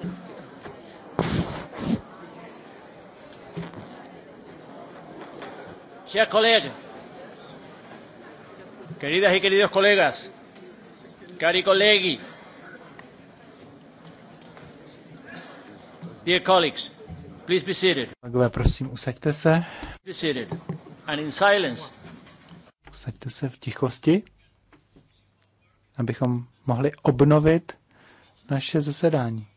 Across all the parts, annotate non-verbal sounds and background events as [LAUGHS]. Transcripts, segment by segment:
Vždycky. Chers collègues, queridas y queridos colegas, cari colleghi, dear colleagues, please be seated. Kolegové, prosím, usaďte se. Be seated and in silence. Usaďte se v tichosti, abychom mohli obnovit naše zasedání.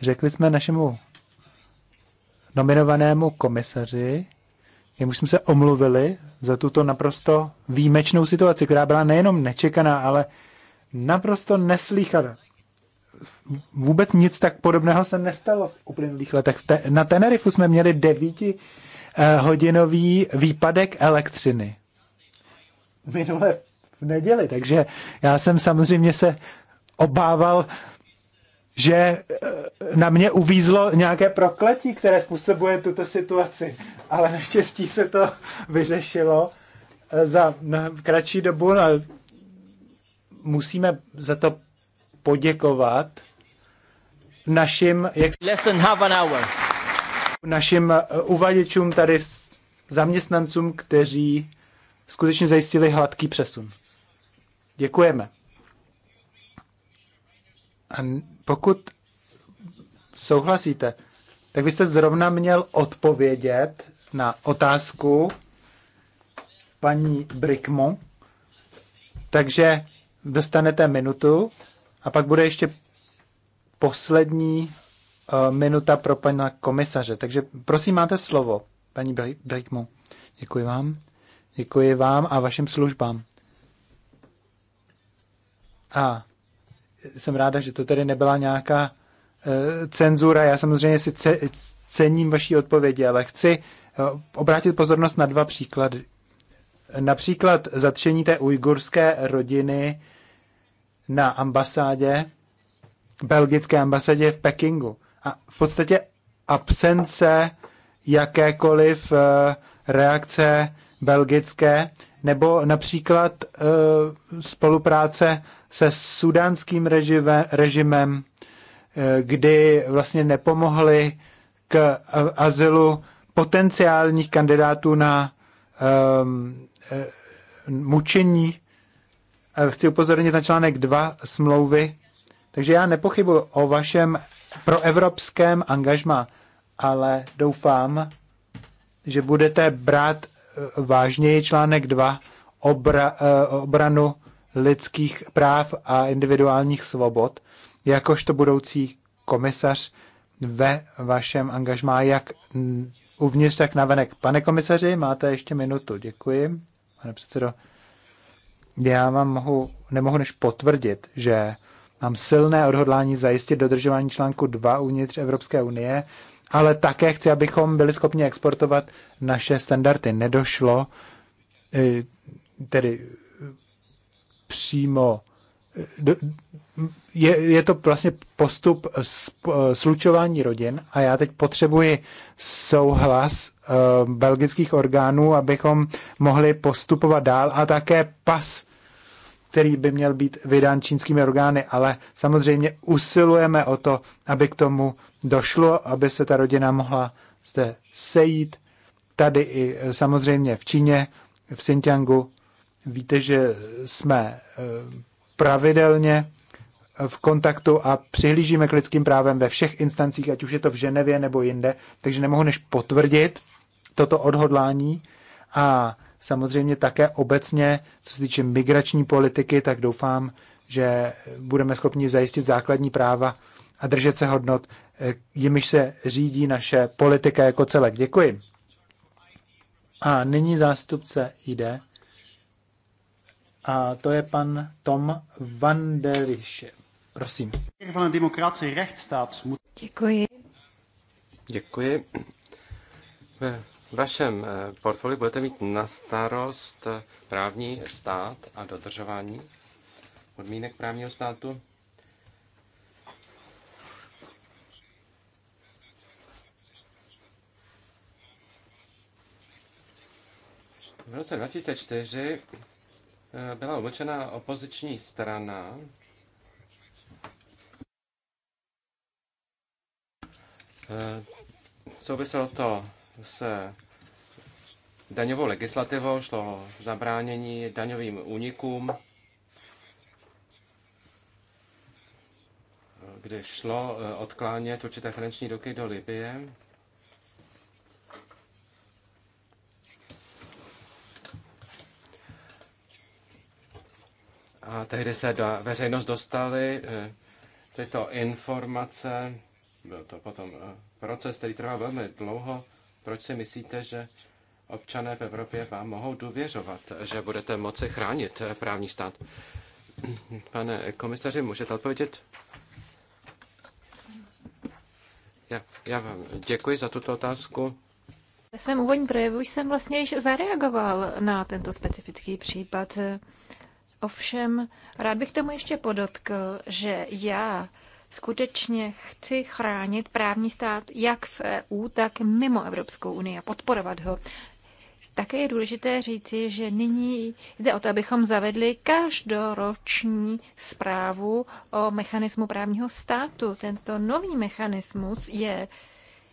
Řekli jsme našemu nominovanému komisaři, jemuž jsme se omluvili za tuto naprosto výjimečnou situaci, která byla nejenom nečekaná, ale naprosto neslýchaná. Vůbec nic tak podobného se nestalo v uplynulých letech. Na Tenerifu jsme měli devíti eh, hodinový výpadek elektřiny. Minule v neděli, takže já jsem samozřejmě se obával že eh, na mě uvízlo nějaké prokletí, které způsobuje tuto situaci. Ale naštěstí se to [LAUGHS] vyřešilo eh, za kratší dobu. No, musíme za to poděkovat našim, jak... Less than half an hour. našim eh, uvaděčům tady zaměstnancům, kteří skutečně zajistili hladký přesun. Děkujeme. And pokud souhlasíte, tak byste zrovna měl odpovědět na otázku paní Brikmu. Takže dostanete minutu a pak bude ještě poslední eh, minuta pro pana komisaře. Takže prosím, máte slovo, paní Brikmu. Děkuji vám. Děkuji vám a vašim službám. A jsem ráda, že to tedy nebyla nějaká e, cenzura. Já samozřejmě si cením vaší odpovědi, ale chci e, obrátit pozornost na dva příklady. Například zatčení té ujgurské rodiny na ambasádě, belgické ambasádě v Pekingu. A v podstatě absence jakékoliv e, reakce belgické, nebo například spolupráce se sudánským režime, režimem, eh, kdy vlastně nepomohli k azylu potenciálních kandidátů na um, mučení. Chci upozornit na článek 2 smlouvy. Takže já nepochybuji o vašem proevropském angažmá, ale doufám, že budete brát eh, vážněji článek 2 obra, obranu lidských práv a individuálních svobod, jakožto budoucí komisař ve vašem angažmá, jak uvnitř, tak navenek. Pane komisaři, máte ještě minutu. Děkuji, pane předsedo. Já vám mohu, nemohu než potvrdit, že mám silné odhodlání zajistit dodržování článku 2 uvnitř Evropské unie, ale také chci, abychom byli schopni exportovat naše standardy. Nedošlo eh, tedy přímo eh, je, je to vlastně postup eh, slučování rodin a já teď potřebuji souhlas eh, belgických orgánů, abychom mohli postupovat dál a také pas, který by měl být vydán čínskými orgány, ale samozřejmě usilujeme o to, aby k tomu došlo, aby se ta rodina mohla zde sejít, tady i samozřejmě v Číně, v Xinjiangu Víte, že jsme eh, pravidelně v kontaktu a přihlížíme k lidským právem ve všech instancích, ať už je to v Ženevě nebo jinde, takže nemohu než potvrdit toto odhodlání a samozřejmě také obecně, co se týče migrační politiky, tak doufám, že budeme schopni zajistit základní práva a držet se hodnot, eh, jimiž se řídí naše politika jako celek. Děkuji. A nyní zástupce jde. A to je pan Tom van der Prosím. Van rechtsstaat. Děkuji. Děkuji. Ve vašem eh, portfoliu budete mít na starost eh, právní stát a dodržování podmínek právního státu. V roce 2004 byla umlčena opoziční strana. Eh, souviselo to se daňovou legislativou, šlo o zabránění daňovým únikům, kde šlo eh, odklánět určité finanční doky do Libie. A tehdy se do veřejnost dostaly eh, tyto informace. Byl to potom eh, proces, který trval velmi dlouho. Proč si myslíte, že občané v Evropě vám mohou důvěřovat, že budete moci chránit eh, právní stát? [CLEARS THROAT] Pane komisaři, můžete odpovědět? Já, já vám děkuji za tuto otázku. Ve svém úvodním projevu jsem vlastně již zareagoval na tento specifický případ Ovšem, rád bych tomu ještě podotkl, že já skutečně chci chránit právní stát jak v EU, tak mimo Evropskou unii a podporovat ho. Také je důležité říci, že nyní jde o to, abychom zavedli každoroční zprávu o mechanismu právního státu. Tento nový mechanismus je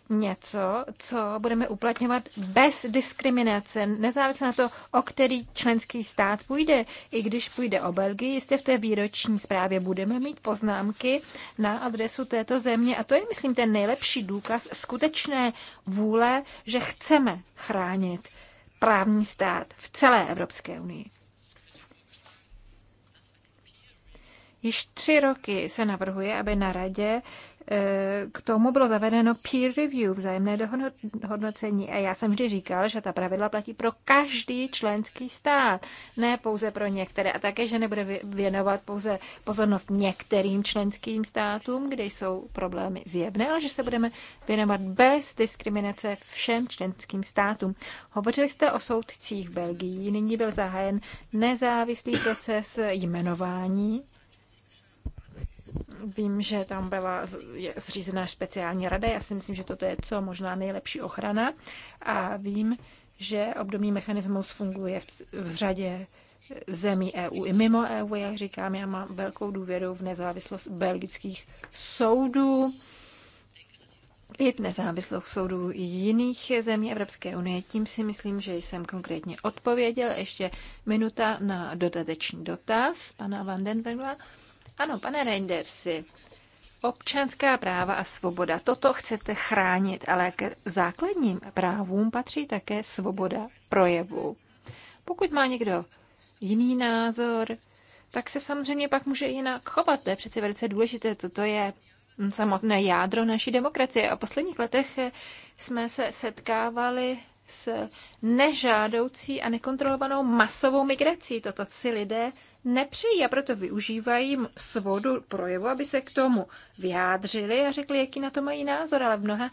něco, co budeme uplatňovat bez diskriminace, nezávisle na to, o který členský stát půjde. I když půjde o Belgii, jistě v té výroční zprávě budeme mít poznámky na adresu této země. A to je, myslím, ten nejlepší důkaz skutečné vůle, že chceme chránit právní stát v celé Evropské unii. Již tři roky se navrhuje, aby na radě k tomu bylo zavedeno peer review, vzájemné dohodnocení A já jsem vždy říkal, že ta pravidla platí pro každý členský stát, ne pouze pro některé. A také, že nebude věnovat pouze pozornost některým členským státům, kde jsou problémy zjevné, ale že se budeme věnovat bez diskriminace všem členským státům. Hovořili jste o soudcích v Belgii. Nyní byl zahájen nezávislý proces jmenování Vím, že tam byla zřízená speciální rada. Já si myslím, že toto je co možná nejlepší ochrana. A vím, že obdobný mechanismus funguje v, v řadě zemí EU i mimo EU. Jak říkám, já mám velkou důvěru v nezávislost belgických soudů i v nezávislost soudů jiných zemí Evropské unie. Tím si myslím, že jsem konkrétně odpověděl. Ještě minuta na dodatečný dotaz pana Vandenberga. den ano, pane Reindersi, občanská práva a svoboda, toto chcete chránit, ale k základním právům patří také svoboda projevu. Pokud má někdo jiný názor, tak se samozřejmě pak může jinak chovat. To je přeci velice důležité. Toto je samotné jádro naší demokracie. A v posledních letech jsme se setkávali s nežádoucí a nekontrolovanou masovou migrací. Toto si lidé nepřejí a proto využívají svodu projevu, aby se k tomu vyjádřili a řekli, jaký na to mají názor, ale v mnoha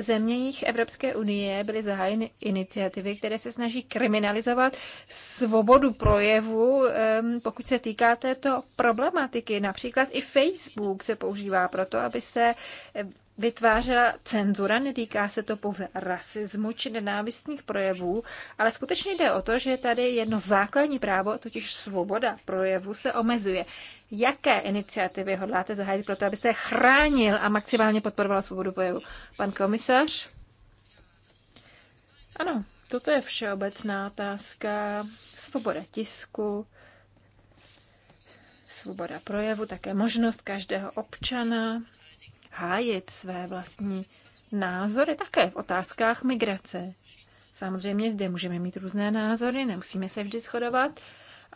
zeměních Evropské unie byly zahájeny iniciativy, které se snaží kriminalizovat svobodu projevu, pokud se týká této problematiky. Například i Facebook se používá proto, aby se vytvářela cenzura, netýká se to pouze rasismu či nenávistných projevů, ale skutečně jde o to, že tady jedno základní právo, totiž svoboda projevu, se omezuje. Jaké iniciativy hodláte zahájit pro to, abyste chránil a maximálně podporoval svobodu projevu? Pan komisař? Ano, toto je všeobecná otázka. Svoboda tisku, svoboda projevu, také možnost každého občana hájit své vlastní názory také v otázkách migrace. Samozřejmě zde můžeme mít různé názory, nemusíme se vždy shodovat.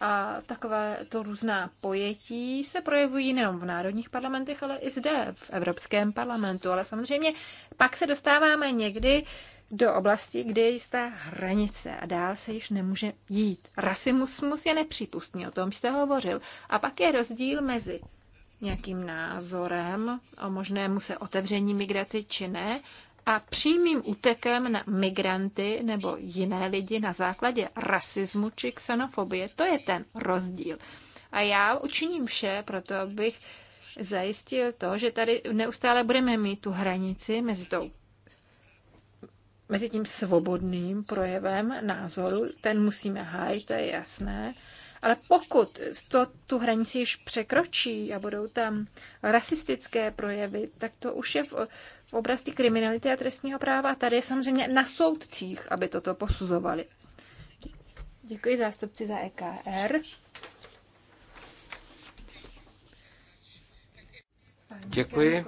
A takové to různá pojetí se projevují nejen v národních parlamentech, ale i zde v Evropském parlamentu. Ale samozřejmě pak se dostáváme někdy do oblasti, kde je jistá hranice a dál se již nemůže jít. Rasimusmus je nepřípustný, o tom jste hovořil. A pak je rozdíl mezi nějakým názorem o možnému se otevření migraci či ne a přímým útekem na migranty nebo jiné lidi na základě rasismu či xenofobie. To je ten rozdíl. A já učiním vše, proto abych zajistil to, že tady neustále budeme mít tu hranici mezi tou mezi tím svobodným projevem názoru, ten musíme hájit, to je jasné, ale pokud to, tu hranici již překročí a budou tam rasistické projevy, tak to už je v, v oblasti kriminality a trestního práva. A tady je samozřejmě na soudcích, aby toto posuzovali. Děkuji zástupci za EKR. Děkuji.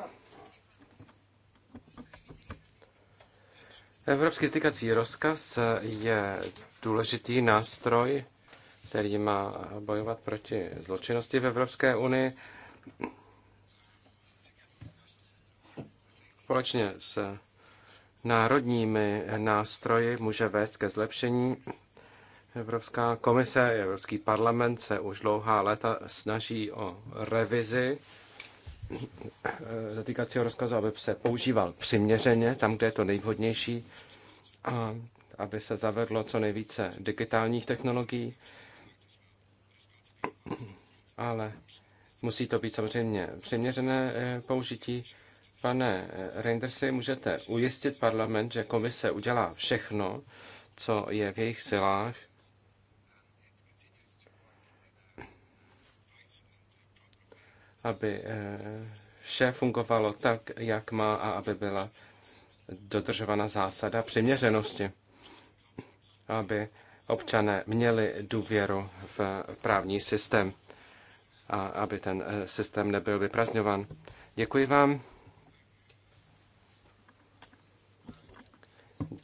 Evropský stykací rozkaz je důležitý nástroj který má bojovat proti zločinnosti v Evropské unii. Společně s národními nástroji může vést ke zlepšení. Evropská komise, Evropský parlament se už dlouhá léta snaží o revizi zatýkacího rozkazu, aby se používal přiměřeně tam, kde je to nejvhodnější a aby se zavedlo co nejvíce digitálních technologií ale musí to být samozřejmě přiměřené eh, použití. Pane eh, Reindersi, můžete ujistit parlament, že komise udělá všechno, co je v jejich silách, aby eh, vše fungovalo tak, jak má a aby byla dodržována zásada přiměřenosti, aby občané měli důvěru v právní systém a aby ten eh, systém nebyl vyprazňovan. Děkuji vám.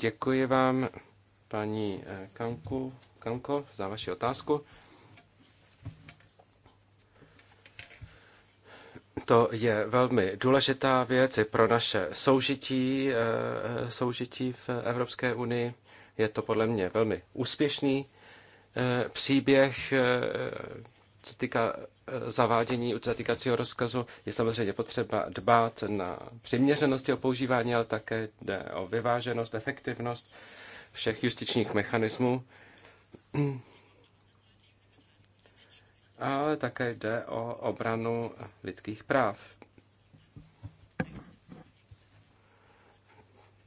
Děkuji vám, paní eh, Kanku, Kanko, za vaši otázku. To je velmi důležitá věc i pro naše soužití, eh, soužití v Evropské unii. Je to podle mě velmi úspěšný eh, příběh, eh, co týká eh, zavádění utratikacího rozkazu, je samozřejmě potřeba dbát na přiměřenost jeho používání, ale také jde o vyváženost, efektivnost všech justičních mechanismů. [CLEARS THROAT] Ale také jde o obranu lidských práv.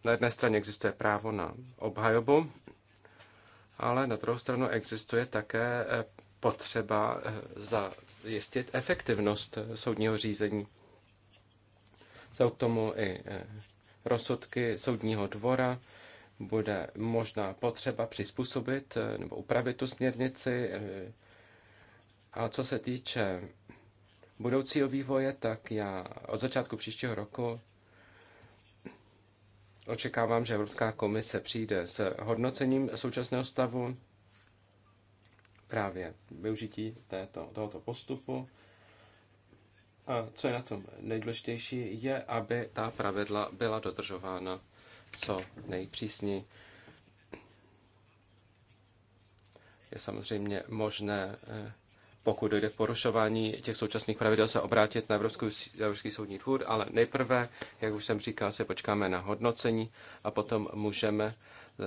Na jedné straně existuje právo na obhajobu, ale na druhou stranu existuje také eh, potřeba eh, zajistit efektivnost eh, soudního řízení. Jsou k tomu i rozsudky soudního dvora, bude možná potřeba přizpůsobit nebo upravit tu směrnici. A co se týče budoucího vývoje, tak já od začátku příštího roku Očekávám, že Evropská komise přijde s hodnocením současného stavu právě využití této, tohoto postupu. A co je na tom nejdůležitější, je, aby ta pravidla byla dodržována co nejpřísněji. Je samozřejmě možné eh, pokud dojde k porušování těch současných pravidel, se obrátit na Evropský, Evropský soudní dvůr, ale nejprve, jak už jsem říkal, se počkáme na hodnocení a potom můžeme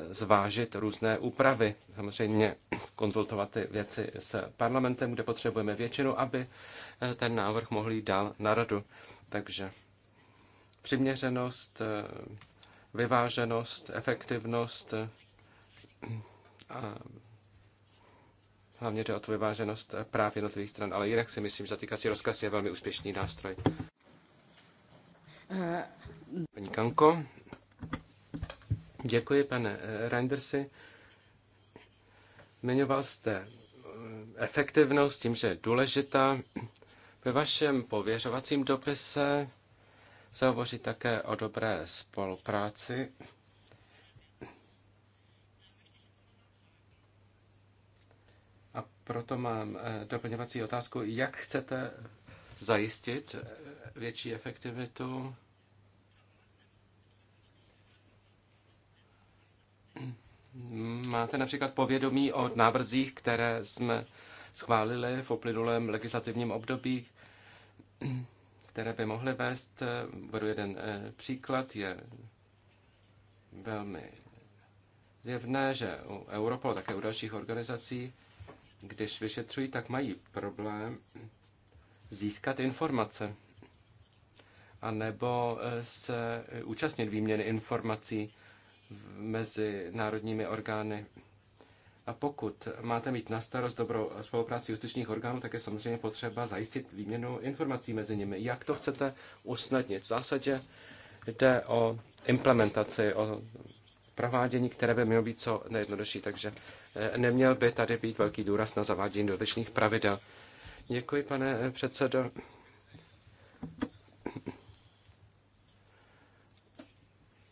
eh, zvážit různé úpravy. Samozřejmě konzultovat ty věci s parlamentem, kde potřebujeme většinu, aby eh, ten návrh mohl jít dál na radu. Takže přiměřenost, eh, vyváženost, efektivnost a Hlavně jde o tu vyváženost eh, práv jednotlivých stran, ale jinak si myslím, že zatýkací rozkaz je velmi úspěšný nástroj. Paní Kanko, děkuji, pane eh, Reindersi. Zmiňoval jste eh, efektivnost tím, že je důležitá. Ve vašem pověřovacím dopise se hovoří také o dobré spolupráci Proto mám eh, doplňovací otázku, jak chcete zajistit eh, větší efektivitu Máte například povědomí o návrzích, které jsme schválili v uplynulém legislativním období, které by mohly vést. Eh, uvedu jeden příklad. Je velmi zjevné, že u Europol, také u dalších organizací, když vyšetřují, tak mají problém získat informace a nebo e, se účastnit výměny informací mezi národními orgány. A pokud máte mít na starost dobrou spolupráci justičních orgánů, tak je samozřejmě potřeba zajistit výměnu informací mezi nimi. Jak to chcete usnadnit? V zásadě jde o implementaci, o provádění, které by mělo být co nejjednodušší. Takže eh, neměl by tady být velký důraz na zavádění dodatečných pravidel. Děkuji, pane eh, předsedo.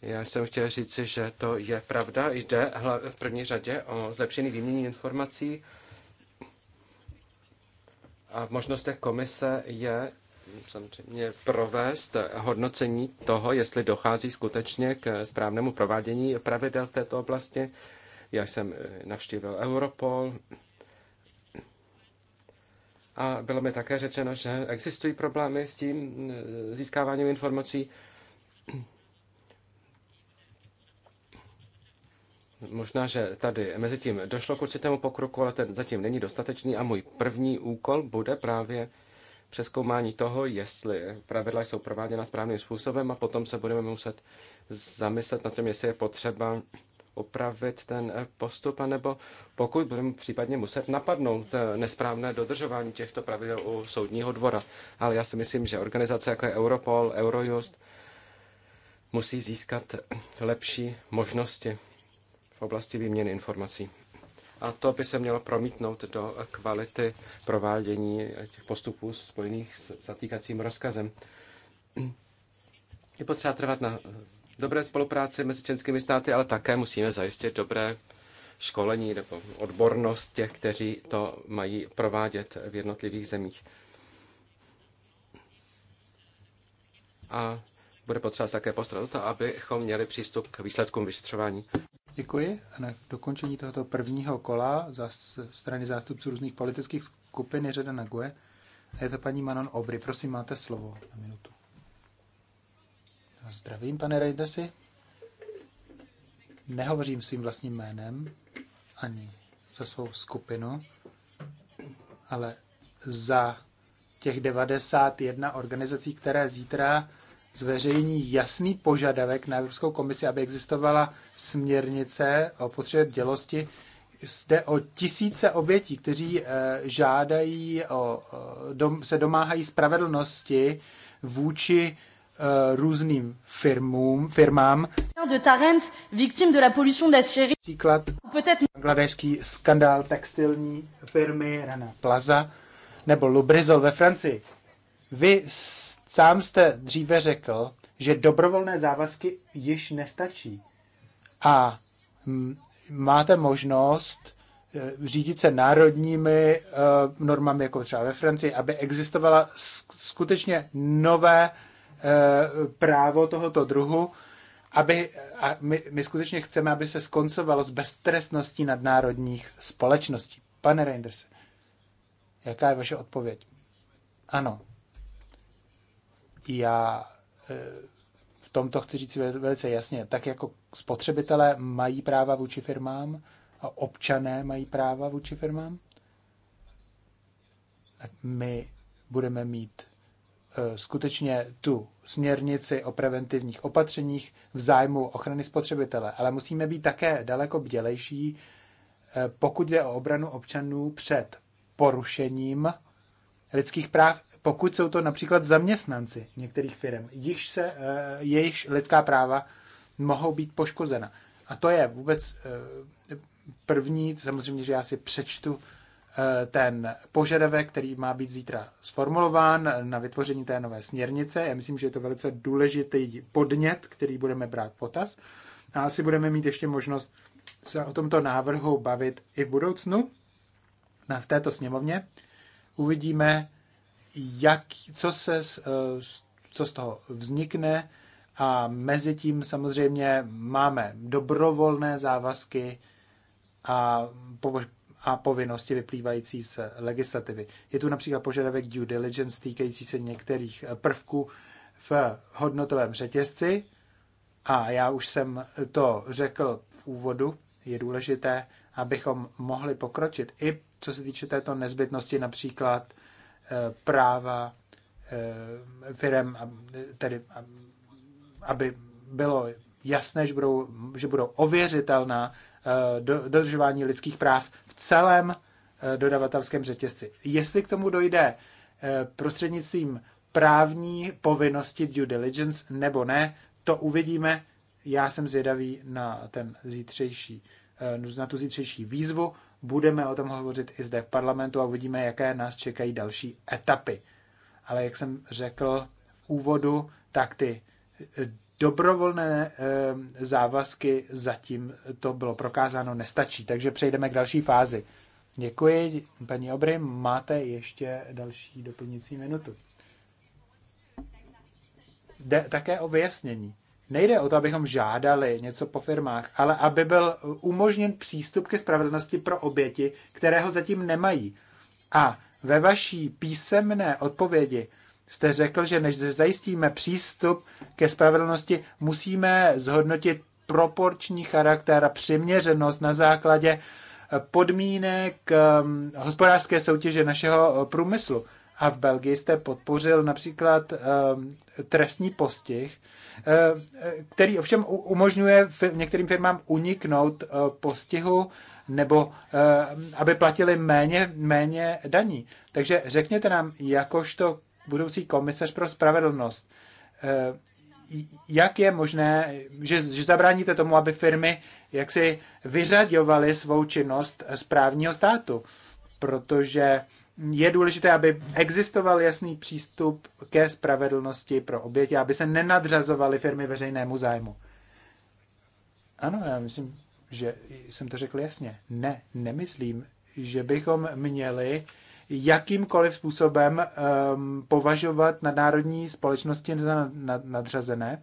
Já jsem chtěl říci, že to je pravda. Jde v první řadě o zlepšení výměny informací a v možnostech komise je samozřejmě provést hodnocení toho, jestli dochází skutečně k správnému provádění pravidel v této oblasti. Já jsem eh, navštívil Europol a bylo mi také řečeno, že existují problémy s tím eh, získáváním informací. Možná, že tady mezi tím došlo k určitému pokroku, ale ten zatím není dostatečný a můj první úkol bude právě přeskoumání toho, jestli pravidla jsou prováděna správným způsobem a potom se budeme muset zamyslet na tom, jestli je potřeba opravit ten postup, anebo pokud budeme případně muset napadnout eh, nesprávné dodržování těchto pravidel u soudního dvora. Ale já si myslím, že organizace jako je Europol, Eurojust musí získat lepší možnosti v oblasti výměny informací a to by se mělo promítnout do kvality provádění těch postupů spojených s zatýkacím rozkazem. Je potřeba trvat na dobré spolupráci mezi členskými státy, ale také musíme zajistit dobré školení nebo odbornost těch, kteří to mají provádět v jednotlivých zemích. A bude potřeba také postarat o to, abychom měli přístup k výsledkům vyšetřování. Děkuji. A na dokončení tohoto prvního kola za strany zástupců různých politických skupin je řada na GUE. A je to paní Manon Obry. Prosím, máte slovo na minutu. A zdravím, pane Rejdesi. Nehovořím svým vlastním jménem ani za svou skupinu, ale za těch 91 organizací, které zítra zveřejní jasný požadavek na Evropskou komisi, aby existovala směrnice o potřebě dělosti. Jde o tisíce obětí, kteří eh, žádají, o, eh, dom, se domáhají spravedlnosti vůči eh, různým firmům, firmám. De Tarent, victime de la pollution de la Syrie. Příklad bangladešský skandál textilní firmy Rana Plaza nebo Lubrizol ve Francii. Vy sám jste dříve řekl, že dobrovolné závazky již nestačí. A máte možnost eh, řídit se národními eh, normami, jako třeba ve Francii, aby existovala skutečně nové eh, právo tohoto druhu, aby, a my, my skutečně chceme, aby se skoncovalo s beztrestností nadnárodních společností. Pane Reinders, jaká je vaše odpověď? Ano, já eh, v tomto chci říct velice jasně, tak jako spotřebitelé mají práva vůči firmám a občané mají práva vůči firmám, tak my budeme mít eh, skutečně tu směrnici o preventivních opatřeních v zájmu ochrany spotřebitele. Ale musíme být také daleko bdělejší, eh, pokud jde o obranu občanů před porušením lidských práv pokud jsou to například zaměstnanci některých firm, jichž se eh, jejich lidská práva mohou být poškozena. A to je vůbec eh, první, samozřejmě, že já si přečtu eh, ten požadavek, který má být zítra sformulován na vytvoření té nové směrnice. Já myslím, že je to velice důležitý podnět, který budeme brát potaz. A asi budeme mít ještě možnost se o tomto návrhu bavit i v budoucnu na, v této sněmovně. Uvidíme, jak, co, se, eh, co z toho vznikne a mezi tím samozřejmě máme dobrovolné závazky a, a povinnosti vyplývající z legislativy. Je tu například požadavek due diligence týkající se některých eh, prvků v hodnotovém řetězci a já už jsem to řekl v úvodu, je důležité, abychom mohli pokročit i co se týče této nezbytnosti například Eh, práva eh, firem, tedy aby bylo jasné, že budou, že budou ověřitelná eh, dodržování lidských práv v celém dodavatelském řetězci. Jestli k tomu dojde prostřednictvím právní povinnosti due diligence nebo ne, to uvidíme. Já jsem zvědavý na ten zítřejší, na tu zítřejší výzvu budeme o tom hovořit i zde v parlamentu a uvidíme, jaké nás čekají další etapy. Ale jak jsem řekl v úvodu, tak ty eh, dobrovolné eh, závazky zatím to bylo prokázáno nestačí, takže přejdeme k další fázi. Děkuji, paní Obry, máte ještě další doplňující minutu. Jde také o vyjasnění. Nejde o to, abychom žádali něco po firmách, ale aby byl umožněn přístup ke spravedlnosti pro oběti, kterého zatím nemají. A ve vaší písemné odpovědi jste řekl, že než zajistíme přístup ke spravedlnosti, musíme zhodnotit proporční charakter a přiměřenost na základě podmínek um, hospodářské soutěže našeho průmyslu a v Belgii jste podpořil například eh, trestní postih, eh, který ovšem umožňuje některým firmám uniknout eh, postihu nebo aby platili méně, méně daní. Takže řekněte nám, jakožto budoucí komisař pro spravedlnost, jak je možné, že, že zabráníte tomu, aby firmy jaksi vyřadovaly svou činnost z právního státu, protože je důležité, aby existoval jasný přístup ke spravedlnosti pro oběti, aby se nenadřazovaly firmy veřejnému zájmu. Ano, já myslím, že jsem to řekl jasně. Ne, nemyslím, že bychom měli jakýmkoliv způsobem um, považovat nadnárodní společnosti za nadřazené.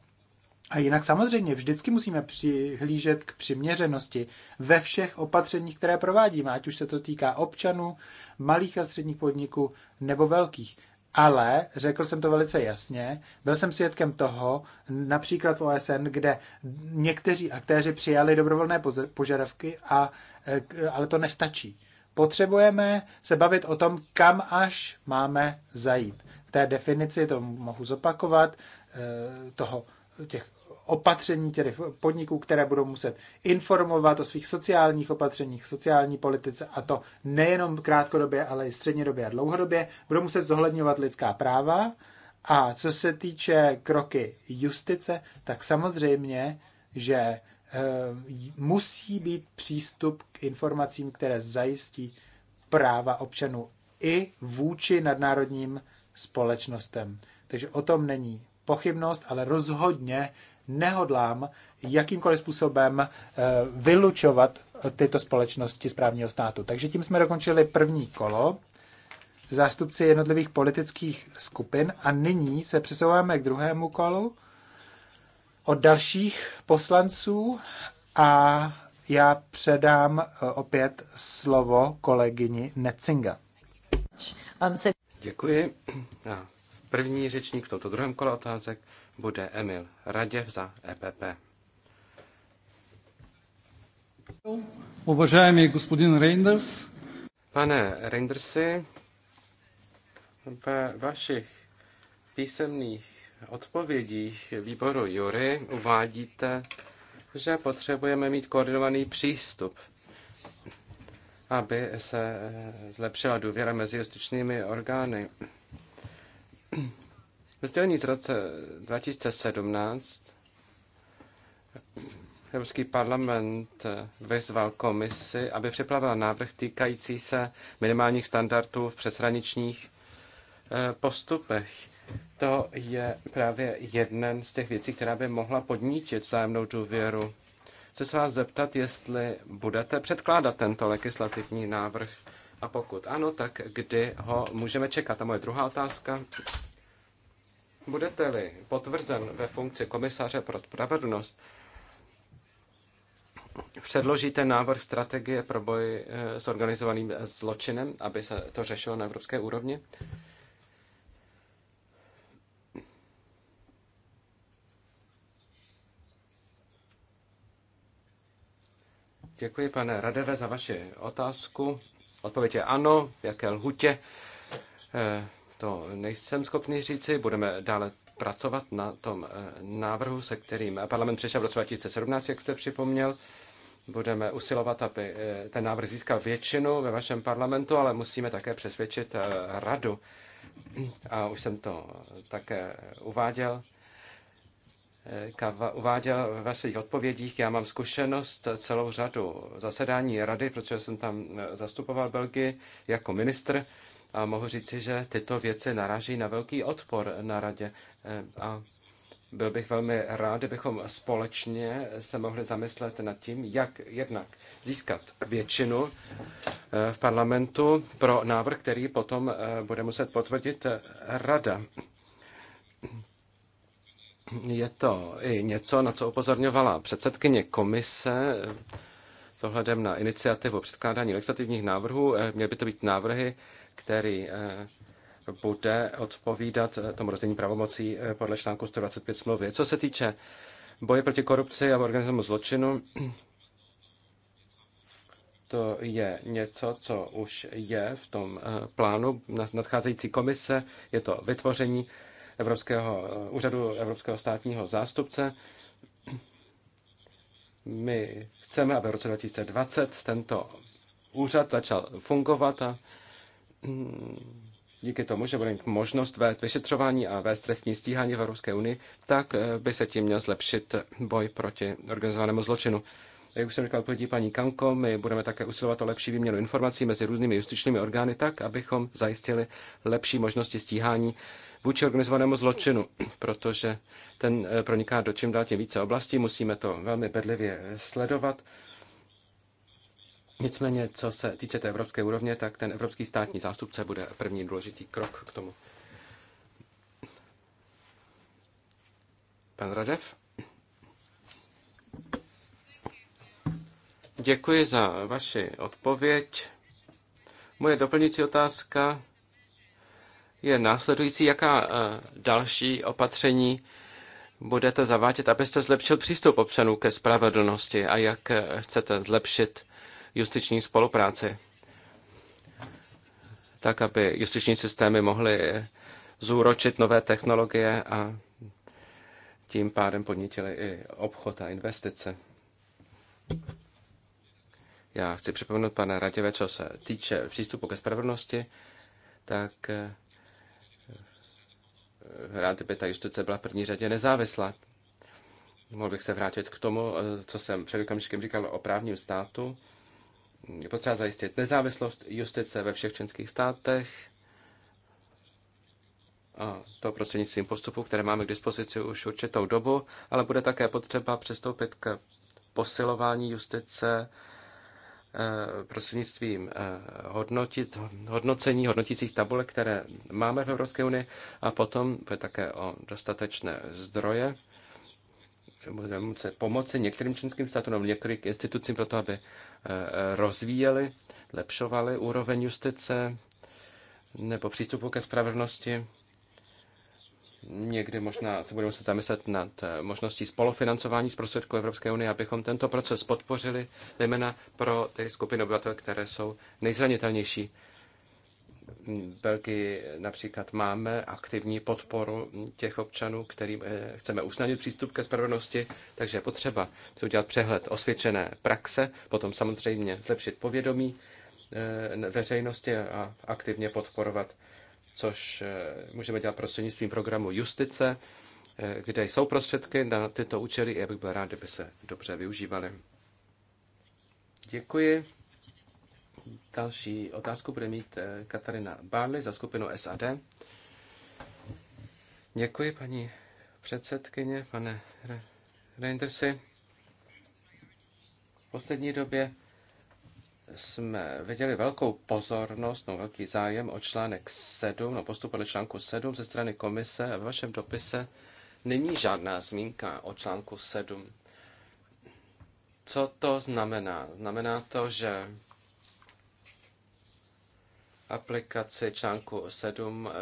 A jinak samozřejmě vždycky musíme přihlížet k přiměřenosti ve všech opatřeních, které provádíme, ať už se to týká občanů, malých a středních podniků nebo velkých. Ale, řekl jsem to velice jasně, byl jsem svědkem toho, například v OSN, kde někteří aktéři přijali dobrovolné požadavky, a, e, ale to nestačí. Potřebujeme se bavit o tom, kam až máme zajít. V té definici, to mohu zopakovat, e, toho těch opatření, těch podniků, které budou muset informovat o svých sociálních opatřeních, sociální politice a to nejenom krátkodobě, ale i střednědobě a dlouhodobě, budou muset zohledňovat lidská práva a co se týče kroky justice, tak samozřejmě, že eh, musí být přístup k informacím, které zajistí práva občanů i vůči nadnárodním společnostem. Takže o tom není pochybnost, ale rozhodně nehodlám jakýmkoliv způsobem eh, vylučovat tyto společnosti z právního státu. Takže tím jsme dokončili první kolo zástupci jednotlivých politických skupin a nyní se přesouváme k druhému kolu od dalších poslanců a já předám eh, opět slovo kolegyni Netzinga. Um, Děkuji. První řečník v tomto druhém kole otázek bude Emil Raděv za EPP. Uvažujeme gospodin Reinders. Pane Reindersi, ve vašich písemných odpovědích výboru Jury uvádíte, že potřebujeme mít koordinovaný přístup, aby se zlepšila důvěra mezi justičními orgány. Ve sdělení z roce 2017 Evropský parlament vyzval komisi, aby připravila návrh týkající se minimálních standardů v přeshraničních eh, postupech. To je právě jeden z těch věcí, která by mohla podnítit vzájemnou důvěru. Chci se vás zeptat, jestli budete předkládat tento legislativní návrh a pokud ano, tak kdy ho můžeme čekat. A moje druhá otázka Budete-li potvrzen ve funkci komisaře pro spravedlnost, předložíte návrh strategie pro boj eh, s organizovaným zločinem, aby se to řešilo na evropské úrovni? Děkuji, pane Radeve, za vaši otázku. Odpověď je ano, v jaké lhutě. Eh, to nejsem schopný říci. Budeme dále pracovat na tom eh, návrhu, se kterým parlament přišel v roce 2017, jak jste připomněl. Budeme usilovat, aby eh, ten návrh získal většinu ve vašem parlamentu, ale musíme také přesvědčit eh, radu. A už jsem to také uváděl. Kava uváděl ve svých odpovědích. Já mám zkušenost celou řadu zasedání rady, protože jsem tam zastupoval Belgii jako ministr. A mohu říci, že tyto věci naraží na velký odpor na radě. E, a byl bych velmi rád, kdybychom společně se mohli zamyslet nad tím, jak jednak získat většinu e, v parlamentu pro návrh, který potom e, bude muset potvrdit rada. Je to i něco, na co upozorňovala předsedkyně komise s ohledem na iniciativu předkládání legislativních návrhů. Měly by to být návrhy, který eh, bude odpovídat eh, tomu rozdělení pravomocí eh, podle článku 125 smlouvy. Co se týče boje proti korupci a organizovanému zločinu, to je něco, co už je v tom plánu na nadcházející komise. Je to vytvoření Evropského úřadu Evropského státního zástupce. My chceme, aby v roce 2020 tento úřad začal fungovat a Hmm, díky tomu, že bude mít možnost vést vyšetřování a vést trestní stíhání v Evropské unii, tak eh, by se tím měl zlepšit boj proti organizovanému zločinu. Jak už jsem říkal, odpovědí paní Kanko, my budeme také usilovat o lepší výměnu informací mezi různými justičními orgány tak, abychom zajistili lepší možnosti stíhání vůči organizovanému zločinu, [CLEARS THROAT] protože ten eh, proniká do čím dál tím více oblastí, musíme to velmi bedlivě eh, sledovat Nicméně, co se týče té evropské úrovně, tak ten evropský státní zástupce bude první důležitý krok k tomu. Pan Radev? Děkuji za vaši odpověď. Moje doplňující otázka je následující. Jaká eh, další opatření budete zavádět, abyste zlepšil přístup občanů ke spravedlnosti a jak eh, chcete zlepšit justiční spolupráci, tak aby justiční systémy mohly zúročit nové technologie a tím pádem podnítili i obchod a investice. Já chci připomenout pana Raděve, co se týče přístupu ke spravedlnosti, tak eh, rád by ta justice byla v první řadě nezávislá. Mohl bych se vrátit k tomu, eh, co jsem před okamžikem říkal o právním státu potřeba zajistit nezávislost justice ve všech členských státech, a to prostřednictvím postupu, které máme k dispozici už určitou dobu, ale bude také potřeba přistoupit k posilování justice eh, prostřednictvím eh, hodnotit, hodnocení, hodnotících tabulek, které máme v Evropské unii a potom bude také o dostatečné zdroje budeme pomoci některým členským státům nebo některým institucím pro to, aby eh, rozvíjeli, lepšovali úroveň justice nebo přístupu ke spravedlnosti. Někdy možná se budeme muset zamyslet nad eh, možností spolufinancování z prostředků Evropské unie, abychom tento proces podpořili, zejména pro ty skupiny obyvatel, které jsou nejzranitelnější. Belgii například máme aktivní podporu těch občanů, kterým eh, chceme usnadnit přístup ke spravedlnosti, takže je potřeba si udělat přehled osvědčené praxe, potom samozřejmě zlepšit povědomí eh, veřejnosti a aktivně podporovat, což eh, můžeme dělat prostřednictvím programu Justice, kde jsou prostředky na tyto účely, já bych byl rád, kdyby se dobře využívaly. Děkuji. Další otázku bude mít eh, Katarina Barley za skupinu SAD. Děkuji, paní předsedkyně, pane Reindersi. V poslední době jsme viděli velkou pozornost, no velký zájem o článek 7, no postup podle článku 7 ze strany komise. V vašem dopise není žádná zmínka o článku 7. Co to znamená? Znamená to, že aplikaci článku 7 eh,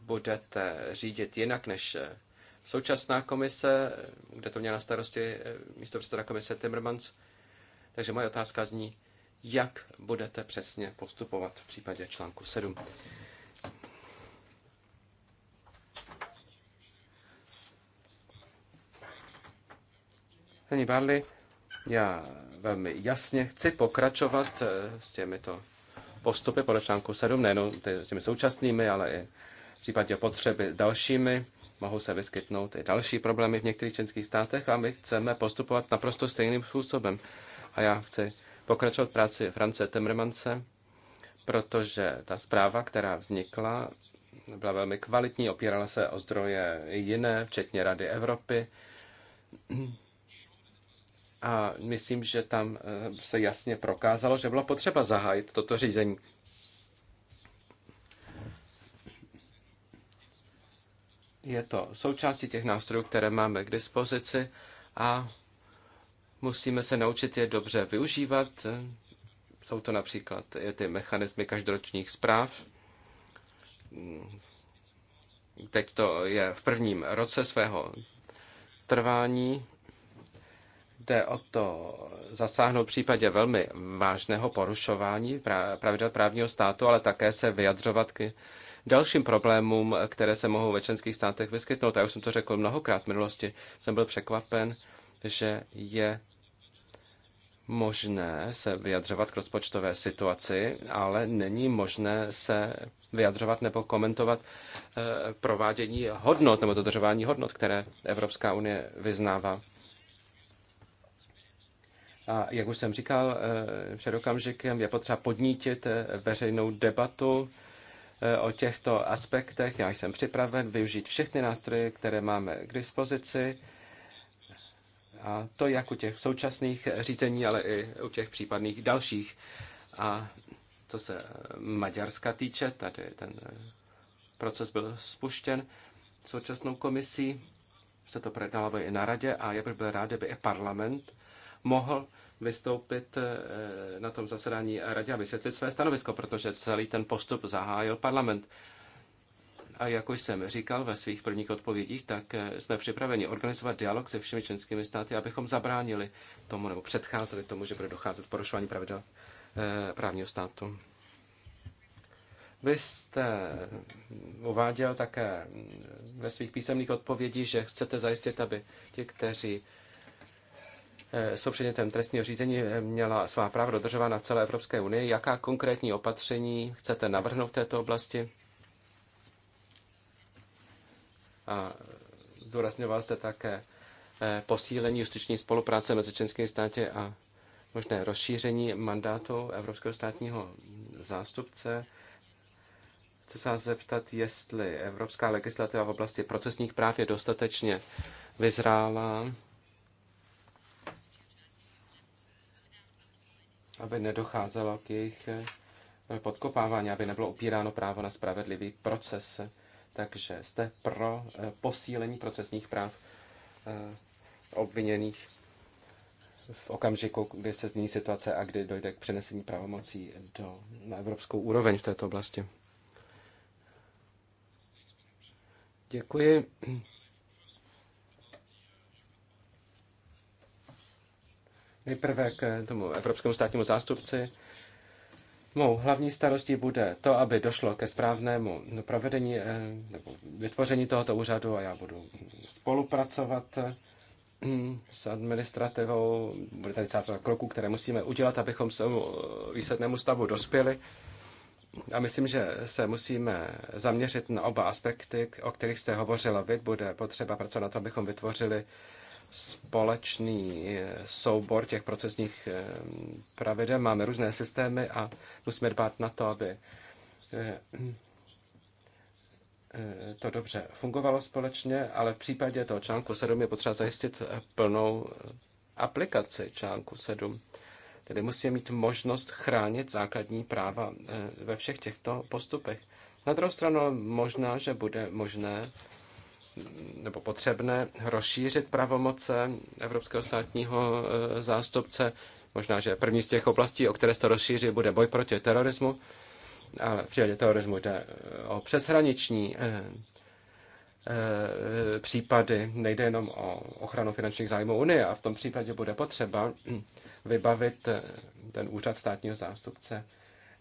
budete řídit jinak než eh, současná komise, kde to měl na starosti eh, místo předseda komise Timmermans. Takže moje otázka zní, jak budete přesně postupovat v případě článku 7. Paní Barley, já velmi jasně chci pokračovat s těmito postupy podle článku 7, nejenom těmi současnými, ale i v případě potřeby dalšími. Mohou se vyskytnout i další problémy v některých členských státech a my chceme postupovat naprosto stejným způsobem. A já chci pokračovat práci France Temremance, protože ta zpráva, která vznikla, byla velmi kvalitní, opírala se o zdroje jiné, včetně Rady Evropy a myslím, že tam eh, se jasně prokázalo, že bylo potřeba zahájit toto řízení. Je to součástí těch nástrojů, které máme k dispozici a musíme se naučit je dobře využívat. Jsou to například ty mechanismy každoročních zpráv. Teď to je v prvním roce svého trvání jde o to zasáhnout v případě velmi vážného porušování pravidel právního státu, ale také se vyjadřovat k dalším problémům, které se mohou ve členských státech vyskytnout. Já už jsem to řekl mnohokrát v minulosti, jsem byl překvapen, že je možné se vyjadřovat k rozpočtové situaci, ale není možné se vyjadřovat nebo komentovat eh, provádění hodnot nebo dodržování hodnot, které Evropská unie vyznává. A jak už jsem říkal, eh, před okamžikem je potřeba podnítit eh, veřejnou debatu eh, o těchto aspektech. Já jsem připraven využít všechny nástroje, které máme k dispozici. A to jak u těch současných řízení, ale i u těch případných dalších. A co se Maďarska týče, tady ten proces byl spuštěn současnou komisí, se to projednalo i na radě a já bych byl rád, kdyby i parlament mohl vystoupit eh, na tom zasedání radě a vysvětlit své stanovisko, protože celý ten postup zahájil parlament. A jak už jsem říkal ve svých prvních odpovědích, tak eh, jsme připraveni organizovat dialog se všemi členskými státy, abychom zabránili tomu nebo předcházeli tomu, že bude docházet k porušování pravidel eh, právního státu. Vy jste uváděl také ve svých písemných odpovědích, že chcete zajistit, aby ti, kteří Eh, jsou předmětem trestního řízení, eh, měla svá práva dodržována v celé Evropské unii. Jaká konkrétní opatření chcete navrhnout v této oblasti? A zdůrazňoval jste také eh, posílení justiční spolupráce mezi českým státě a možné rozšíření mandátu Evropského státního zástupce. Chci se vás zeptat, jestli evropská legislativa v oblasti procesních práv je dostatečně vyzrála? aby nedocházelo k jejich eh, podkopávání, aby nebylo upíráno právo na spravedlivý proces. Takže jste pro eh, posílení procesních práv eh, obviněných v okamžiku, kdy se změní situace a kdy dojde k přenesení pravomocí do, na evropskou úroveň v této oblasti. Děkuji. Nejprve k tomu evropskému státnímu zástupci. Mou hlavní starostí bude to, aby došlo ke správnému provedení eh, nebo vytvoření tohoto úřadu a já budu spolupracovat hm, s administrativou. Bude tady celá řada kroků, které musíme udělat, abychom se výslednému stavu dospěli. A myslím, že se musíme zaměřit na oba aspekty, o kterých jste hovořila vy. Bude potřeba pracovat na to, abychom vytvořili společný eh, soubor těch procesních eh, pravidel. Máme různé systémy a musíme dbát na to, aby eh, to dobře fungovalo společně, ale v případě toho článku 7 je potřeba zajistit plnou aplikaci článku 7. Tedy musí mít možnost chránit základní práva ve všech těchto postupech. Na druhou stranu možná, že bude možné nebo potřebné rozšířit pravomoce Evropského státního e, zástupce. Možná, že první z těch oblastí, o které se to rozšíří, bude boj proti terorismu. Ale v případě terorismu jde e, o přeshraniční e, případy, nejde jenom o ochranu finančních zájmů Unie a v tom případě bude potřeba vybavit ten úřad státního zástupce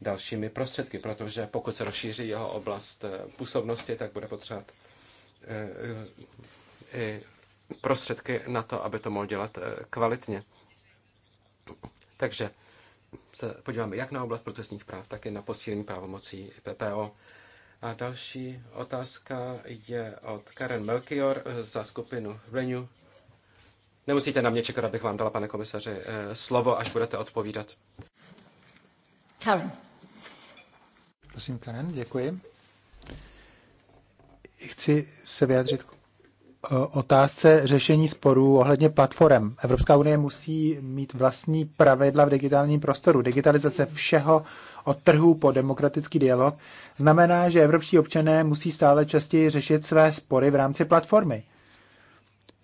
dalšími prostředky, protože pokud se rozšíří jeho oblast působnosti, tak bude potřebovat i eh, eh, prostředky na to, aby to mohl dělat eh, kvalitně. Takže se podíváme jak na oblast procesních práv, tak i na posílení právomocí PPO. A další otázka je od Karen Melchior za skupinu Renew. Nemusíte na mě čekat, abych vám dala, pane komisaři, slovo, až budete odpovídat. Karen. Prosím, Karen, děkuji chci se vyjádřit k eh, otázce řešení sporů ohledně platform. Evropská unie musí mít vlastní pravidla v digitálním prostoru. Digitalizace všeho od trhu po demokratický dialog znamená, že evropští občané musí stále častěji řešit své spory v rámci platformy.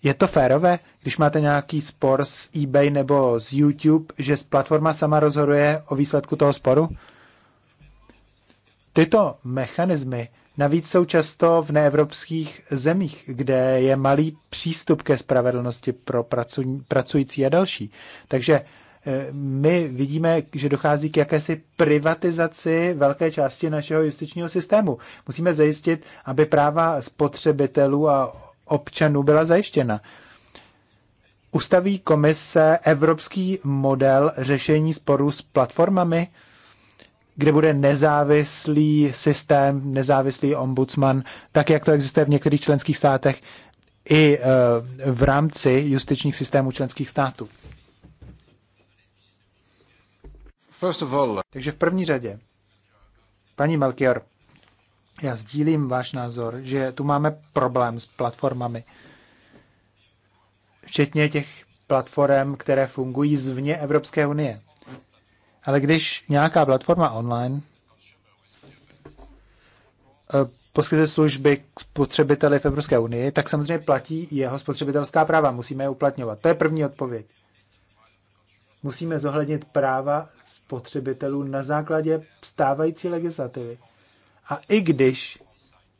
Je to férové, když máte nějaký spor s eBay nebo s YouTube, že platforma sama rozhoduje o výsledku toho sporu? Tyto mechanismy Navíc jsou často v neevropských zemích, kde je malý přístup ke spravedlnosti pro pracující a další. Takže eh, my vidíme, že dochází k jakési privatizaci velké části našeho justičního systému. Musíme zajistit, aby práva spotřebitelů a občanů byla zajištěna. Ustaví komise evropský model řešení sporů s platformami? kde bude nezávislý systém, nezávislý ombudsman, tak jak to existuje v některých členských státech, i eh, v rámci justičních systémů členských států. Takže v první řadě, paní Melchior, já sdílím váš názor, že tu máme problém s platformami. Včetně těch platform, které fungují zvně Evropské unie. Ale když nějaká platforma online eh, poskytuje služby k spotřebiteli v Evropské unii, tak samozřejmě platí jeho spotřebitelská práva. Musíme je uplatňovat. To je první odpověď. Musíme zohlednit práva spotřebitelů na základě stávající legislativy. A i když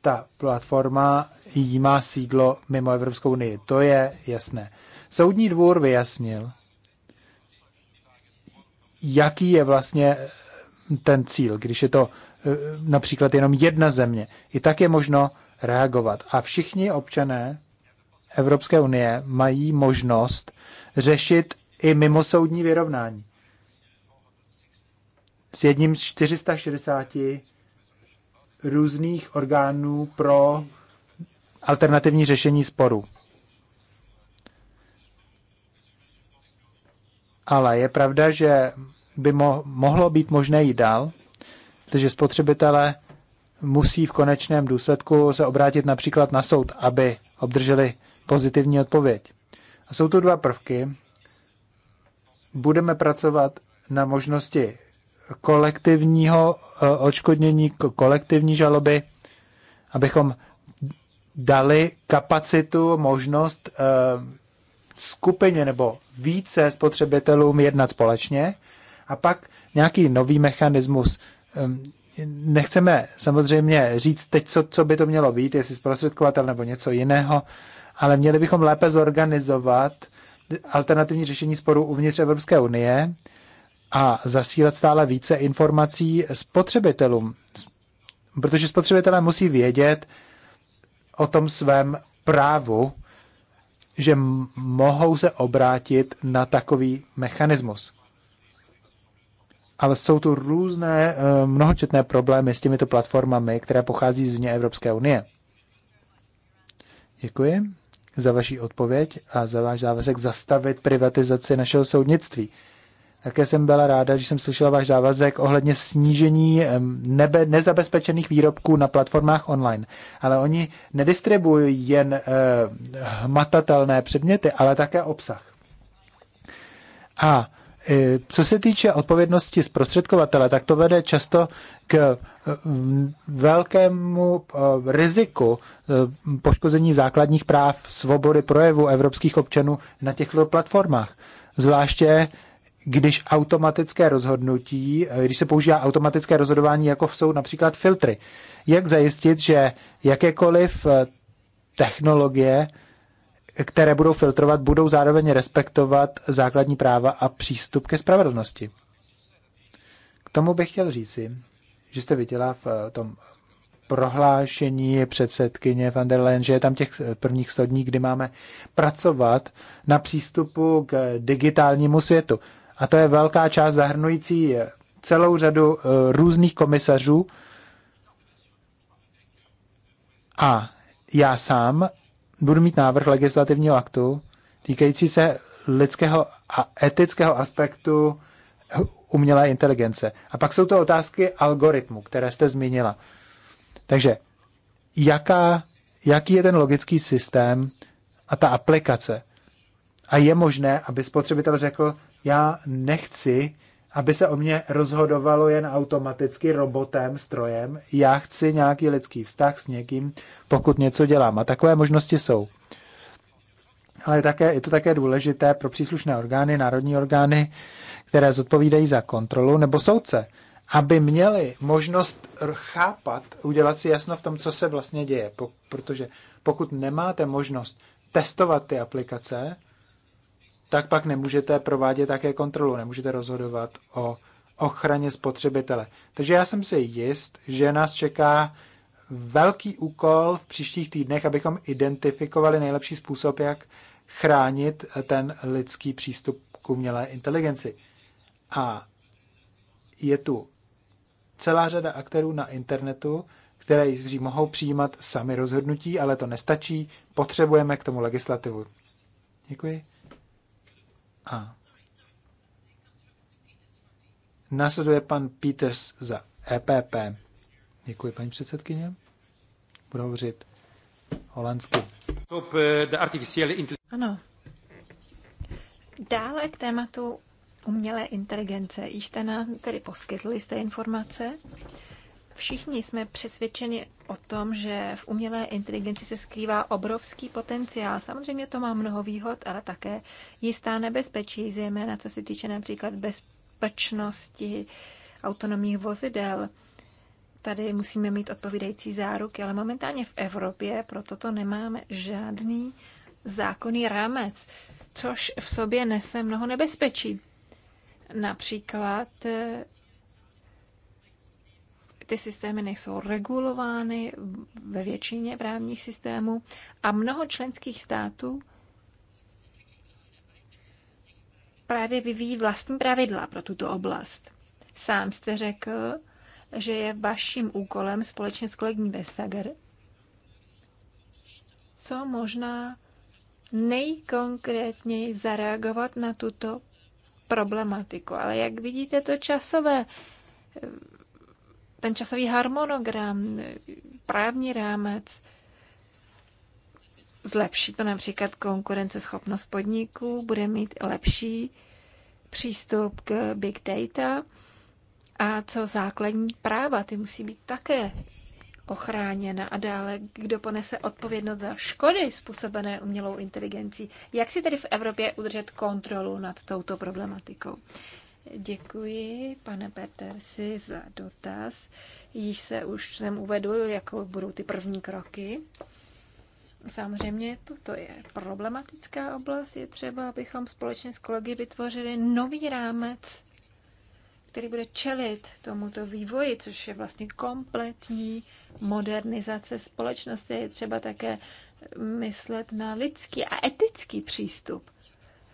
ta platforma jí má sídlo mimo Evropskou unii, to je jasné. Soudní dvůr vyjasnil, jaký je vlastně eh, ten cíl, když je to eh, například jenom jedna země. I tak je možno reagovat. A všichni občané Evropské unie mají možnost řešit i mimosoudní vyrovnání. S jedním z 460 různých orgánů pro alternativní řešení sporů. Ale je pravda, že by mo- mohlo být možné jít dál, protože spotřebitelé musí v konečném důsledku se obrátit například na soud, aby obdrželi pozitivní odpověď. A jsou tu dva prvky. Budeme pracovat na možnosti kolektivního eh, odškodnění, kolektivní žaloby, abychom dali kapacitu, možnost eh, skupině nebo více spotřebitelům jednat společně a pak nějaký nový mechanismus. Ehm, nechceme samozřejmě říct teď, co, co by to mělo být, jestli zprostředkovatel nebo něco jiného, ale měli bychom lépe zorganizovat alternativní řešení sporů uvnitř Evropské unie a zasílat stále více informací spotřebitelům, protože spotřebitelé musí vědět o tom svém právu že mohou se obrátit na takový mechanismus. Ale jsou tu různé, eh, mnohočetné problémy s těmito platformami, které pochází z vně Evropské unie. Děkuji za vaši odpověď a za váš závazek zastavit privatizaci našeho soudnictví. Také jsem byla ráda, že jsem slyšela váš závazek ohledně snížení nebe, nezabezpečených výrobků na platformách online. Ale oni nedistribuují jen eh, hmatatelné předměty, ale také obsah. A eh, co se týče odpovědnosti zprostředkovatele, tak to vede často k eh, velkému eh, riziku eh, poškození základních práv, svobody projevu evropských občanů na těchto platformách. Zvláště když automatické rozhodnutí, eh, když se používá automatické rozhodování, jako jsou například filtry. Jak zajistit, že jakékoliv eh, technologie, které budou filtrovat, budou zároveň respektovat základní práva a přístup ke spravedlnosti. K tomu bych chtěl říci, že jste viděla v eh, tom prohlášení předsedkyně van der Leyen, že je tam těch prvních 100 dní, kdy máme pracovat na přístupu k digitálnímu světu a to je velká část zahrnující celou řadu eh, různých komisařů. A já sám budu mít návrh legislativního aktu týkající se lidského a etického aspektu umělé inteligence. A pak jsou to otázky algoritmu, které jste zmínila. Takže jaká, jaký je ten logický systém a ta aplikace? A je možné, aby spotřebitel řekl, já nechci, aby se o mě rozhodovalo jen automaticky robotem, strojem. Já chci nějaký lidský vztah s někým, pokud něco dělám. A takové možnosti jsou. Ale také, je to také důležité pro příslušné orgány, národní orgány, které zodpovídají za kontrolu, nebo soudce, aby měli možnost chápat, udělat si jasno v tom, co se vlastně děje. Protože pokud nemáte možnost testovat ty aplikace, tak pak nemůžete provádět také kontrolu, nemůžete rozhodovat o ochraně spotřebitele. Takže já jsem si jist, že nás čeká velký úkol v příštích týdnech, abychom identifikovali nejlepší způsob, jak chránit ten lidský přístup k umělé inteligenci. A je tu celá řada aktérů na internetu, které jistří mohou přijímat sami rozhodnutí, ale to nestačí. Potřebujeme k tomu legislativu. Děkuji. A následuje pan Peters za EPP. Děkuji, paní předsedkyně. Budu hovořit holandsky. Eh, ano. Dále k tématu umělé inteligence. Již jste nám tedy poskytli jste informace. Všichni jsme přesvědčeni o tom, že v umělé inteligenci se skrývá obrovský potenciál. Samozřejmě to má mnoho výhod, ale také jistá nebezpečí, zejména co se týče například bezpečnosti autonomních vozidel. Tady musíme mít odpovídající záruky, ale momentálně v Evropě pro toto nemáme žádný zákonný rámec, což v sobě nese mnoho nebezpečí. Například eh, ty systémy nejsou regulovány ve většině právních systémů a mnoho členských států právě vyvíjí vlastní pravidla pro tuto oblast. Sám jste řekl, že je vaším úkolem společně s kolegní Vestager co možná nejkonkrétněji zareagovat na tuto problematiku. Ale jak vidíte, to časové ten časový harmonogram, právní rámec. Zlepší to například konkurenceschopnost podniků, bude mít lepší přístup k big data a co základní práva, ty musí být také ochráněna a dále, kdo ponese odpovědnost za škody způsobené umělou inteligencí. Jak si tedy v Evropě udržet kontrolu nad touto problematikou? Děkuji, pane Petersi, za dotaz. Již se už jsem uvedl, jakou budou ty první kroky. Samozřejmě toto je problematická oblast. Je třeba, abychom společně s kolegy vytvořili nový rámec, který bude čelit tomuto vývoji, což je vlastně kompletní modernizace společnosti. Je třeba také myslet na lidský a etický přístup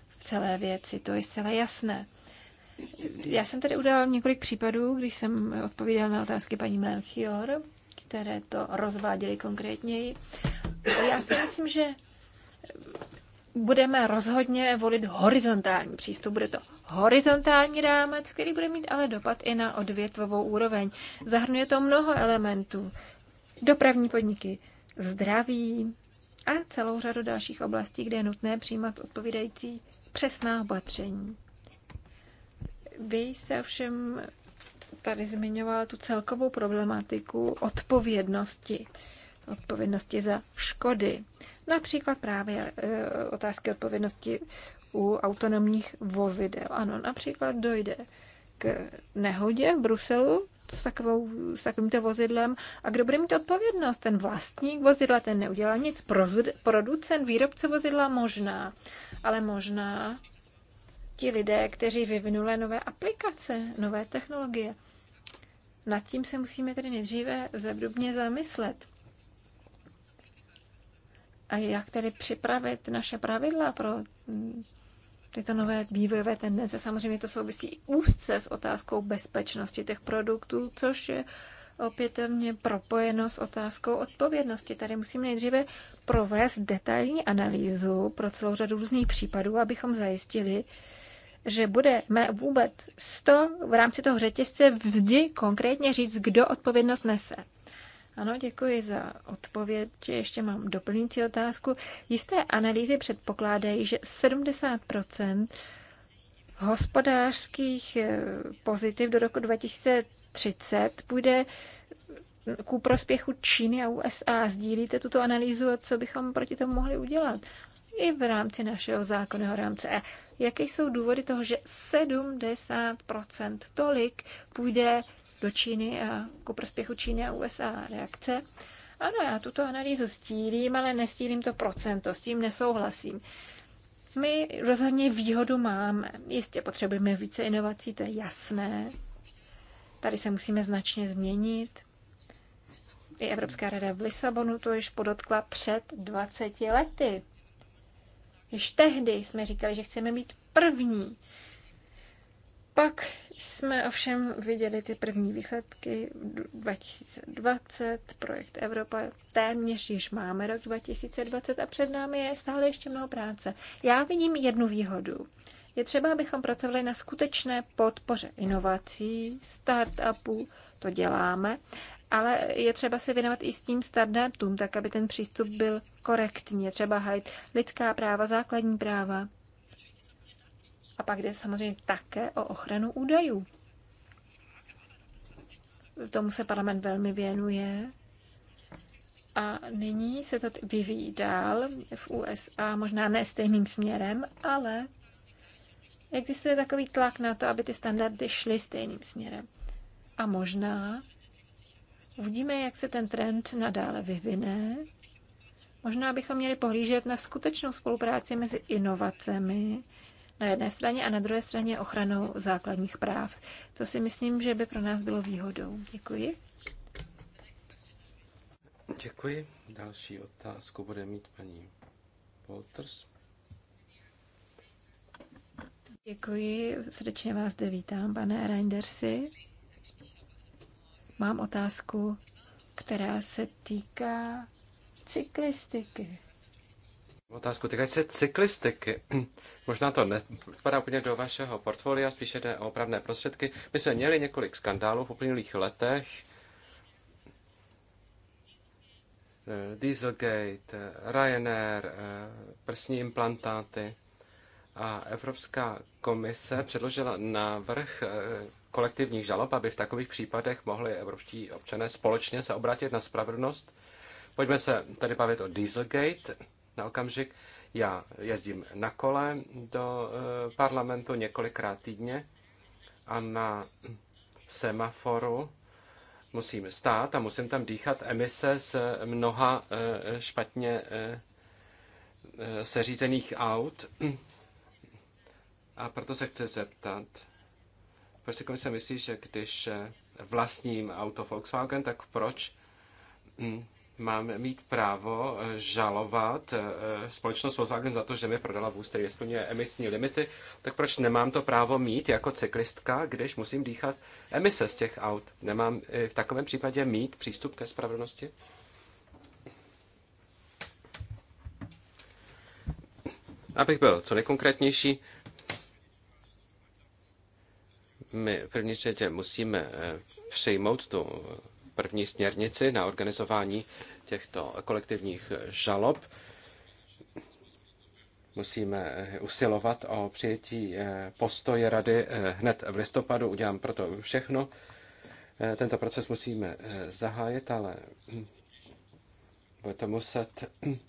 v celé věci. To je zcela jasné. Já jsem tady udělal několik případů, když jsem odpovídal na otázky paní Melchior, které to rozváděly konkrétněji. Já si myslím, že budeme rozhodně volit horizontální přístup. Bude to horizontální rámec, který bude mít ale dopad i na odvětvovou úroveň. Zahrnuje to mnoho elementů. Dopravní podniky, zdraví a celou řadu dalších oblastí, kde je nutné přijímat odpovídající přesná opatření. Vy jste ovšem tady zmiňoval tu celkovou problematiku odpovědnosti. Odpovědnosti za škody. Například právě e, otázky odpovědnosti u autonomních vozidel. Ano, například dojde k nehodě v Bruselu s, takovou, s takovýmto vozidlem a kdo bude mít odpovědnost? Ten vlastník vozidla, ten neudělal nic, producent, výrobce vozidla možná, ale možná ti lidé, kteří vyvinuli nové aplikace, nové technologie. Nad tím se musíme tedy nejdříve zevrubně zamyslet. A jak tedy připravit naše pravidla pro mm, tyto nové vývojové tendence. Samozřejmě to souvisí i úzce s otázkou bezpečnosti těch produktů, což je opětovně propojeno s otázkou odpovědnosti. Tady musíme nejdříve provést detailní analýzu pro celou řadu různých případů, abychom zajistili, že bude mé vůbec 100 v rámci toho řetězce vždy konkrétně říct, kdo odpovědnost nese. Ano, děkuji za odpověď. Ještě mám doplňující otázku. Jisté analýzy předpokládají, že 70 hospodářských eh, pozitiv do roku 2030 půjde ku prospěchu Číny a USA. Sdílíte tuto analýzu a co bychom proti tomu mohli udělat? i v rámci našeho zákonného rámce. A e. jaké jsou důvody toho, že 70% tolik půjde do Číny a ku prospěchu Číny a USA reakce? Ano, já tuto analýzu stílím, ale nestílím to procento, s tím nesouhlasím. My rozhodně výhodu máme. Jistě potřebujeme více inovací, to je jasné. Tady se musíme značně změnit. I Evropská rada v Lisabonu to již podotkla před 20 lety. Již tehdy jsme říkali, že chceme být první. Pak jsme ovšem viděli ty první výsledky 2020, projekt Evropa téměř již máme rok 2020 a před námi je stále ještě mnoho práce. Já vidím jednu výhodu. Je třeba, abychom pracovali na skutečné podpoře inovací, startupů, to děláme, ale je třeba se věnovat i s tím standardům, tak aby ten přístup byl korektní. Je třeba hajit lidská práva, základní práva. A pak jde samozřejmě také o ochranu údajů. Tomu se parlament velmi věnuje. A nyní se to vyvíjí dál v USA, možná ne stejným směrem, ale existuje takový tlak na to, aby ty standardy šly stejným směrem. A možná Uvidíme, jak se ten trend nadále vyvine. Možná bychom měli pohlížet na skutečnou spolupráci mezi inovacemi na jedné straně a na druhé straně ochranou základních práv. To si myslím, že by pro nás bylo výhodou. Děkuji. Děkuji. Další otázku bude mít paní Walters. Děkuji, srdečně vás zde vítám, pane Reindersi. Mám otázku, která se týká cyklistiky. Otázku týkající se cyklistiky. [CLEARS THROAT] Možná to nepadá úplně do vašeho portfolia, spíše jde o opravné prostředky. My jsme měli několik skandálů v uplynulých letech. Eh, Dieselgate, eh, Ryanair, eh, prsní implantáty. A Evropská komise předložila návrh kolektivních žalob, aby v takových případech mohli evropští občané společně se obrátit na spravedlnost. Pojďme se tady bavit o Dieselgate na okamžik. Já jezdím na kole do eh, parlamentu několikrát týdně a na semaforu musím stát a musím tam dýchat emise z mnoha eh, špatně eh, seřízených aut. A proto se chci zeptat, proč prostě si komise myslí, že když eh, vlastním auto Volkswagen, tak proč hm, mám mít právo eh, žalovat eh, společnost Volkswagen za to, že mi prodala vůz, který splňuje emisní limity, tak proč nemám to právo mít jako cyklistka, když musím dýchat emise z těch aut? Nemám v takovém případě mít přístup ke spravedlnosti? Abych byl co nejkonkrétnější, my v první řadě musíme eh, přijmout tu první směrnici na organizování těchto kolektivních žalob. Musíme eh, usilovat o přijetí eh, postoje rady hned v listopadu. Udělám proto všechno. Tento proces musíme zahájit, ale hm, bude to muset hm,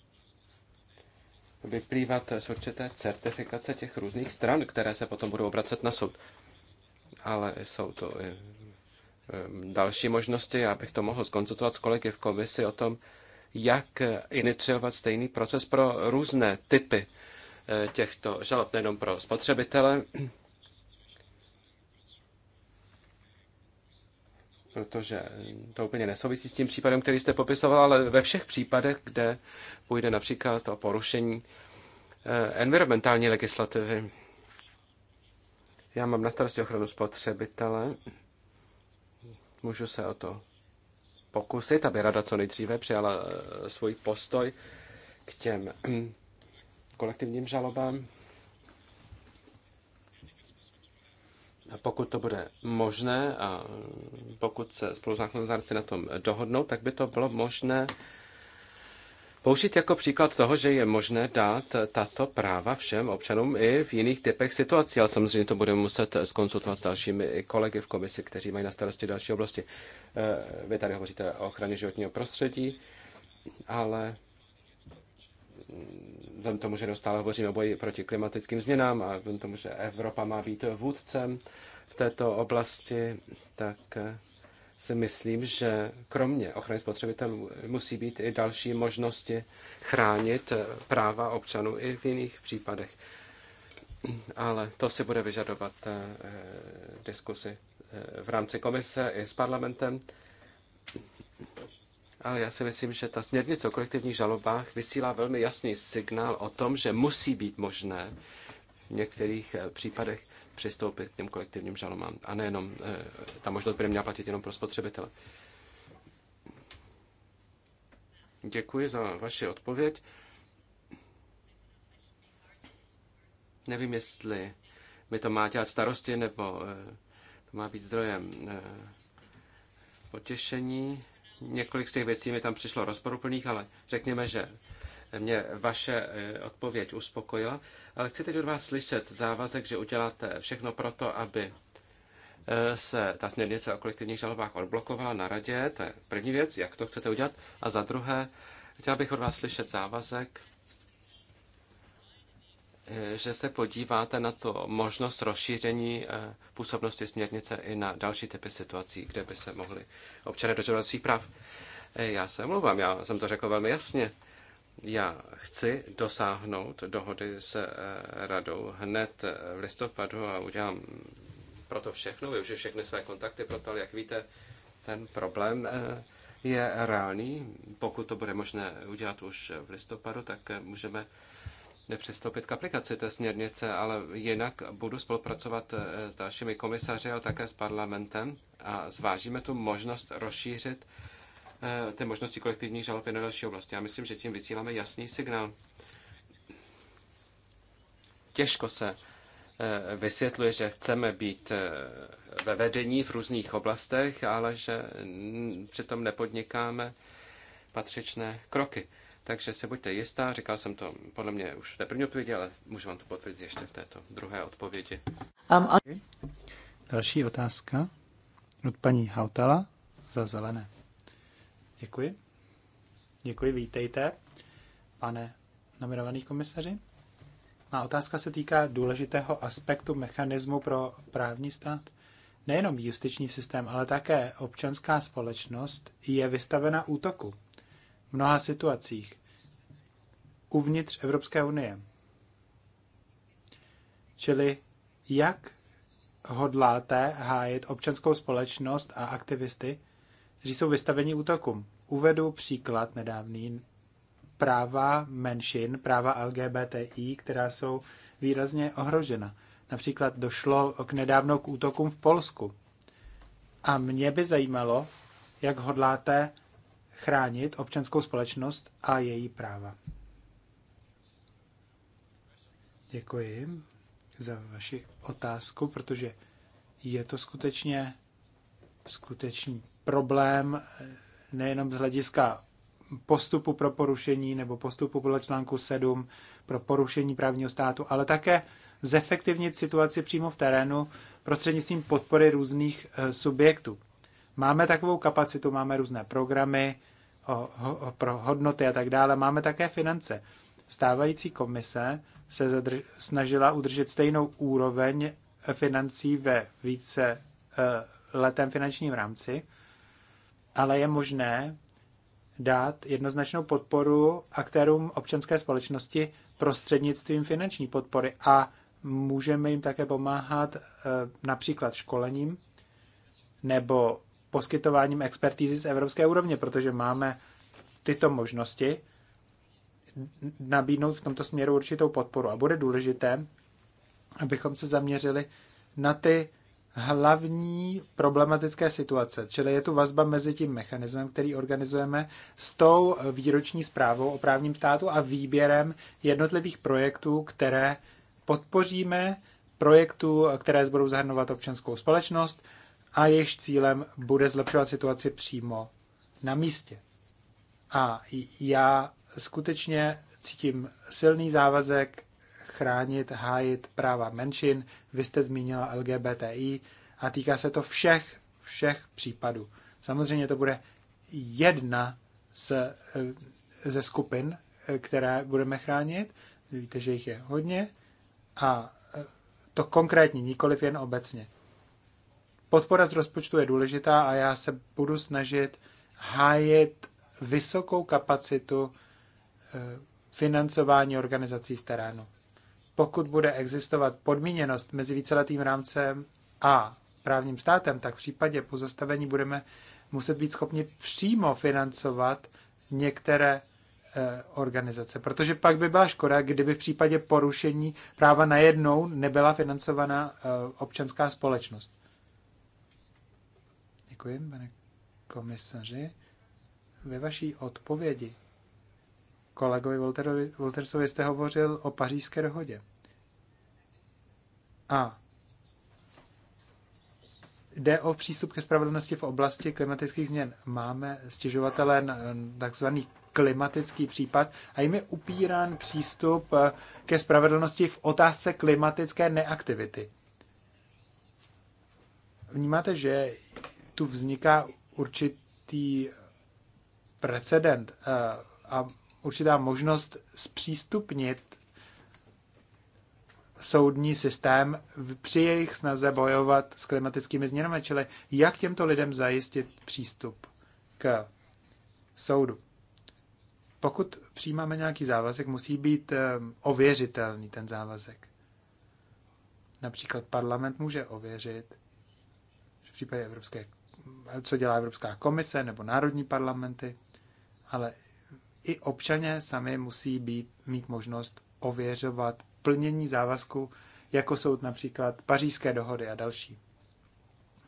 vyplývat z určité certifikace těch různých stran, které se potom budou obracet na soud ale jsou to i eh, eh, další možnosti. Já bych to mohl skonzultovat s kolegy v komisi o tom, jak eh, iniciovat stejný proces pro různé typy těchto žalob, nejenom pro spotřebitele, protože to úplně nesouvisí s tím případem, který jste popisoval, ale ve všech případech, kde půjde například o porušení environmentální legislativy. Já mám na starosti ochranu spotřebitele. Můžu se o to pokusit, aby rada co nejdříve přijala eh, svůj postoj k těm hm, kolektivním žalobám. A pokud to bude možné a pokud se spoluzákonodárci na tom dohodnou, tak by to bylo možné použít jako příklad toho, že je možné dát tato práva všem občanům i v jiných typech situací, ale samozřejmě to budeme muset skonsultovat s dalšími kolegy v komisi, kteří mají na starosti další oblasti. Eh, vy tady hovoříte o ochraně životního prostředí, ale vzhledem tomu, že neustále hovoříme o boji proti klimatickým změnám a vzhledem tomu, že Evropa má být vůdcem v této oblasti, tak eh, si myslím, že kromě ochrany spotřebitelů musí být i další možnosti chránit práva občanů i v jiných případech. Ale to si bude vyžadovat eh, diskusy eh, v rámci komise i s parlamentem. Ale já si myslím, že ta směrnice o kolektivních žalobách vysílá velmi jasný signál o tom, že musí být možné v některých eh, případech přistoupit k těm kolektivním žalomám. A nejenom, eh, ta možnost by neměla platit jenom pro spotřebitele. Děkuji za vaši odpověď. Nevím, jestli mi to má dělat starosti, nebo eh, to má být zdrojem eh, potěšení. Několik z těch věcí mi tam přišlo rozporuplných, ale řekněme, že mě vaše eh, odpověď uspokojila, ale chci teď od vás slyšet závazek, že uděláte všechno pro to, aby eh, se ta směrnice o kolektivních žalobách odblokovala na radě. To je první věc, jak to chcete udělat. A za druhé, chtěla bych od vás slyšet závazek, eh, že se podíváte na to možnost rozšíření působnosti směrnice i na další typy situací, kde by se mohli občané dožadovat svých práv. Já se mluvám, já jsem to řekl velmi jasně. Já chci dosáhnout dohody s eh, radou hned v listopadu a udělám proto všechno, využiju všechny své kontakty, proto, ale jak víte, ten problém eh, je reálný. Pokud to bude možné udělat už v listopadu, tak eh, můžeme nepřistoupit k aplikaci té směrnice, ale jinak budu spolupracovat s dalšími komisaři, ale také s parlamentem a zvážíme tu možnost rozšířit Eh, té možnosti kolektivních žalob i na další oblasti. Já myslím, že tím vysíláme jasný signál. Těžko se eh, vysvětluje, že chceme být eh, ve vedení v různých oblastech, ale že přitom nepodnikáme patřičné kroky. Takže se buďte jistá, říkal jsem to podle mě už v té první odpovědi, ale můžu vám to potvrdit ještě v této druhé odpovědi. Um, a... Další otázka od paní Hautala za zelené. Děkuji. Děkuji, vítejte, pane nominovaný komisaři. Má otázka se týká důležitého aspektu mechanismu pro právní stát. Nejenom justiční systém, ale také občanská společnost je vystavena útoku v mnoha situacích uvnitř Evropské unie. Čili jak hodláte hájit občanskou společnost a aktivisty, kteří jsou vystaveni útokům. Uvedu příklad nedávný práva menšin, práva LGBTI, která jsou výrazně ohrožena. Například došlo k nedávno k útokům v Polsku. A mě by zajímalo, jak hodláte chránit občanskou společnost a její práva. Děkuji za vaši otázku, protože je to skutečně skutečný problém eh, nejenom z hlediska postupu pro porušení nebo postupu podle článku 7 pro porušení právního státu, ale také zefektivnit situaci přímo v terénu prostřednictvím podpory různých eh, subjektů. Máme takovou kapacitu, máme různé programy o, o, pro hodnoty a tak dále, máme také finance. Stávající komise se zadrž, snažila udržet stejnou úroveň eh, financí ve více letém finančním rámci, ale je možné dát jednoznačnou podporu aktérům občanské společnosti prostřednictvím finanční podpory a můžeme jim také pomáhat eh, například školením nebo poskytováním expertízy z evropské úrovně, protože máme tyto možnosti nabídnout v tomto směru určitou podporu. A bude důležité, abychom se zaměřili na ty hlavní problematické situace, čili je tu vazba mezi tím mechanismem, který organizujeme, s tou výroční zprávou o právním státu a výběrem jednotlivých projektů, které podpoříme, projektů, které budou zahrnovat občanskou společnost a jejich cílem bude zlepšovat situaci přímo na místě. A já skutečně cítím silný závazek chránit, hájit práva menšin. Vy jste zmínila LGBTI a týká se to všech, všech případů. Samozřejmě to bude jedna z, eh, ze skupin, eh, které budeme chránit. Víte, že jich je hodně a eh, to konkrétně, nikoliv jen obecně. Podpora z rozpočtu je důležitá a já se budu snažit hájit vysokou kapacitu financování organizací v terénu pokud bude existovat podmíněnost mezi víceletým rámcem a právním státem, tak v případě pozastavení budeme muset být schopni přímo financovat některé eh, organizace. Protože pak by byla škoda, kdyby v případě porušení práva najednou nebyla financovaná eh, občanská společnost. Děkuji, pane komisaři. Ve vaší odpovědi kolegovi Woltersovi jste hovořil o pařížské dohodě. A jde o přístup ke spravedlnosti v oblasti klimatických změn. Máme stěžovatele takzvaný klimatický případ a jim je upírán přístup eh, ke spravedlnosti v otázce klimatické neaktivity. Vnímáte, že tu vzniká určitý precedent eh, a určitá možnost zpřístupnit soudní systém při jejich snaze bojovat s klimatickými změnami, čili jak těmto lidem zajistit přístup k soudu. Pokud přijímáme nějaký závazek, musí být ověřitelný ten závazek. Například parlament může ověřit, v případě Evropské, co dělá Evropská komise nebo národní parlamenty, ale i občané sami musí být, mít možnost ověřovat plnění závazku, jako jsou například pařížské dohody a další.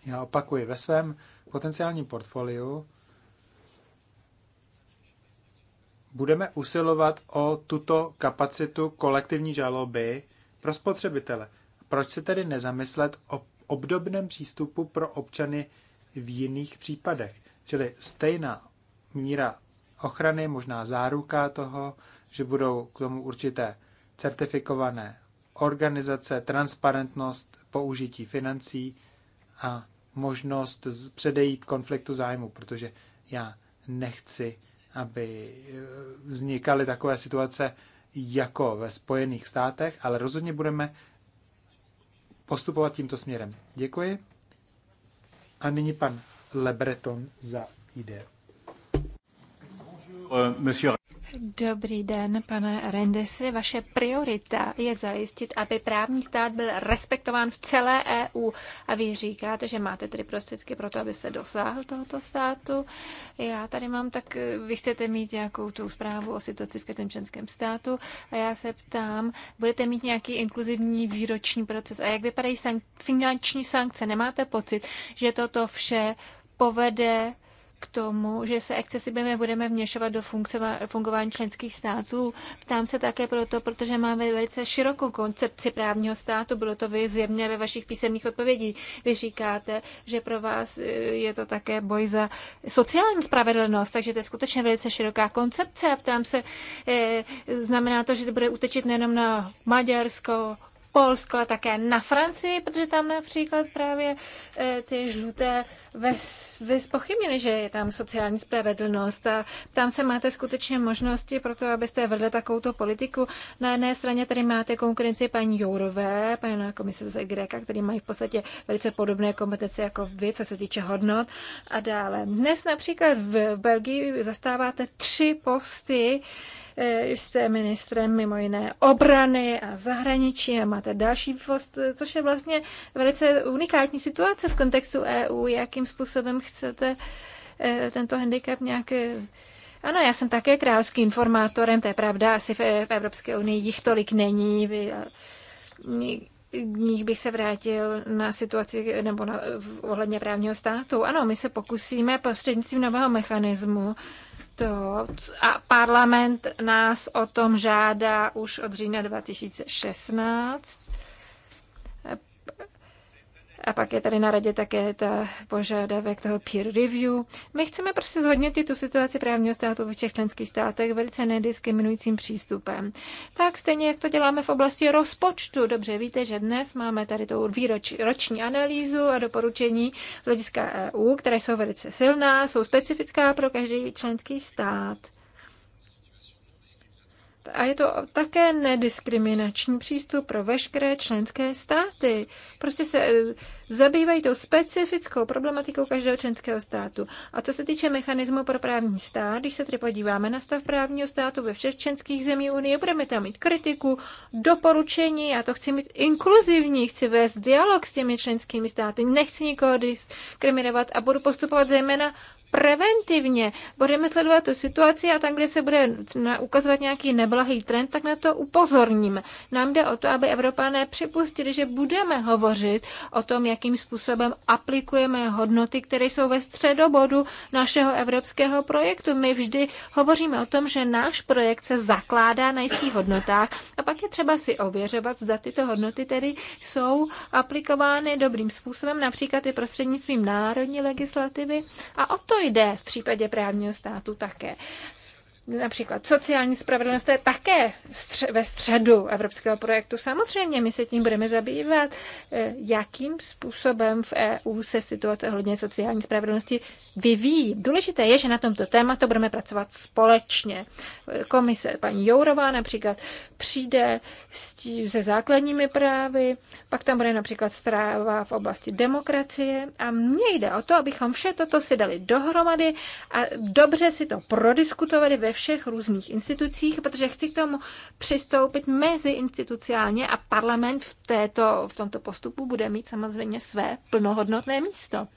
Já opakuji, ve svém potenciálním portfoliu budeme usilovat o tuto kapacitu kolektivní žaloby pro spotřebitele. Proč se tedy nezamyslet o obdobném přístupu pro občany v jiných případech? Čili stejná míra ochrany, možná záruka toho, že budou k tomu určité certifikované organizace, transparentnost použití financí a možnost předejít konfliktu zájmu, protože já nechci, aby eh, vznikaly takové situace jako ve Spojených státech, ale rozhodně budeme postupovat tímto směrem. Děkuji. A nyní pan Lebreton za ID. Euh, monsieur Dobrý den, pane Rendesy. Vaše priorita je zajistit, aby právní stát byl respektován v celé EU. A vy říkáte, že máte tedy prostředky pro to, aby se dosáhl tohoto státu. Já tady mám tak, vy chcete mít nějakou tu zprávu o situaci v každém členském státu a já se ptám, budete mít nějaký inkluzivní výroční proces a jak vypadají sank- finanční sankce? Nemáte pocit, že toto vše povede k tomu, že se excesivně budeme vměšovat do fungování členských států. Ptám se také proto, protože máme velice širokou koncepci právního státu. Bylo to vy zjevně ve vašich písemných odpovědí. Vy říkáte, že pro vás e, je to také boj za sociální spravedlnost, takže to je skutečně velice široká koncepce. A ptám se, e, znamená to, že to bude utečit nejenom na Maďarsko, Polsko ale také na Francii, protože tam například právě eh, ty žluté vyspochybnili, že je tam sociální spravedlnost a tam se máte skutečně možnosti pro to, abyste vedli takovouto politiku. Na jedné straně tady máte konkurenci paní Jourové, komise komisaře Greka, který mají v podstatě velice podobné kompetence jako vy, co se týče hodnot a dále. Dnes například v Belgii zastáváte tři posty, Eh, jste ministrem mimo jiné obrany a zahraničí a máte další post, eh, což je vlastně velice unikátní situace v kontextu EU, jakým způsobem chcete eh, tento handicap nějak ano, já jsem také královským informátorem, to je pravda, asi v, v Evropské unii jich tolik není. Vy, nich bych se vrátil na situaci nebo na, ohledně právního státu. Ano, my se pokusíme prostřednictvím nového mechanismu to a parlament nás o tom žádá už od října 2016 a pak je tady na radě také ta požadavek toho peer review. My chceme prostě zhodnotit tu situaci právního státu v všech členských státech velice nediskriminujícím přístupem. Tak stejně, jak to děláme v oblasti rozpočtu. Dobře víte, že dnes máme tady tu výroč, roční analýzu a doporučení hlediska EU, které jsou velice silná, jsou specifická pro každý členský stát. A je to také nediskriminační přístup pro veškeré členské státy. Prostě se eh, zabývají tou specifickou problematikou každého členského státu. A co se týče mechanismu pro právní stát, když se tedy podíváme na stav právního státu ve všech členských zemí Unie, budeme tam mít kritiku, doporučení, a to chci mít inkluzivní, chci vést dialog s těmi členskými státy, nechci nikoho diskriminovat a budu postupovat zejména preventivně. Budeme sledovat tu situaci a tam, kde se bude ukazovat nějaký neblahý trend, tak na to upozorníme. Nám jde o to, aby Evropané připustili, že budeme hovořit o tom, jakým způsobem aplikujeme hodnoty, které jsou ve středobodu našeho evropského projektu. My vždy hovoříme o tom, že náš projekt se zakládá na jistých hodnotách a pak je třeba si ověřovat, zda tyto hodnoty tedy jsou aplikovány dobrým způsobem, například i prostřednictvím národní legislativy. A o to jde v případě právního státu také například sociální spravedlnost, je také ve středu evropského projektu. Samozřejmě my se tím budeme zabývat, eh, jakým způsobem v EU se situace ohledně sociální spravedlnosti vyvíjí. Důležité je, že na tomto tématu budeme pracovat společně. Komise paní Jourová například přijde se základními právy, pak tam bude například stráva v oblasti demokracie a mně jde o to, abychom vše toto si dali dohromady a dobře si to prodiskutovali ve všech různých institucích, protože chci k tomu přistoupit mezi instituciálně a parlament v, této, v tomto postupu bude mít samozřejmě své plnohodnotné místo.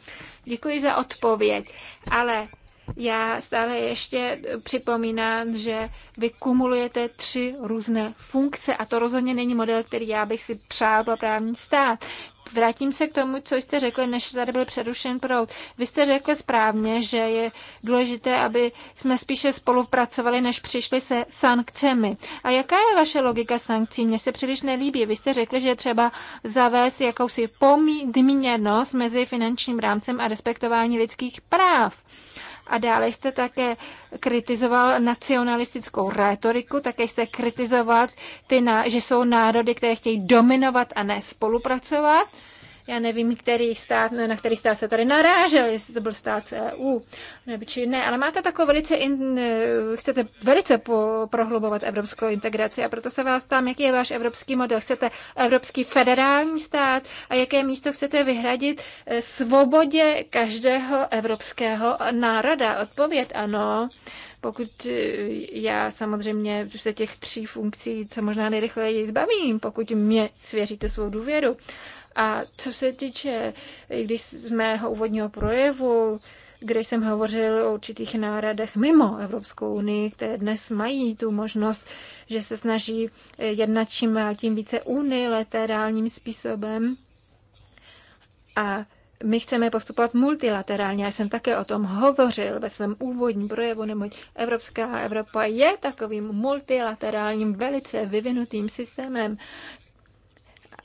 Děkuji za odpověď, ale já stále ještě připomínám, že vy kumulujete tři různé funkce a to rozhodně není model, který já bych si přál pro právní stát. Vrátím se k tomu, co jste řekli, než tady byl přerušen proud. Vy jste řekli správně, že je důležité, aby jsme spíše spolupracovali, než přišli se sankcemi. A jaká je vaše logika sankcí? Mně se příliš nelíbí. Vy jste řekli, že je třeba zavést jakousi pomíněnost mezi finančním rámcem a respektování lidských práv. A dále jste také kritizoval nacionalistickou rétoriku, také jste kritizoval, ty, na, že jsou národy, které chtějí dominovat a ne spolupracovat. Já nevím, který stát, na který stát se tady narážel, jestli to byl stát EU, nebo či ne, ale máte takovou velice, in, eh, chcete velice po, prohlubovat evropskou integraci a proto se vás tam, jaký je váš evropský model. Chcete evropský federální stát a jaké místo chcete vyhradit eh, svobodě každého evropského národa? Odpověď ano pokud eh, já samozřejmě se těch tří funkcí co možná nejrychleji zbavím, pokud mě svěříte svou důvěru. A co se týče, když z mého úvodního projevu, kde jsem hovořil o určitých náradech mimo Evropskou unii, které dnes mají tu možnost, že se snaží jednat čím a tím více unilaterálním způsobem. A my chceme postupovat multilaterálně. Já jsem také o tom hovořil ve svém úvodním projevu, neboť Evropská Evropa je takovým multilaterálním, velice vyvinutým systémem,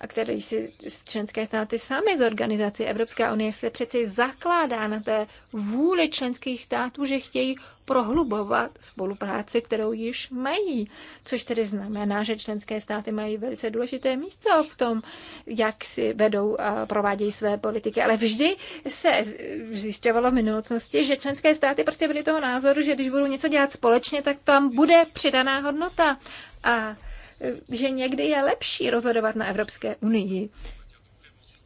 a který si členské státy sami z organizace Evropská unie se přeci zakládá na té vůli členských států, že chtějí prohlubovat spolupráci, kterou již mají. Což tedy znamená, že členské státy mají velice důležité místo v tom, jak si vedou a provádějí své politiky. Ale vždy se zjišťovalo v minulosti, že členské státy prostě byly toho názoru, že když budou něco dělat společně, tak tam bude přidaná hodnota. A že někdy je lepší rozhodovat na Evropské unii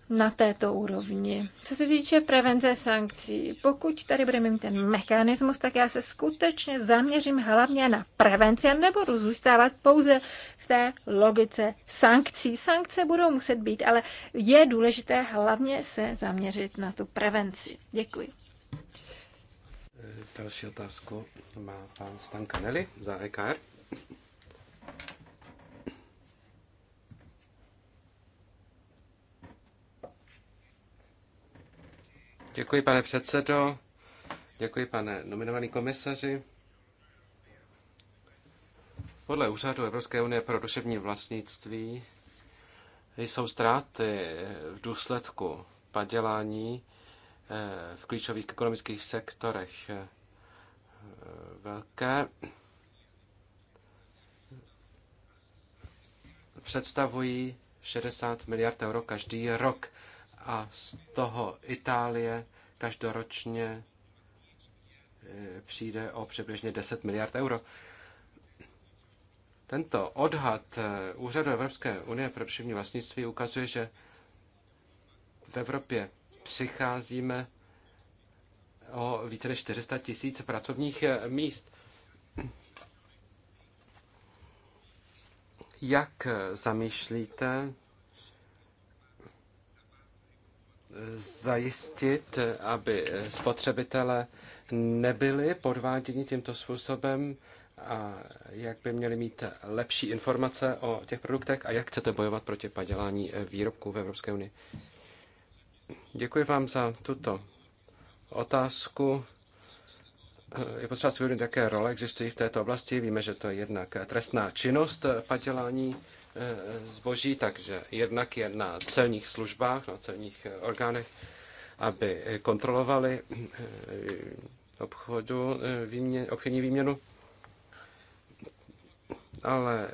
na této úrovni. Co se týče prevence sankcí, pokud tady budeme mít ten mechanismus, tak já se skutečně zaměřím hlavně na prevenci a nebudu zůstávat pouze v té logice sankcí. Sankce budou muset být, ale je důležité hlavně se zaměřit na tu prevenci. Děkuji. Další otázku má pan Stankanelli za EKR. Děkuji, pane předsedo. Děkuji, pane nominovaný komisaři. Podle úřadu Evropské unie pro duševní vlastnictví jsou ztráty v důsledku padělání eh, v klíčových ekonomických sektorech eh, velké. Představují 60 miliard euro každý rok a z toho Itálie každoročně eh, přijde o přibližně 10 miliard euro. Tento odhad eh, Úřadu Evropské unie pro všechny vlastnictví ukazuje, že v Evropě přicházíme o více než 400 tisíc pracovních eh, míst. Jak zamýšlíte zajistit, aby spotřebitele nebyli podváděni tímto způsobem a jak by měli mít lepší informace o těch produktech a jak chcete bojovat proti padělání výrobků v Evropské unii. Děkuji vám za tuto otázku. Je potřeba si uvědomit, jaké role existují v této oblasti. Víme, že to je jednak trestná činnost padělání Eh, zboží, takže jednak je na celních službách, na celních eh, orgánech, aby eh, kontrolovali obchodu, výmě, obchodní výměnu, ale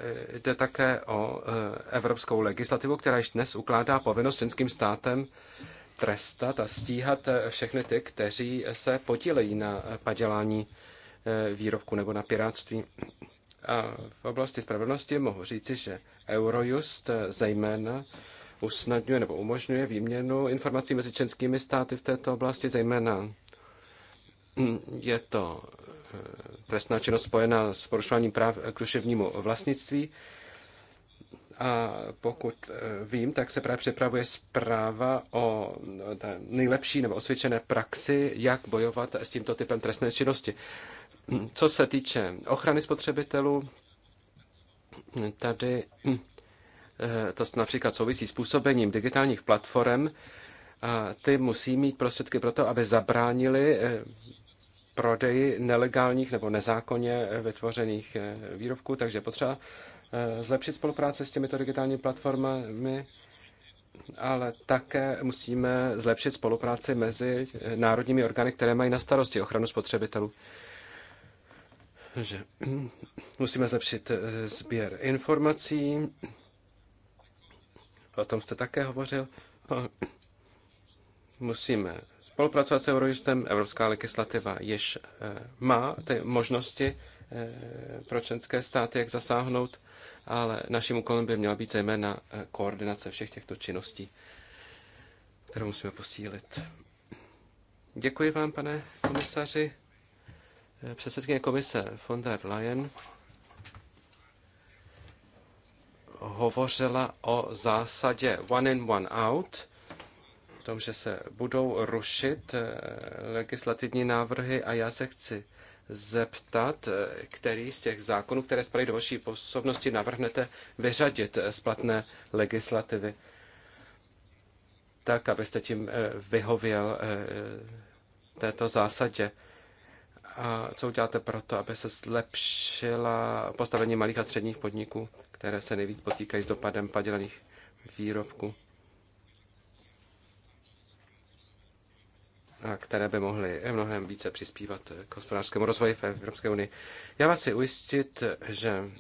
jde také o evropskou legislativu, která již dnes ukládá povinnost členským státem trestat a stíhat všechny ty, kteří se podílejí na padělání výrobku nebo na piráctví. A v oblasti spravedlnosti mohu říci, že Eurojust eh, zejména usnadňuje nebo umožňuje výměnu informací mezi členskými státy v této oblasti, zejména hm, je to eh, trestná činnost spojená s porušováním práv k duševnímu vlastnictví. A pokud eh, vím, tak se právě připravuje zpráva o nejlepší nebo osvědčené praxi, jak bojovat s tímto typem trestné činnosti. Co se týče ochrany spotřebitelů, tady hm, eh, to například souvisí s působením digitálních platform, a ty musí mít prostředky pro to, aby zabránili eh, prodeji nelegálních nebo nezákonně eh, vytvořených výrobků, takže potřeba zlepšit spolupráci s těmito digitálními platformami, ale také musíme zlepšit spolupráci mezi národními orgány, které mají na starosti ochranu spotřebitelů že musíme zlepšit eh, sběr informací, o tom jste také hovořil, musíme spolupracovat s Eurojustem, evropská legislativa již eh, má ty možnosti eh, pro členské státy, jak zasáhnout, ale naším úkolem by měla být zejména koordinace všech těchto činností, kterou musíme posílit. Děkuji vám, pane komisaři předsedkyně komise von der Leyen hovořila o zásadě one in, one out, v tom, že se budou rušit eh, legislativní návrhy a já se chci zeptat, eh, který z těch zákonů, které spadají do vaší působnosti, navrhnete vyřadit eh, z platné legislativy, tak abyste tím vyhověl této zásadě. A co uděláte pro to, aby se zlepšila postavení malých a středních podniků, které se nejvíc potýkají s dopadem padělaných výrobků? a které by mohly mnohem více přispívat k hospodářskému rozvoji v Evropské unii. Já vás si ujistit, že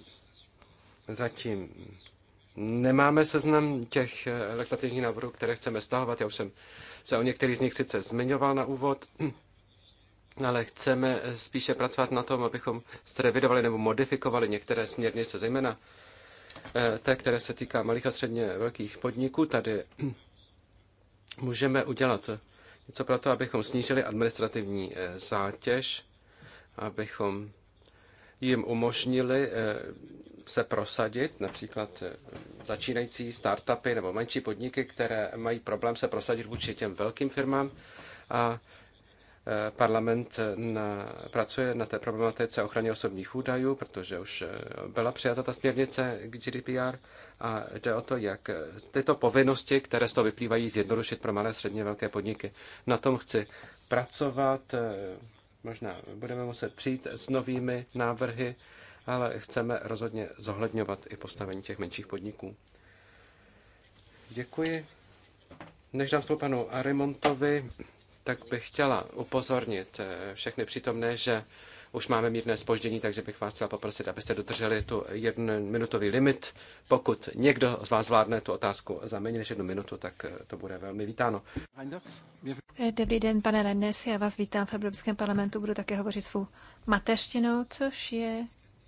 zatím nemáme seznam těch legislativních návrhů, které chceme stahovat. Já už jsem se o některých z nich sice zmiňoval na úvod, ale chceme spíše pracovat na tom, abychom zrevidovali nebo modifikovali některé směrnice, zejména eh, té, které se týká malých a středně velkých podniků. Tady [CLEARS THROAT] můžeme udělat něco pro to, abychom snížili administrativní eh, zátěž, abychom jim umožnili eh, se prosadit, například začínající startupy nebo menší podniky, které mají problém se prosadit vůči těm velkým firmám. A Eh, parlament eh, na, pracuje na té problematice ochraně osobních údajů, protože už eh, byla přijata ta směrnice k GDPR a jde o to, jak tyto povinnosti, které z toho vyplývají, zjednodušit pro malé, středně velké podniky. Na tom chci pracovat, možná budeme muset přijít s novými návrhy, ale chceme rozhodně zohledňovat i postavení těch menších podniků. Děkuji. Než dám slovo panu Arimontovi, tak bych chtěla upozornit eh, všechny přítomné, že už máme mírné spoždění, takže bych vás chtěla poprosit, abyste dodrželi tu jednominutový limit. Pokud někdo z vás zvládne tu otázku za méně než jednu minutu, tak eh, to bude velmi vítáno. Eh, dobrý den, pane Rennes, já vás vítám v Evropském parlamentu, budu také hovořit svou mateřštinou, což je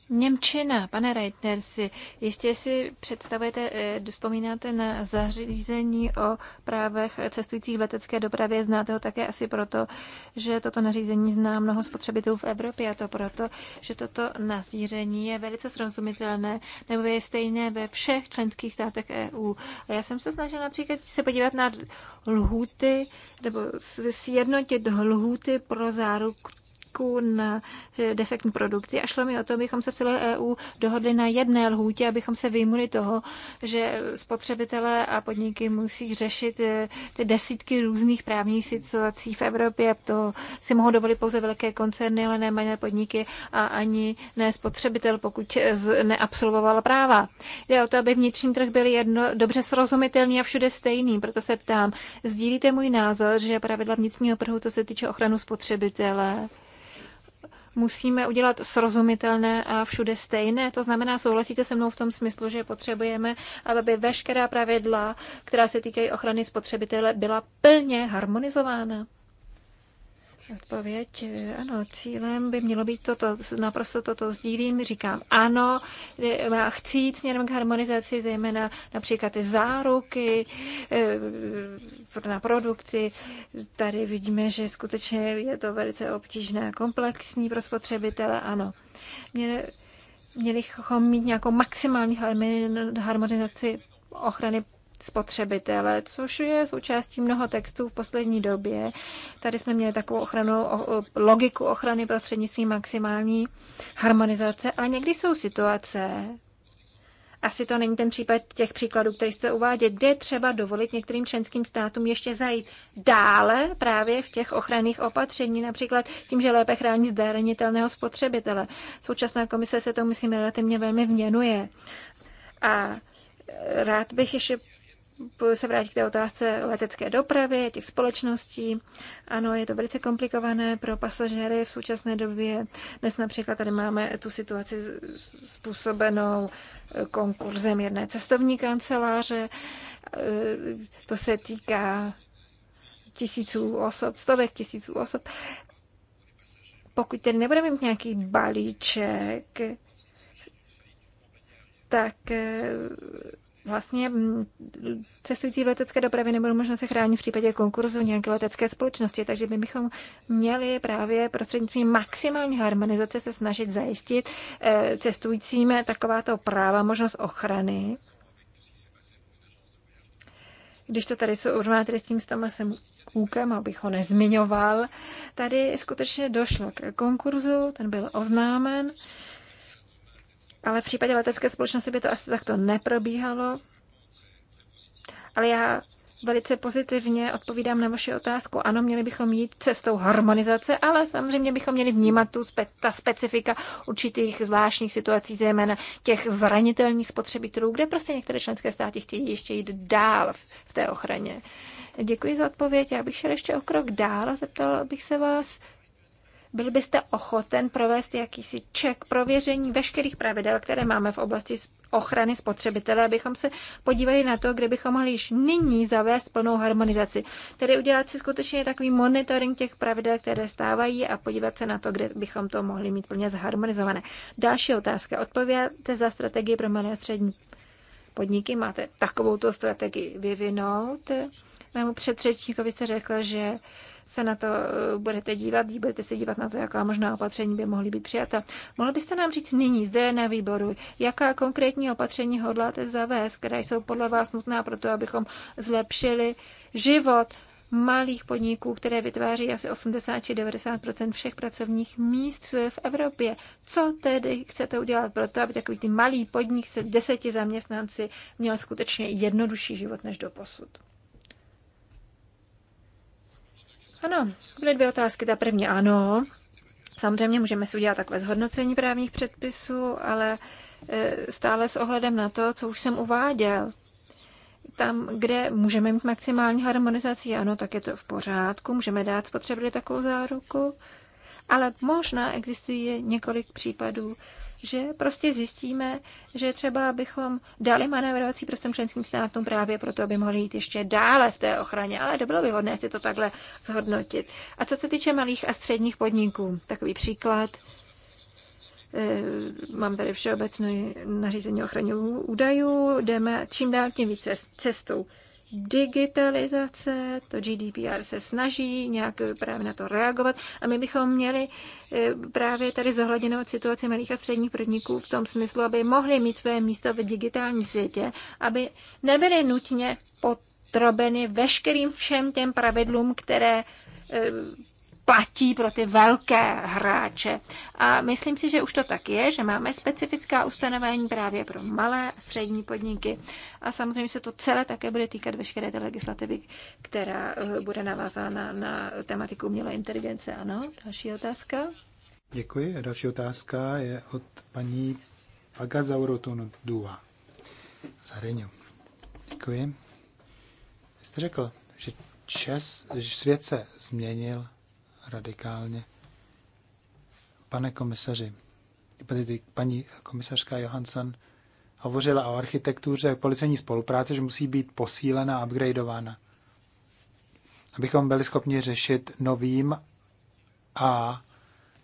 Němčina, pane Reitner, si jistě si představujete, eh, vzpomínáte na zařízení o právech cestujících v letecké dopravě, znáte ho také asi proto, že toto nařízení zná mnoho spotřebitelů v Evropě a to proto, že toto nařízení je velice srozumitelné nebo je stejné ve všech členských státech EU. A já jsem se snažila například se podívat na lhuty, nebo sjednotit lhuty pro záruku balíků na eh, defektní produkty a šlo mi o to, abychom se v celé EU dohodli na jedné lhůtě, abychom se vyjmuli toho, že spotřebitelé a podniky musí řešit eh, ty desítky různých právních situací v Evropě. To si mohou dovolit pouze velké koncerny, ale ne malé podniky a ani ne spotřebitel, pokud eh, neabsolvoval práva. Jde o to, aby vnitřní trh byl jedno, dobře srozumitelný a všude stejný. Proto se ptám, sdílíte můj názor, že pravidla vnitřního trhu, co se týče ochranu spotřebitele, musíme udělat srozumitelné a všude stejné. To znamená, souhlasíte se mnou v tom smyslu, že potřebujeme, aby veškerá pravidla, která se týkají ochrany spotřebitele, byla plně harmonizována? Odpověď, eh, ano, cílem by mělo být toto, naprosto toto sdílím, říkám ano, eh, chci jít směrem k harmonizaci, zejména například ty záruky eh, na produkty. Tady vidíme, že skutečně je to velice obtížné a komplexní pro spotřebitele, ano. Měli, měli bychom mít nějakou maximální harmonizaci ochrany spotřebitele, což je součástí mnoho textů v poslední době. Tady jsme měli takovou ochranu, logiku ochrany prostřednictvím maximální harmonizace, ale někdy jsou situace, asi to není ten případ těch příkladů, které jste uvádět, kde je třeba dovolit některým členským státům ještě zajít dále právě v těch ochranných opatření, například tím, že lépe chrání zdárenitelného spotřebitele. Současná komise se to, myslím, relativně velmi věnuje. A rád bych ještě se vrátit k té otázce letecké dopravy, těch společností. Ano, je to velice komplikované pro pasažéry v současné době. Dnes například tady máme tu situaci způsobenou konkurzem jedné cestovní kanceláře. E, to se týká tisíců osob, stovek tisíců osob. Pokud tedy nebudeme mít nějaký balíček, tak e, vlastně mm, cestující v letecké dopravě nebudou možno se chránit v případě konkurzu nějaké letecké společnosti, takže my bychom měli právě prostřednictvím maximální harmonizace se snažit zajistit eh, cestujícím takováto práva, možnost ochrany. Když to tady jsou urmátry s tím s Tomasem Kůkem, abych ho nezmiňoval, tady skutečně došlo k konkurzu, ten byl oznámen. Ale v případě letecké společnosti by to asi takto neprobíhalo. Ale já velice pozitivně odpovídám na vaši otázku. Ano, měli bychom jít cestou harmonizace, ale samozřejmě bychom měli vnímat tu spe- ta specifika určitých zvláštních situací, zejména těch zranitelných spotřebitelů, kde prostě některé členské státy chtějí ještě jít dál v té ochraně. Děkuji za odpověď. Já bych šel ještě o krok dál a zeptal bych se vás, byl byste ochoten provést jakýsi ček prověření veškerých pravidel, které máme v oblasti ochrany spotřebitele, abychom se podívali na to, kde bychom mohli již nyní zavést plnou harmonizaci. Tedy udělat si skutečně takový monitoring těch pravidel, které stávají a podívat se na to, kde bychom to mohli mít plně zharmonizované. Další otázka. Odpověďte za strategii pro malé a střední podniky. Máte takovouto strategii vyvinout. Mému předřečníkovi jste řekla, že se na to eh, budete dívat, budete se dívat na to, jaká možná opatření by mohly být přijata. Mohl byste nám říct nyní, zde na výboru, jaká konkrétní opatření hodláte zavést, které jsou podle vás nutná pro to, abychom zlepšili život malých podniků, které vytváří asi 80 či 90 všech pracovních míst v Evropě. Co tedy chcete udělat pro to, aby takový ty malý podnik se deseti zaměstnanci měl skutečně jednodušší život než do posud? Ano, byly dvě otázky. Ta první ano. Samozřejmě můžeme si udělat takové zhodnocení právních předpisů, ale e, stále s ohledem na to, co už jsem uváděl tam, kde můžeme mít maximální harmonizaci, ano, tak je to v pořádku, můžeme dát spotřebili takovou záruku, ale možná existuje několik případů, že prostě zjistíme, že třeba bychom dali manévrovací prostě členským státům právě proto, aby mohli jít ještě dále v té ochraně, ale to bylo by hodné si to takhle zhodnotit. A co se týče malých a středních podniků, takový příklad, Eh, mám tady všeobecné nařízení ochraně údajů. Jdeme čím dál tím více cestou digitalizace, to GDPR se snaží nějak právě na to reagovat a my bychom měli eh, právě tady zohledněnou situaci malých a středních podniků v tom smyslu, aby mohli mít své místo v digitálním světě, aby nebyly nutně potrobeny veškerým všem těm pravidlům, které eh, platí pro ty velké hráče. A myslím si, že už to tak je, že máme specifická ustanovení právě pro malé a střední podniky. A samozřejmě se to celé také bude týkat veškeré té legislativy, která eh, bude navázána na tematiku umělé inteligence. Ano, další otázka. Děkuji. Další otázka je od paní Pagazauroton Dua. Zareňu. Děkuji. jste řekl, že čas, že svět se změnil radikálně. Pane komisaři, paní komisařka Johansson hovořila o architektuře policejní spolupráce, že musí být posílena a upgradeována, abychom byli schopni řešit novým a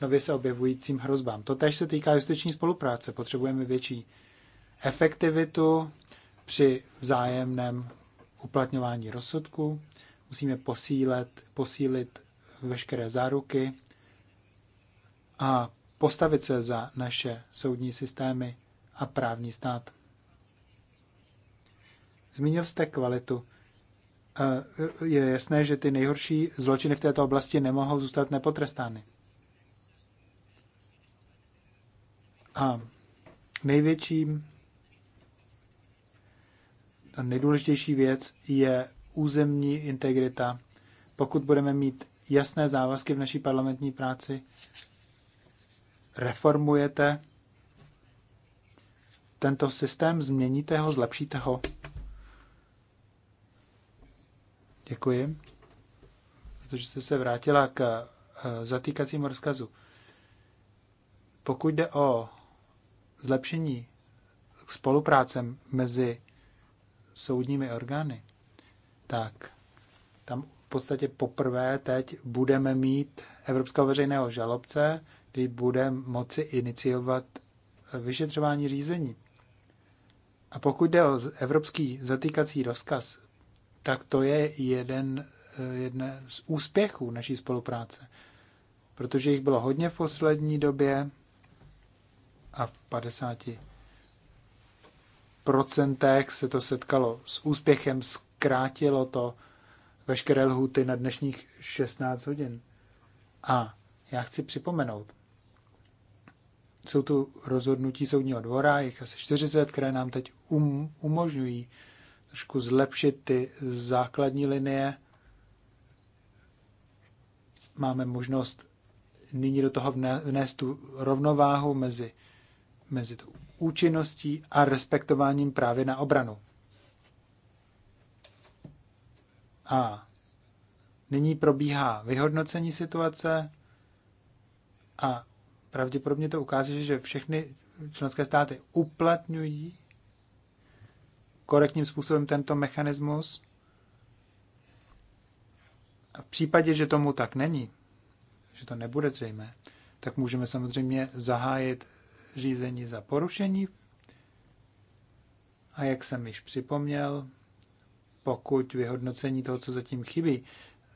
nově se objevujícím hrozbám. To tež se týká justiční spolupráce. Potřebujeme větší efektivitu při vzájemném uplatňování rozsudku. Musíme posílet, posílit veškeré záruky a postavit se za naše soudní systémy a právní stát. Zmínil jste kvalitu. E, je jasné, že ty nejhorší zločiny v této oblasti nemohou zůstat nepotrestány. A největším a nejdůležitější věc je územní integrita. Pokud budeme mít jasné závazky v naší parlamentní práci. Reformujete tento systém, změníte ho, zlepšíte ho. Děkuji, protože jste se vrátila k eh, zatýkacímu rozkazu. Pokud jde o zlepšení spolupráce mezi soudními orgány, tak tam podstatě poprvé teď budeme mít Evropského veřejného žalobce, který bude moci iniciovat vyšetřování řízení. A pokud jde o evropský zatýkací rozkaz, tak to je jeden, eh, jeden z úspěchů naší spolupráce, protože jich bylo hodně v poslední době a v 50 procentech se to setkalo s úspěchem, zkrátilo to veškeré lhuty na dnešních 16 hodin. A já chci připomenout, jsou tu rozhodnutí soudního dvora, jich asi 40, které nám teď um, umožňují trošku zlepšit ty základní linie. Máme možnost nyní do toho vnést tu rovnováhu mezi, mezi tou účinností a respektováním právě na obranu. A nyní probíhá vyhodnocení situace a pravděpodobně to ukáže, že všechny členské státy uplatňují korektním způsobem tento mechanismus. A v případě, že tomu tak není, že to nebude zřejmé, tak můžeme samozřejmě zahájit řízení za porušení. A jak jsem již připomněl, pokud vyhodnocení toho, co zatím chybí,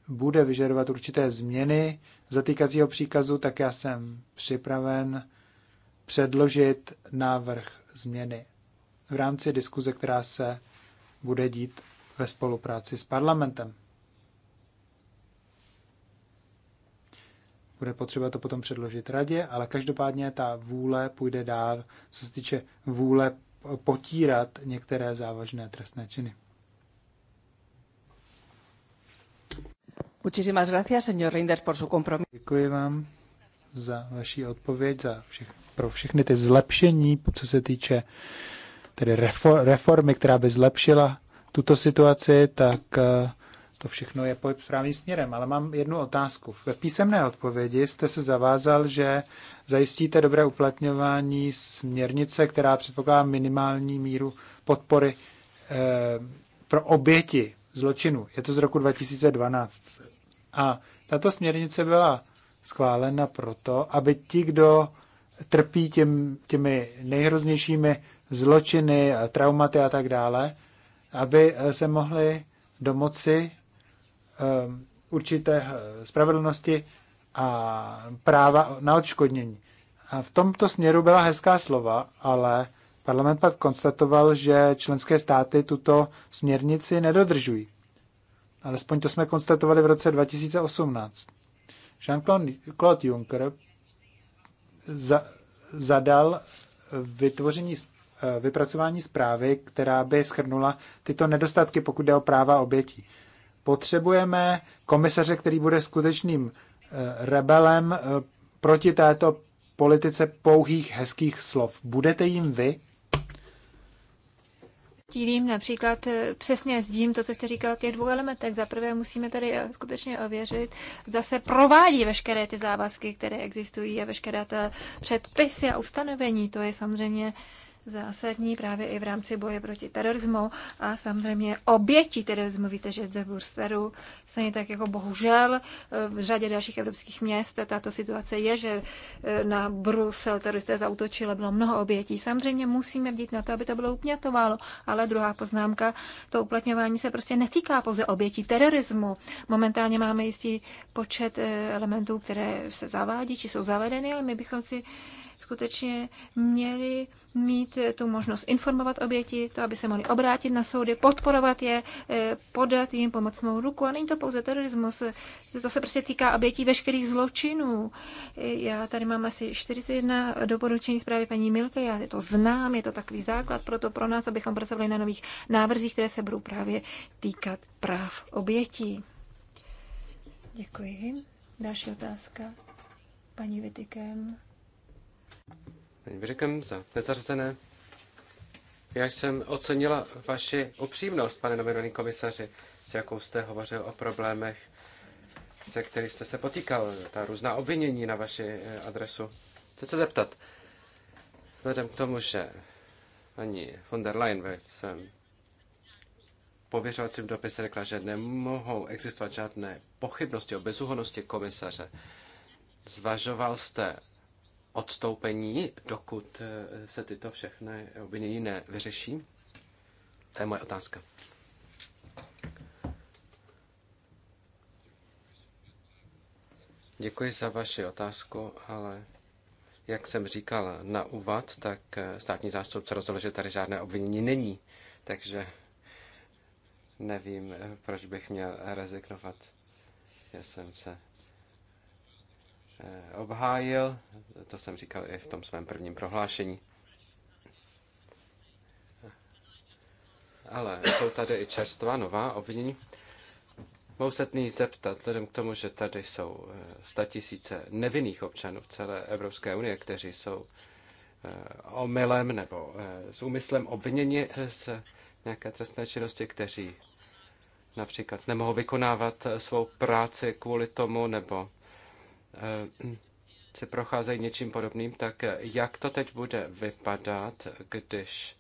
bude vyžadovat určité změny zatýkacího příkazu, tak já jsem připraven předložit návrh změny v rámci diskuze, která se bude dít ve spolupráci s parlamentem. Bude potřeba to potom předložit radě, ale každopádně ta vůle půjde dál, co se týče vůle potírat některé závažné trestné činy. Muchísimas gracias, señor por su compromiso. Děkuji vám za vaši odpověď, za všech, pro všechny ty zlepšení, co se týče tedy reformy, která by zlepšila tuto situaci, tak eh, to všechno je pohyb správným směrem. Ale mám jednu otázku. Ve písemné odpovědi jste se zavázal, že zajistíte dobré uplatňování směrnice, která předpokládá minimální míru podpory eh, pro oběti zločinu. Je to z roku 2012. A tato směrnice byla schválena proto, aby ti, kdo trpí těm, těmi nejhroznějšími zločiny, traumaty a tak dále, aby se mohli domoci um, ehm, určité spravedlnosti a práva na odškodnění. A v tomto směru byla hezká slova, ale parlament pak konstatoval, že členské státy tuto směrnici nedodržují. Alespoň to jsme konstatovali v roce 2018. Jean-Claude Juncker za, zadal vytvoření, eh, vypracování zprávy, která by schrnula tyto nedostatky, pokud jde o práva obětí. Potřebujeme komisaře, který bude skutečným eh, rebelem eh, proti této politice pouhých hezkých slov. Budete jim vy? sdílím například, eh, přesně sdílím to, co jste říkal o těch dvou elementech. Za prvé musíme tady eh, skutečně ověřit, zase provádí veškeré ty závazky, které existují a veškeré ty předpisy a ustanovení. To je samozřejmě uh, zásadní právě i v rámci boje proti terorismu a samozřejmě oběti terorismu. Víte, že zde v Bursteru, stejně tak jako bohužel eh, v řadě dalších evropských měst tato situace je, že eh, na Brusel teroristé zautočili, bylo mnoho obětí. Samozřejmě musíme bdít na to, aby to bylo upňatováno, ale druhá poznámka, to uplatňování se prostě netýká pouze obětí terorismu. Momentálně máme jistý počet eh, elementů, které se zavádí, či jsou zavedeny, ale my bychom si skutečně měli mít tu možnost informovat oběti, to, aby se mohli obrátit na soudy, podporovat je, eh, podat jim pomocnou ruku. A není to pouze terorismus, to se prostě týká obětí veškerých zločinů. Eh, já tady mám asi 41 doporučení zprávy paní Milke, já to znám, je to takový základ pro to pro nás, abychom pracovali na nových návrzích, které se budou právě týkat práv obětí. Děkuji. Další otázka. Paní Vitikem paní Vyřekem za nezařazené. Já jsem ocenila vaši upřímnost, pane nominovaný komisaři, s jakou jste hovořil o problémech, se kterými jste se potýkal, ta různá obvinění na vaši eh, adresu. Chci se zeptat, vzhledem k tomu, že paní von der Leyen ve svém pověřovacím dopise řekla, že nemohou existovat žádné pochybnosti o bezúhonosti komisaře, zvažoval jste odstoupení, dokud eh, se tyto všechny obvinění nevyřeší? To je moje otázka. Děkuji za vaši otázku, ale jak jsem říkal na úvod, tak eh, státní zástupce rozhodl, že tady žádné obvinění není. Takže nevím, eh, proč bych měl rezignovat. Já jsem se Eh, obhájil, to jsem říkal i v tom svém prvním prohlášení. Ale jsou tady i čerstvá nová obvinění. Mohu se tný zeptat, vzhledem k tomu, že tady jsou eh, tisíce nevinných občanů v celé Evropské unie, kteří jsou eh, omylem nebo s úmyslem obviněni z nějaké trestné činnosti, kteří například nemohou vykonávat svou práci kvůli tomu, nebo Eh, se procházejí něčím podobným, tak jak to teď bude vypadat, když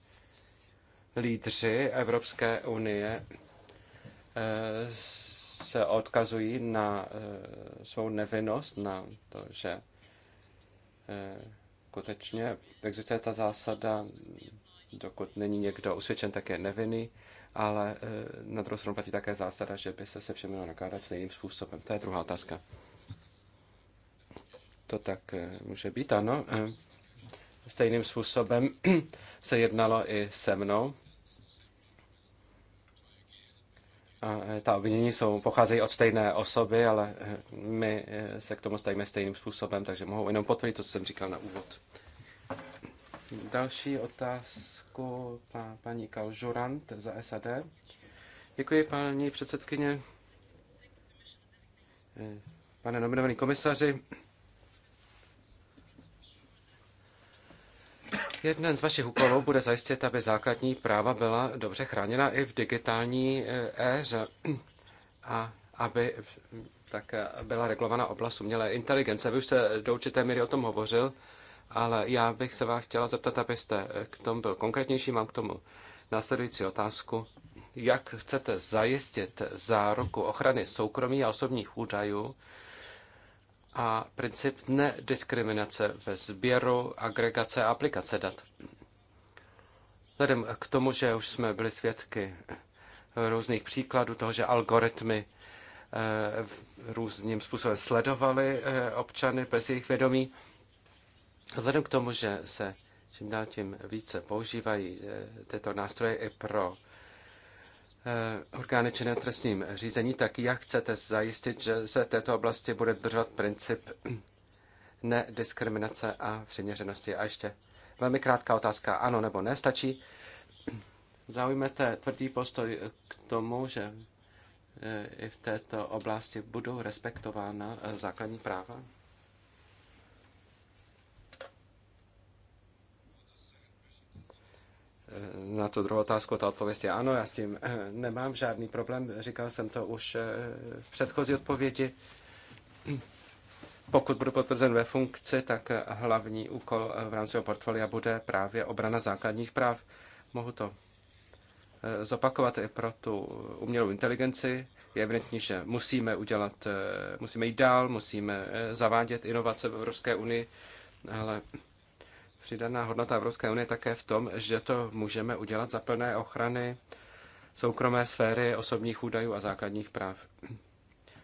lídři Evropské unie eh, se odkazují na eh, svou nevinnost, na to, že skutečně existuje ta zásada, dokud není někdo usvědčen, tak je nevinný, ale na druhou stranu platí také zásada, že by se se všemi mělo nakládat stejným způsobem. To je druhá otázka to tak eh, může být, ano. Eh, stejným způsobem [CLEARS THROAT] se jednalo i se mnou. A eh, ta obvinění jsou, pocházejí od stejné osoby, ale my se k tomu stavíme stejným způsobem, takže mohu jenom potvrdit to, co jsem říkal na úvod. Další otázku pa, paní Kalžurant za SAD. Děkuji, paní předsedkyně. Pane nominovaný komisaři, Jeden z vašich úkolů bude zajistit, aby základní práva byla dobře chráněna i v digitální eh, éře a aby tak eh, byla regulovaná oblast umělé inteligence. Vy už jste do určité míry o tom hovořil, ale já bych se vás chtěla zeptat, abyste eh, k tomu byl konkrétnější. Mám k tomu následující otázku. Jak chcete zajistit záruku ochrany soukromí a osobních údajů a princip nediskriminace ve sběru, agregace a aplikace dat. Vzhledem k tomu, že už jsme byli svědky různých příkladů toho, že algoritmy eh, různým způsobem sledovaly eh, občany bez jejich vědomí, vzhledem k tomu, že se čím dál tím více používají eh, tyto nástroje i pro Eh, orgány činné trestním řízení, tak jak chcete zajistit, že se této oblasti bude držet princip [CLEARS THROAT] nediskriminace a přiměřenosti? A ještě velmi krátká otázka, ano nebo ne, stačí. [CLEARS THROAT] Zaujmete tvrdý postoj k tomu, že eh, i v této oblasti budou respektována eh, základní práva? Eh, na tu druhou otázku ta odpověď je ano, já s tím eh, nemám žádný problém, říkal jsem to už eh, v předchozí odpovědi. Pokud budu potvrzen ve funkci, tak hlavní úkol v rámci portfolia bude právě obrana základních práv. Mohu to zopakovat i pro tu umělou inteligenci. Je evidentní, že musíme udělat, musíme jít dál, musíme zavádět inovace v Evropské unii, ale přidaná hodnota Evropské unie také v tom, že to můžeme udělat za plné ochrany soukromé sféry osobních údajů a základních práv.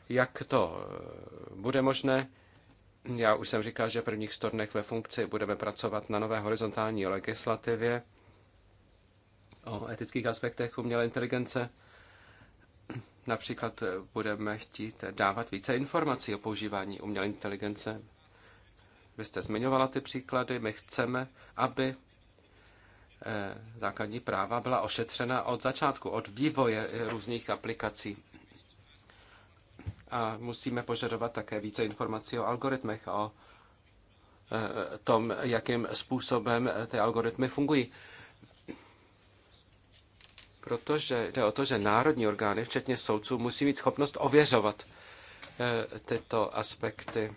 Jak to eh, bude možné? Já už jsem říkal, že v prvních stornech ve funkci budeme pracovat na nové horizontální legislativě o etických aspektech umělé inteligence. Například eh, budeme chtít dávat více informací o používání umělé inteligence vy jste zmiňovala ty příklady, my chceme, aby eh, základní práva byla ošetřena od začátku, od vývoje různých aplikací. A musíme požadovat také více informací o algoritmech, o eh, tom, jakým způsobem eh, ty algoritmy fungují. Protože jde o to, že národní orgány, včetně soudců, musí mít schopnost ověřovat tyto aspekty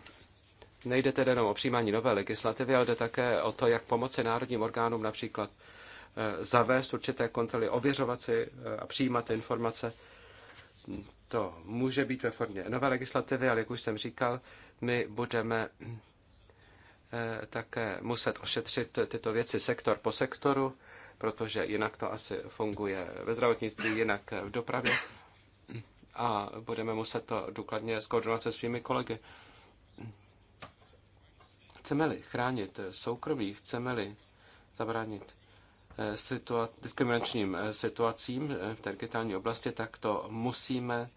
Nejde tedy jenom o přijímání nové legislativy, ale jde také o to, jak pomoci národním orgánům například eh, zavést určité kontroly, ověřovat si eh, a přijímat informace. To může být ve formě nové legislativy, ale jak už jsem říkal, my budeme eh, také muset ošetřit tyto věci sektor po sektoru, protože jinak to asi funguje ve zdravotnictví, jinak v dopravě a budeme muset to důkladně skoordinovat se svými kolegy. Chceme-li chránit eh, soukromí, chceme-li zabránit eh, situa- diskriminačním eh, situacím v digitální oblasti, tak to musíme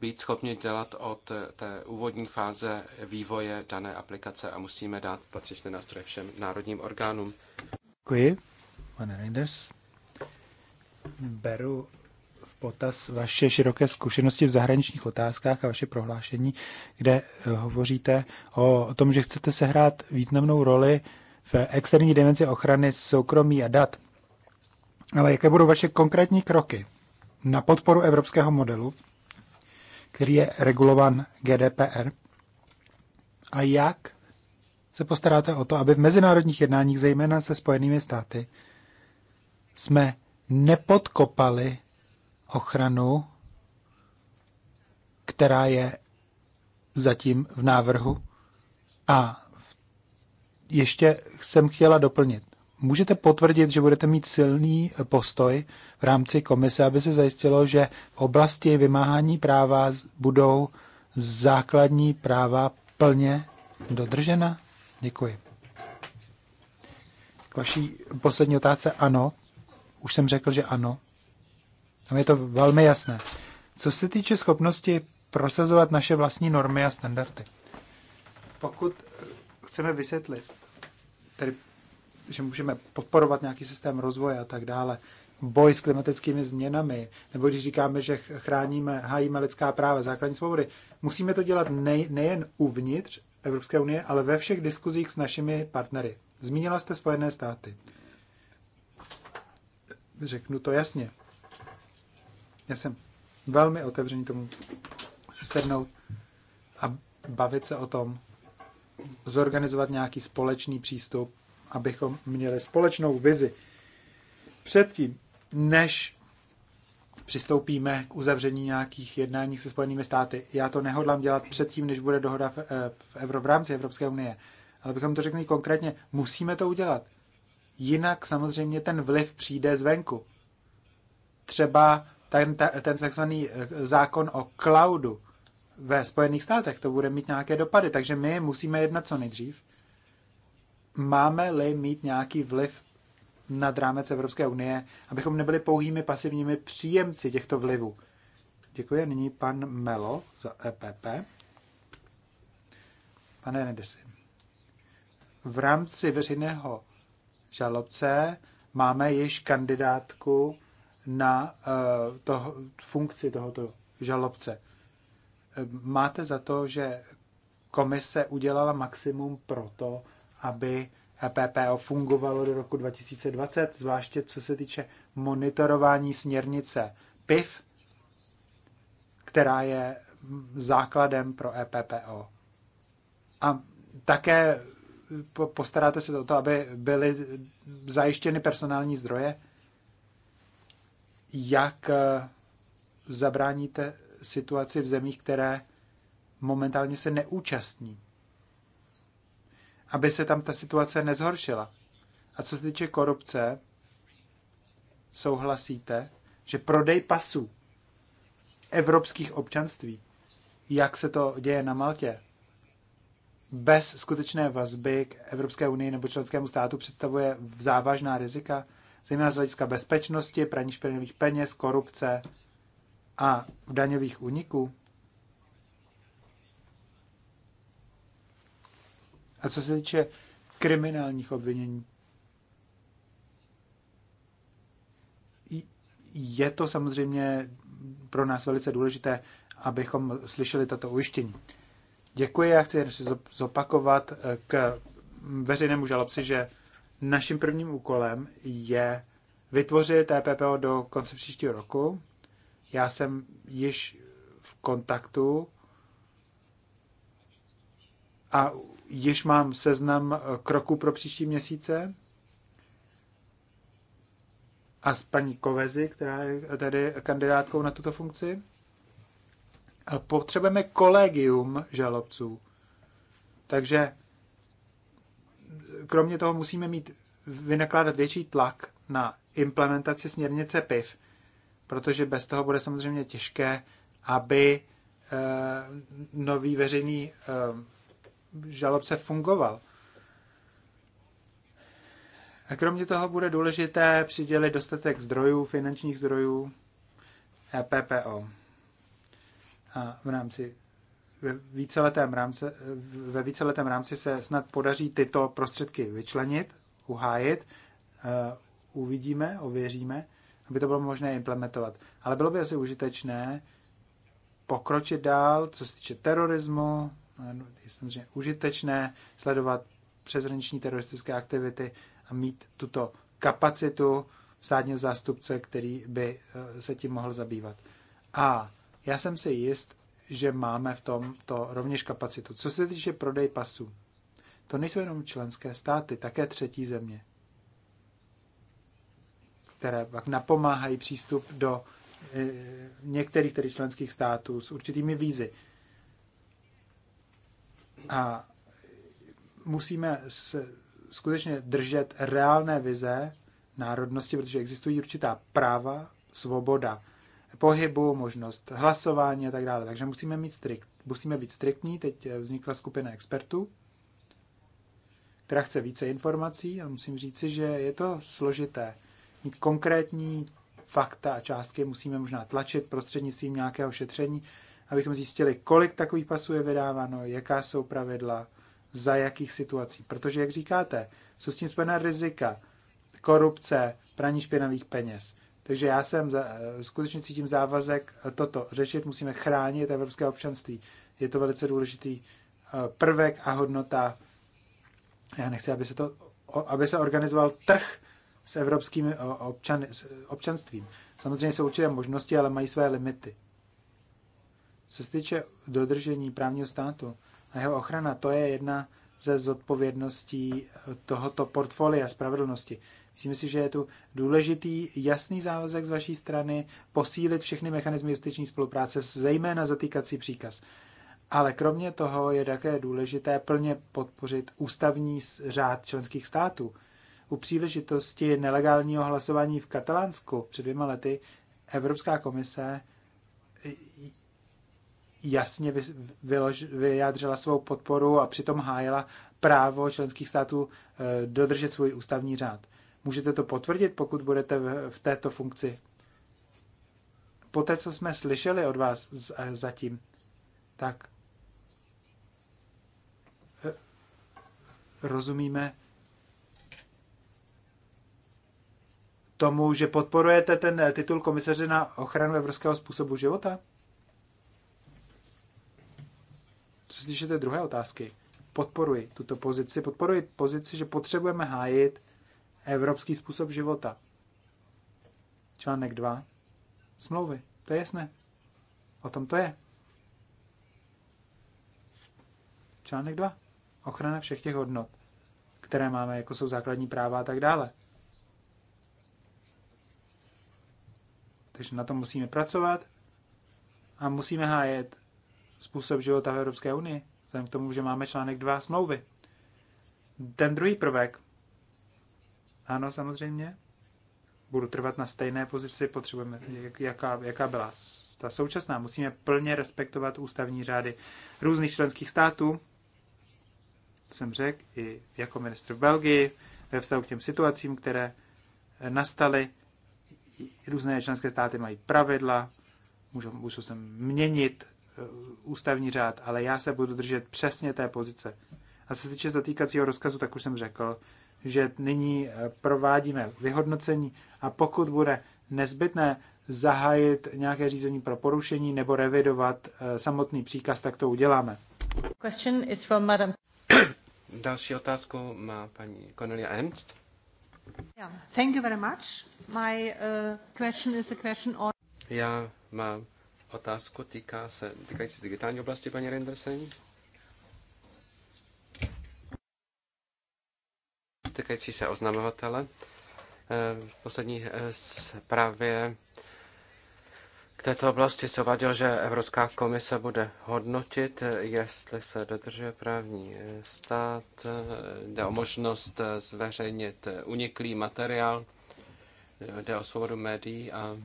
být schopni dělat od té úvodní fáze vývoje dané aplikace a musíme dát patřičné nástroje všem národním orgánům. Děkuji, pane Reinders. Beru potaz vaše široké zkušenosti v zahraničních otázkách a vaše prohlášení, kde eh, hovoříte o, o tom, že chcete sehrát významnou roli v externí dimenzi ochrany soukromí a dat. Ale jaké budou vaše konkrétní kroky na podporu evropského modelu, který je regulovan GDPR? A jak se postaráte o to, aby v mezinárodních jednáních, zejména se Spojenými státy, jsme nepodkopali ochranu, která je zatím v návrhu. A ještě jsem chtěla doplnit. Můžete potvrdit, že budete mít silný postoj v rámci komise, aby se zajistilo, že v oblasti vymáhání práva budou základní práva plně dodržena? Děkuji. K vaší poslední otázce ano. Už jsem řekl, že ano. Tam je to velmi jasné. Co se týče schopnosti prosazovat naše vlastní normy a standardy. Pokud chceme vysvětlit, tedy, že můžeme podporovat nějaký systém rozvoje a tak dále, boj s klimatickými změnami, nebo když říkáme, že chráníme, hájíme lidská práva, základní svobody, musíme to dělat nej, nejen uvnitř Evropské unie, ale ve všech diskuzích s našimi partnery. Zmínila jste Spojené státy. Řeknu to jasně. Já jsem velmi otevřený tomu sednout a bavit se o tom, zorganizovat nějaký společný přístup, abychom měli společnou vizi. Předtím, než přistoupíme k uzavření nějakých jednání se Spojenými státy. Já to nehodlám dělat předtím, než bude dohoda v, eh, v, Evro, v rámci Evropské unie. Ale bychom to řekli konkrétně, musíme to udělat. Jinak samozřejmě ten vliv přijde zvenku. Třeba ten, ten takzvaný eh, zákon o cloudu ve Spojených státech, to bude mít nějaké dopady, takže my musíme jednat co nejdřív. Máme-li mít nějaký vliv nad rámec Evropské unie, abychom nebyli pouhými pasivními příjemci těchto vlivů. Děkuji. Nyní pan Melo za EPP. Pane Nedesi, v rámci veřejného žalobce máme již kandidátku na eh, toho, funkci tohoto žalobce. Eh, máte za to, že komise udělala maximum pro to, aby PPO fungovalo do roku 2020, zvláště co se týče monitorování směrnice PIF, která je základem pro EPPO. A také postaráte se o to, aby byly zajištěny personální zdroje, jak eh, zabráníte situaci v zemích, které momentálně se neúčastní, aby se tam ta situace nezhoršila. A co se týče korupce, souhlasíte, že prodej pasů evropských občanství, jak se to děje na Maltě, bez skutečné vazby k Evropské unii nebo členskému státu představuje závažná rizika zejména z hlediska bezpečnosti, praní špinavých peněz, korupce a daňových úniků. A co se týče kriminálních obvinění, je to samozřejmě pro nás velice důležité, abychom slyšeli tato ujištění. Děkuji já chci jen zopakovat eh, k veřejnému žalobci, že Naším prvním úkolem je vytvořit TPPO do konce příštího roku. Já jsem již v kontaktu a již mám seznam kroků pro příští měsíce. A s paní Kovezi, která je tedy kandidátkou na tuto funkci. Potřebujeme kolegium žalobců. Takže kromě toho musíme mít vynakládat větší tlak na implementaci směrnice PIV, protože bez toho bude samozřejmě těžké, aby eh, nový veřejný eh, žalobce fungoval. A kromě toho bude důležité přidělit dostatek zdrojů, finančních zdrojů EPPO a v rámci ve víceletém rámci, ve víceletém rámci se snad podaří tyto prostředky vyčlenit, uhájit, eh, uvidíme, ověříme, aby to bylo možné implementovat. Ale bylo by asi užitečné pokročit dál, co se týče terorismu, je samozřejmě užitečné sledovat přeshraniční teroristické aktivity a mít tuto kapacitu státního zástupce, který by eh, se tím mohl zabývat. A já jsem si jist, že máme v tom to rovněž kapacitu. Co se týče prodej pasů, to nejsou jenom členské státy, také třetí země, které pak napomáhají přístup do eh, některých tedy členských států s určitými vízy. A musíme se skutečně držet reálné vize národnosti, protože existují určitá práva, svoboda pohybu, možnost hlasování a tak dále. Takže musíme, mít strikt, musíme být striktní. Teď vznikla skupina expertů, která chce více informací a musím říci, že je to složité. Mít konkrétní fakta a částky musíme možná tlačit prostřednictvím nějakého šetření, abychom zjistili, kolik takových pasů je vydáváno, jaká jsou pravidla, za jakých situací. Protože, jak říkáte, jsou s tím spojená rizika korupce, praní špinavých peněz. Takže já jsem za, skutečně cítím závazek toto řešit. Musíme chránit evropské občanství. Je to velice důležitý eh, prvek a hodnota. Já nechci, aby se, to, aby se organizoval trh s evropským eh, občan, s eh, občanstvím. Samozřejmě jsou určité možnosti, ale mají své limity. Co se týče dodržení právního státu a jeho ochrana, to je jedna ze zodpovědností tohoto portfolia spravedlnosti. Myslím si, že je tu důležitý jasný závazek z vaší strany posílit všechny mechanismy justiční spolupráce, zejména zatýkací příkaz. Ale kromě toho je také důležité plně podpořit ústavní řád členských států. U příležitosti nelegálního hlasování v Katalánsku před dvěma lety Evropská komise jasně vyjádřila svou podporu a přitom hájela právo členských států eh, dodržet svůj ústavní řád. Můžete to potvrdit, pokud budete v této funkci? Poté, co jsme slyšeli od vás eh, zatím, tak eh, rozumíme tomu, že podporujete ten eh, titul komisaře na ochranu evropského způsobu života? Co slyšíte druhé otázky? Podporuji tuto pozici. Podporuji pozici, že potřebujeme hájit evropský způsob života. Článek 2. Smlouvy. To je jasné. O tom to je. Článek 2. Ochrana všech těch hodnot, které máme, jako jsou základní práva a tak dále. Takže na tom musíme pracovat a musíme hájet způsob života v Evropské unii, vzhledem k tomu, že máme článek 2 smlouvy. Ten druhý prvek ano, samozřejmě. Budu trvat na stejné pozici, potřebujeme, jaká, jaká byla ta současná. Musíme plně respektovat ústavní řády různých členských států. To jsem řekl i jako ministr v Belgii, ve vztahu k těm situacím, které eh, nastaly. Různé členské státy mají pravidla, můžu, můžu se měnit eh, ústavní řád, ale já se budu držet přesně té pozice. A co se týče zatýkacího rozkazu, tak už jsem řekl, že nyní eh, provádíme vyhodnocení a pokud bude nezbytné zahájit nějaké řízení pro porušení nebo revidovat eh, samotný příkaz, tak to uděláme. Question is from Madam. [COUGHS] Další otázku má paní Cornelia Ernst. thank you very much. My uh, question is a question on... Já mám otázku, týká se, týkající digitální oblasti, paní Rendersen. týkající se oznamovatele. Eh, v poslední eh, zprávě k této oblasti se uváděl, že Evropská komise bude hodnotit, eh, jestli se dodržuje právní stát, jde o možnost zveřejnit uniklý materiál, jde o svobodu médií a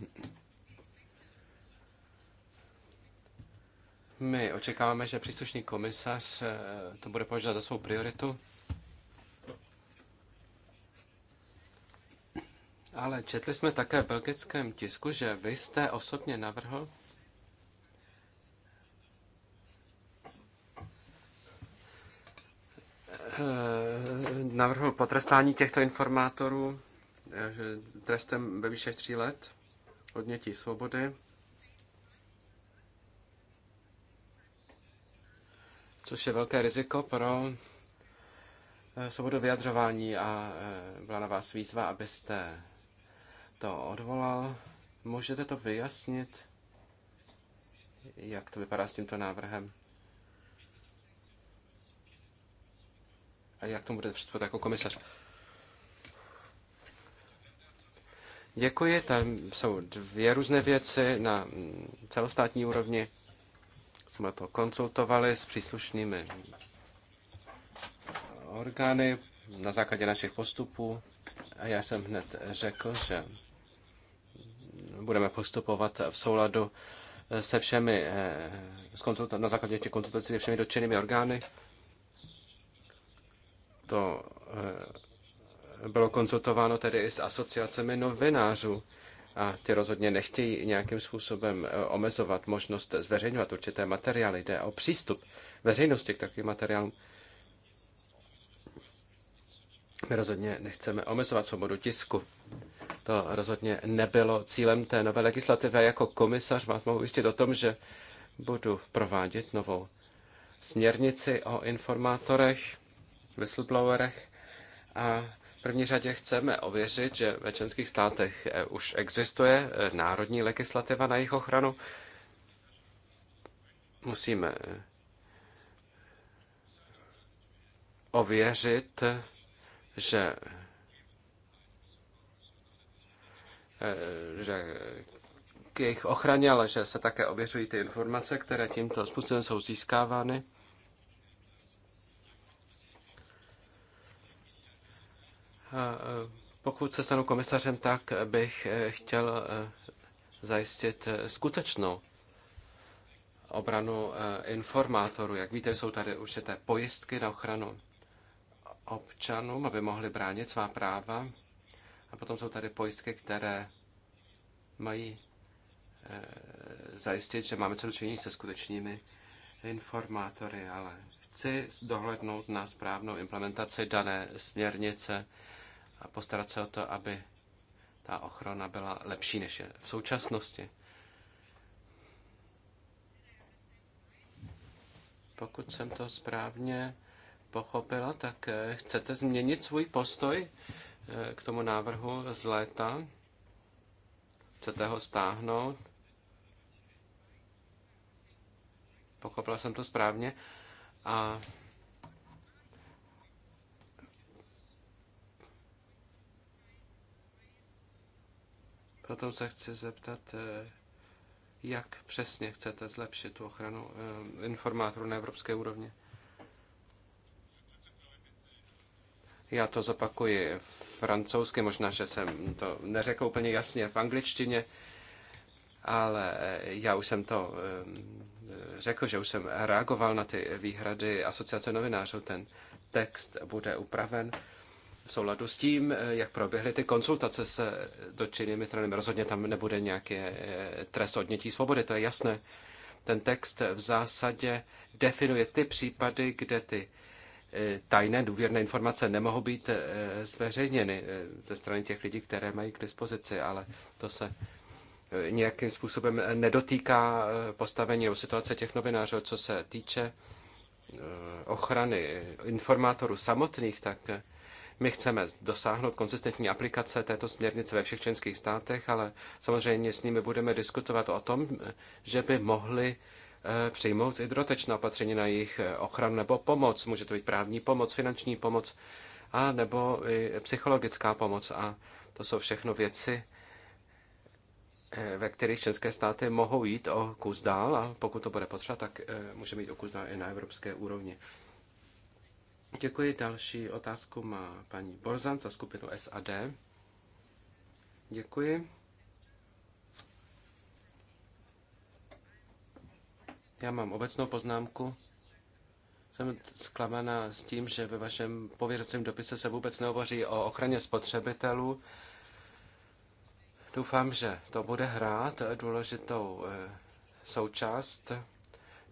my očekáváme, že příslušný komisař to bude považovat za svou prioritu. Ale četli jsme také v belgickém tisku, že vy jste osobně navrhl eh, navrhl potrestání těchto informátorů eh, trestem ve výše tří let odnětí svobody. což je velké riziko pro eh, svobodu vyjadřování a byla na vás výzva, abyste to odvolal. Můžete to vyjasnit, jak to vypadá s tímto návrhem? A jak tomu budete přistupovat jako komisař? Děkuji, tam jsou dvě různé věci na celostátní úrovni. Jsme to konzultovali s příslušnými orgány na základě našich postupů a já jsem hned řekl, že budeme postupovat v souladu eh, se všemi, eh, na základě těch konzultací se všemi dotčenými orgány. To eh, bylo konzultováno tedy i s asociacemi novinářů a ty rozhodně nechtějí nějakým způsobem omezovat možnost zveřejňovat určité materiály. Jde o přístup veřejnosti k takovým materiálům. My rozhodně nechceme omezovat svobodu tisku. To rozhodně nebylo cílem té nové legislativy. Jako komisař vás mohu ujistit o tom, že budu provádět novou směrnici o informátorech, whistleblowerech a v první řadě chceme ověřit, že ve členských státech eh, už existuje eh, národní legislativa na jejich ochranu. Musíme eh, ověřit, že Eh, že k jejich ochraně, ale že se také ověřují ty informace, které tímto způsobem jsou získávány. A eh, pokud se stanu komisařem, tak bych eh, chtěl zajistit skutečnou obranu informátorů. Jak víte, jsou tady určité pojistky na ochranu občanům, aby mohli bránit svá práva. A potom jsou tady pojistky, které mají eh, zajistit, že máme co dočinění se skutečnými informátory, ale chci dohlednout na správnou implementaci dané směrnice a postarat se o to, aby ta ochrana byla lepší, než je v současnosti. Pokud jsem to správně pochopila, tak eh, chcete změnit svůj postoj k tomu návrhu z léta. Chcete ho stáhnout? Pochopila jsem to správně. A Potom se chci zeptat, eh, jak přesně chcete zlepšit tu ochranu eh, informátorů na evropské úrovni. Já to zopakuji francouzsky, možná, že jsem to neřekl úplně jasně v angličtině, ale eh, já už jsem to eh, řekl, že už jsem reagoval na ty výhrady asociace novinářů. Ten text bude upraven v souladu s tím, eh, jak proběhly ty konsultace se dotčenými stranami. Rozhodně tam nebude nějaký trest odnětí svobody, to je jasné. Ten text v zásadě definuje ty případy, kde ty E, tajné důvěrné informace nemohou být e, zveřejněny e, ze strany těch lidí, které mají k dispozici, ale to se nějakým způsobem nedotýká postavení nebo situace těch novinářů, co se týče ochrany informátorů samotných, tak my chceme dosáhnout konzistentní aplikace této směrnice ve všech členských státech, ale samozřejmě s nimi budeme diskutovat o tom, že by mohli Eh, přijmout i dodatečná opatření na jejich eh, ochranu nebo pomoc. Může to být právní pomoc, finanční pomoc a nebo i psychologická pomoc. A to jsou všechno věci, eh, ve kterých české státy mohou jít o kus dál a pokud to bude potřeba, tak může mít o kus dál i na evropské úrovni. Děkuji. Další otázku má paní Borzan za skupinu SAD. Děkuji. Já mám obecnou poznámku. Jsem zklamaná s tím, že ve vašem pověřeném dopise se vůbec nehovoří o ochraně spotřebitelů. Doufám, že to bude hrát důležitou eh, součást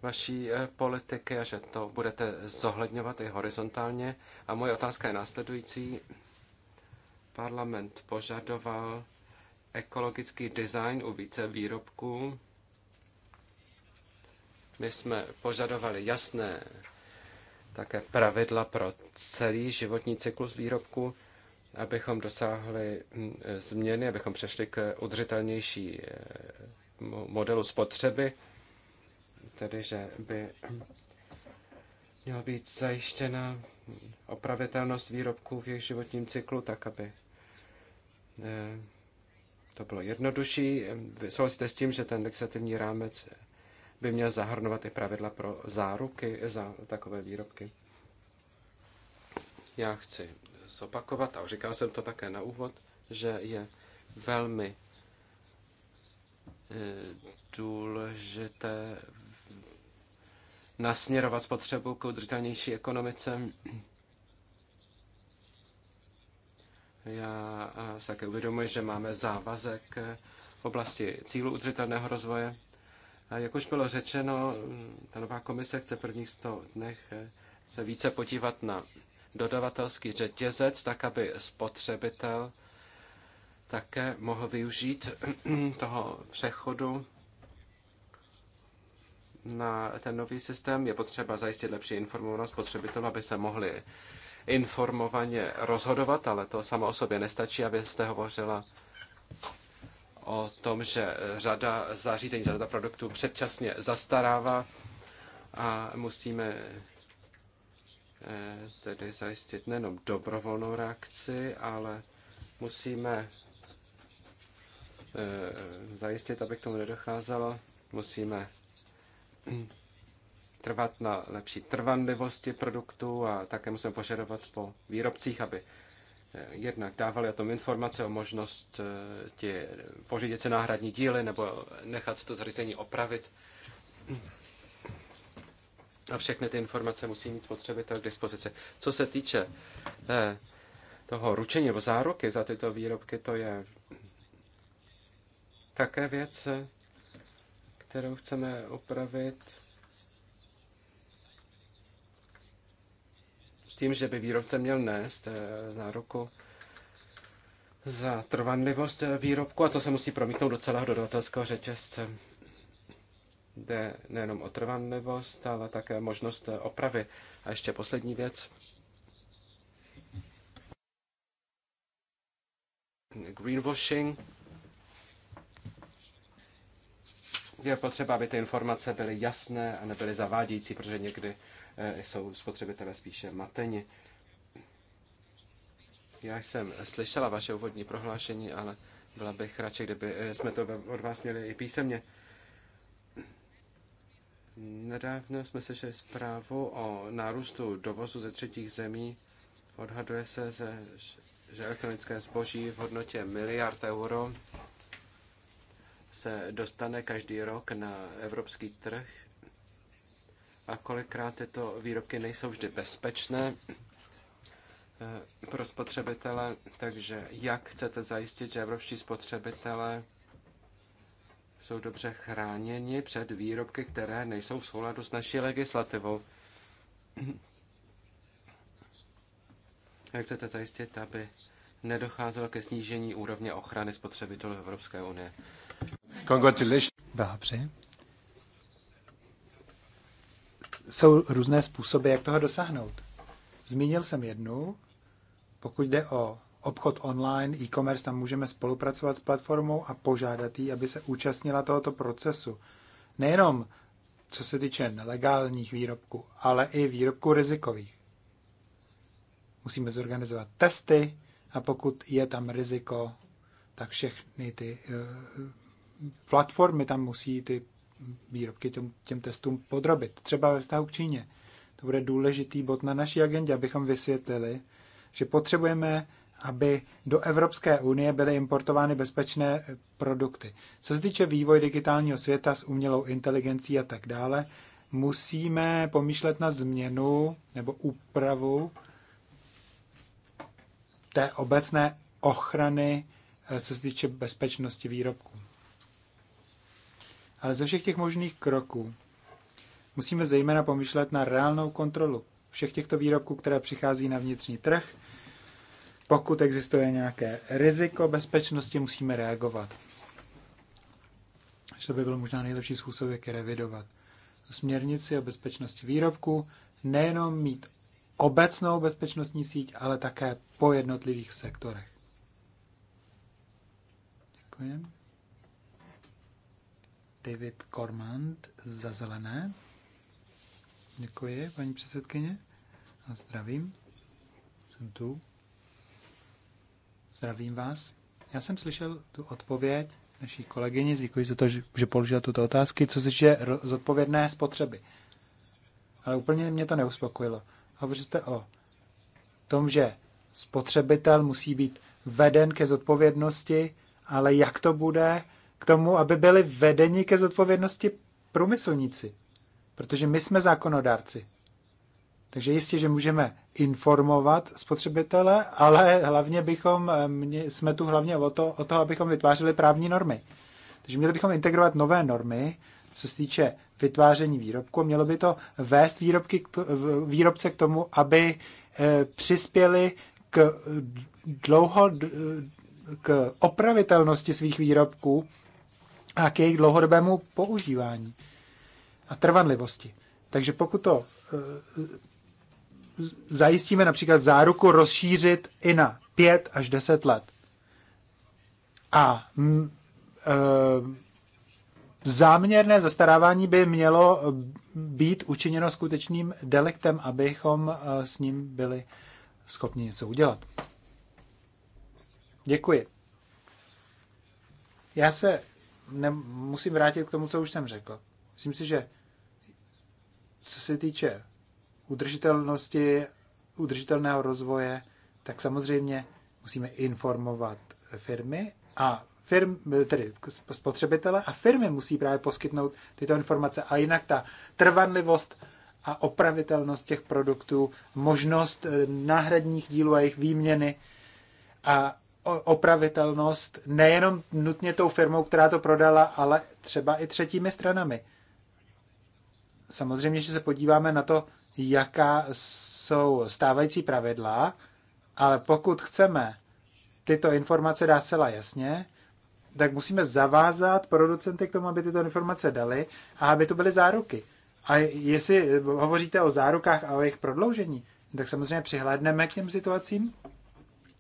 vaší eh, politiky a že to budete zohledňovat i horizontálně. A moje otázka je následující. Parlament požadoval ekologický design u více výrobků. My jsme požadovali jasné také pravidla pro celý životní cyklus výrobku, abychom dosáhli mm, změny, abychom přešli k udržitelnější eh, modelu spotřeby, tedy že by měla být zajištěna opravitelnost výrobků v jejich životním cyklu, tak aby eh, to bylo jednodušší. Souhlasíte s tím, že ten legislativní rámec by měl zahrnovat i pravidla pro záruky za takové výrobky. Já chci zopakovat, a říkal jsem to také na úvod, že je velmi eh, důležité nasměrovat spotřebu k udržitelnější ekonomice. Já eh, se také uvědomuji, že máme závazek v oblasti cílu udržitelného rozvoje. A jak už bylo řečeno, ta nová komise chce v prvních 100 dnech se více podívat na dodavatelský řetězec, tak aby spotřebitel také mohl využít [CLEARS THROAT] toho přechodu na ten nový systém. Je potřeba zajistit lepší informovanost spotřebitelů, aby se mohli informovaně rozhodovat, ale to samo o sobě nestačí, abyste hovořila o tom, že řada zařízení, řada produktů předčasně zastarává a musíme eh, tedy zajistit nejenom dobrovolnou reakci, ale musíme eh, zajistit, aby k tomu nedocházelo. Musíme [CLEARS THROAT] trvat na lepší trvanlivosti produktů a také musíme požadovat po výrobcích, aby jednak dávali o tom informace o možnost eh, tě pořídit se náhradní díly nebo nechat to zřízení opravit. A všechny ty informace musí mít spotřebitel k dispozici. Co se týče eh, toho ručení nebo záruky za tyto výrobky, to je také věc, eh, kterou chceme upravit. tím, že by výrobce měl nést nároku eh, za trvanlivost eh, výrobku a to se musí promítnout do celého dodavatelského řetězce. Jde nejenom o trvanlivost, ale také možnost eh, opravy. A ještě poslední věc. Greenwashing. Je potřeba, aby ty informace byly jasné a nebyly zavádějící, protože někdy Eh, jsou spotřebitelé spíše mateni. Já jsem slyšela vaše úvodní prohlášení, ale byla bych radši, kdyby eh, jsme to od vás měli i písemně. Nedávno jsme slyšeli zprávu o nárůstu dovozu ze třetích zemí. Odhaduje se, že elektronické zboží v hodnotě miliard euro se dostane každý rok na evropský trh a kolikrát tyto výrobky nejsou vždy bezpečné eh, pro spotřebitele, takže jak chcete zajistit, že evropští spotřebitele jsou dobře chráněni před výrobky, které nejsou v souladu s naší legislativou. Jak chcete zajistit, aby nedocházelo ke snížení úrovně ochrany spotřebitelů Evropské unie? Congratulations. Dobře, jsou různé způsoby, jak toho dosáhnout. Zmínil jsem jednu, pokud jde o obchod online, e-commerce, tam můžeme spolupracovat s platformou a požádat jí, aby se účastnila tohoto procesu. Nejenom co se týče nelegálních výrobků, ale i výrobků rizikových. Musíme zorganizovat testy a pokud je tam riziko, tak všechny ty eh, platformy tam musí ty výrobky těm, těm testům podrobit. Třeba ve vztahu k Číně. To bude důležitý bod na naší agendě, abychom vysvětlili, že potřebujeme, aby do Evropské unie byly importovány bezpečné produkty. Co se týče vývoj digitálního světa s umělou inteligencí a tak dále, musíme pomýšlet na změnu nebo úpravu té obecné ochrany, eh, co se týče bezpečnosti výrobků. Ale ze všech těch možných kroků musíme zejména pomyšlet na reálnou kontrolu všech těchto výrobků, které přichází na vnitřní trh. Pokud existuje nějaké riziko bezpečnosti, musíme reagovat. To by byl možná nejlepší způsob, jak je revidovat. Směrnici o bezpečnosti výrobků nejenom mít obecnou bezpečnostní síť, ale také po jednotlivých sektorech. Děkuji. David Cormand za zelené. Děkuji, paní předsedkyně. A zdravím. Jsem tu. Zdravím vás. Já jsem slyšel tu odpověď naší kolegyně. Děkuji za to, že položila tuto otázky, co se týče zodpovědné spotřeby. Ale úplně mě to neuspokojilo. Hovoříte o tom, že spotřebitel musí být veden ke zodpovědnosti, ale jak to bude, k tomu, aby byli vedeni ke zodpovědnosti průmyslníci, protože my jsme zákonodárci. Takže jistě, že můžeme informovat spotřebitele, ale hlavně bychom, eh, jsme tu hlavně o to, o to, abychom vytvářeli právní normy. Takže měli bychom integrovat nové normy, co se týče vytváření výrobku. Mělo by to vést výrobky, výrobce k tomu, aby eh, přispěli k dlouho k opravitelnosti svých výrobků a k jejich dlouhodobému používání a trvanlivosti. Takže pokud to eh, zajistíme například záruku rozšířit i na 5 až 10 let a mm, eh, záměrné zastarávání by mělo být učiněno skutečným deliktem, abychom eh, s ním byli schopni něco udělat. Děkuji. Já se ne, musím vrátit k tomu, co už jsem řekl. Myslím si, že co se týče udržitelnosti, udržitelného rozvoje, tak samozřejmě musíme informovat firmy a firm, tedy spotřebitele a firmy musí právě poskytnout tyto informace. A jinak ta trvanlivost a opravitelnost těch produktů, možnost eh, náhradních dílů a jejich výměny a opravitelnost nejenom nutně tou firmou, která to prodala, ale třeba i třetími stranami. Samozřejmě, že se podíváme na to, jaká jsou stávající pravidla, ale pokud chceme tyto informace dát celá jasně, tak musíme zavázat producenty k tomu, aby tyto informace dali a aby to byly záruky. A jestli hovoříte o zárukách a o jejich prodloužení, tak samozřejmě přihlédneme k těm situacím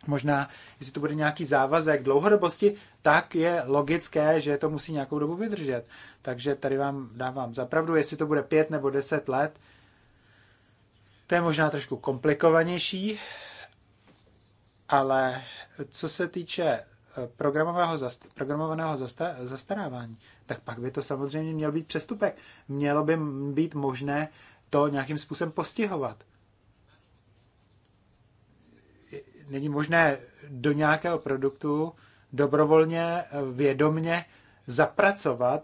možná, jestli to bude nějaký závazek dlouhodobosti, tak je logické, že to musí nějakou dobu vydržet. Takže tady vám dávám zapravdu, jestli to bude pět nebo deset let, to je možná trošku komplikovanější, ale co se týče eh, programového zast- programovaného zasta- zastarávání, tak pak by to samozřejmě měl být přestupek. Mělo by být možné to nějakým způsobem postihovat. není možné do nějakého produktu dobrovolně, vědomně zapracovat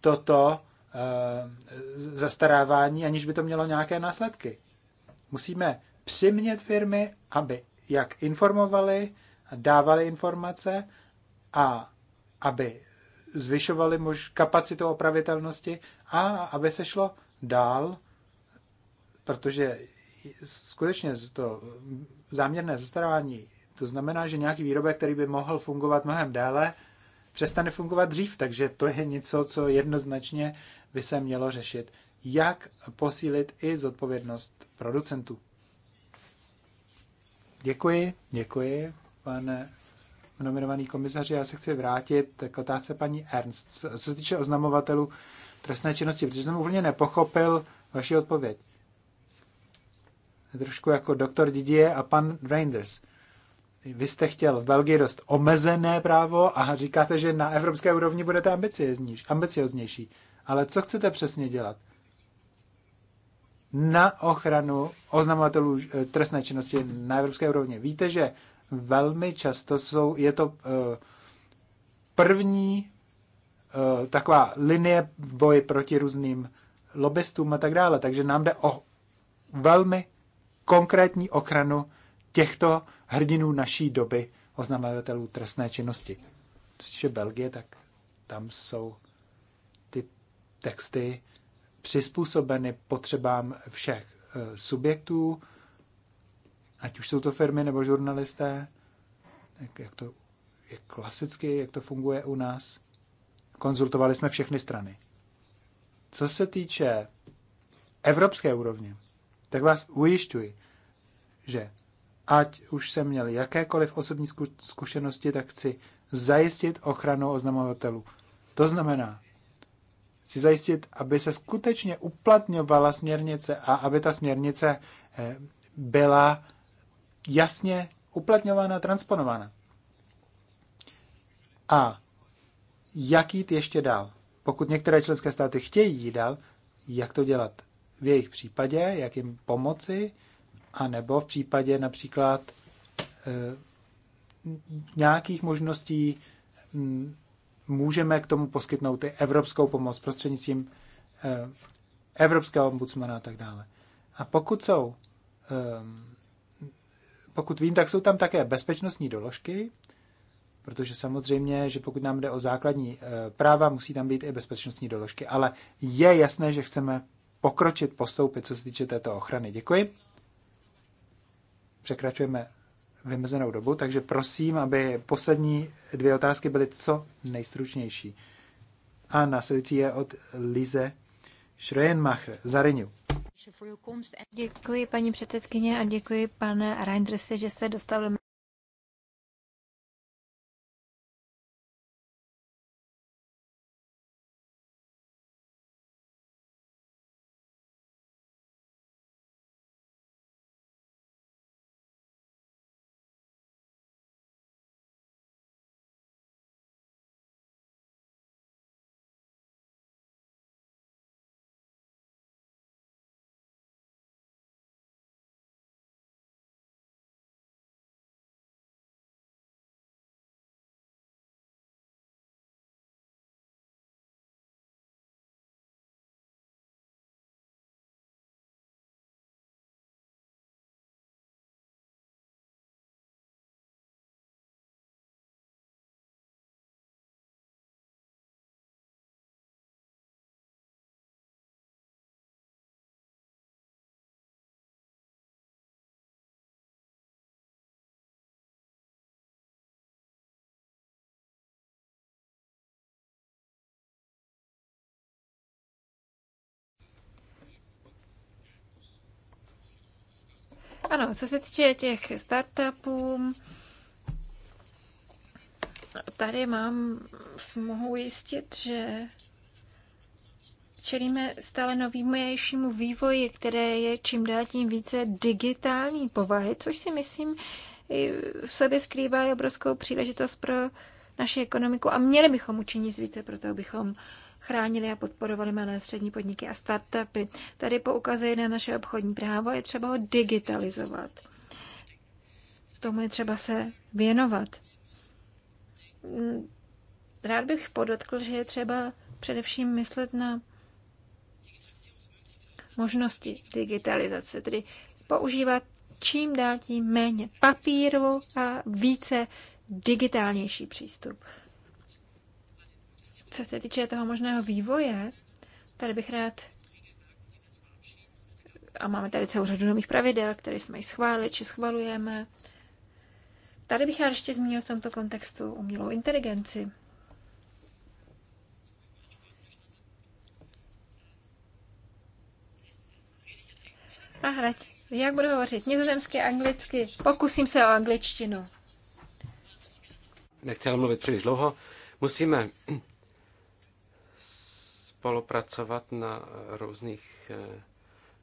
toto eh, zastarávání, aniž by to mělo nějaké následky. Musíme přimět firmy, aby jak informovali, dávali informace a aby zvyšovali mož- kapacitu opravitelnosti a aby se šlo dál, protože skutečně to záměrné zastarávání, to znamená, že nějaký výrobek, který by mohl fungovat mnohem déle, přestane fungovat dřív, takže to je něco, co jednoznačně by se mělo řešit. Jak posílit i zodpovědnost producentů? Děkuji, děkuji, pane nominovaný komisaři. Já se chci vrátit k otázce paní Ernst. Co se týče oznamovatelů trestné činnosti, protože jsem úplně nepochopil vaši odpověď trošku jako doktor Didier a pan Reinders. Vy jste chtěl v Belgii dost omezené právo a říkáte, že na evropské úrovni budete ambicioznější. Ale co chcete přesně dělat? Na ochranu oznamovatelů eh, trestné činnosti na evropské úrovni. Víte, že velmi často jsou, je to eh, první eh, taková linie v boji proti různým lobbystům a tak dále. Takže nám jde o velmi konkrétní ochranu těchto hrdinů naší doby, oznamovatelů trestné činnosti. Což je Belgie, tak tam jsou ty texty přizpůsobeny potřebám všech eh, subjektů, ať už jsou to firmy nebo žurnalisté, jak, jak to je klasicky, jak to funguje u nás. Konzultovali jsme všechny strany. Co se týče evropské úrovně, tak vás ujišťuji, že ať už jsem měl jakékoliv osobní zkušenosti, tak chci zajistit ochranu oznamovatelů. To znamená, chci zajistit, aby se skutečně uplatňovala směrnice a aby ta směrnice eh, byla jasně uplatňována, transponována. A jak jít ještě dál? Pokud některé členské státy chtějí jít dál, jak to dělat? v jejich případě, jak jim pomoci, anebo v případě například eh, nějakých možností mm, můžeme k tomu poskytnout i evropskou pomoc prostřednictvím eh, evropského ombudsmana a tak dále. A pokud jsou, eh, pokud vím, tak jsou tam také bezpečnostní doložky, protože samozřejmě, že pokud nám jde o základní práva, musí tam být i bezpečnostní doložky. Ale je jasné, že chceme pokročit, postoupit, co se týče této ochrany. Děkuji. Překračujeme vymezenou dobu, takže prosím, aby poslední dvě otázky byly co nejstručnější. A následující je od Lize Schreienmacher za Renew. Děkuji paní předsedkyně a děkuji pane Reindrse, že se dostavil Ano, co se týče těch startupů, tady mám, mohu jistit, že čelíme stále novýmějšímu vývoji, které je čím dál tím více digitální povahy, což si myslím v sobě skrývá obrovskou příležitost pro naši ekonomiku a měli bychom učinit více pro to, abychom chránili a podporovali malé střední podniky a startupy. Tady poukazuje na naše obchodní právo, je třeba ho digitalizovat. Tomu je třeba se věnovat. Rád bych podotkl, že je třeba především myslet na možnosti digitalizace, tedy používat čím dál tím méně papíru a více digitálnější přístup. Co se týče toho možného vývoje, tady bych rád a máme tady celou řadu nových pravidel, které jsme ji schválili či schvalujeme. Tady bych já ještě zmínil v tomto kontextu umělou inteligenci. A hrať. Jak budu hovořit? Nizozemsky, anglicky. Pokusím se o angličtinu. Nechci mluvit příliš dlouho. Musíme spolupracovat na různých eh,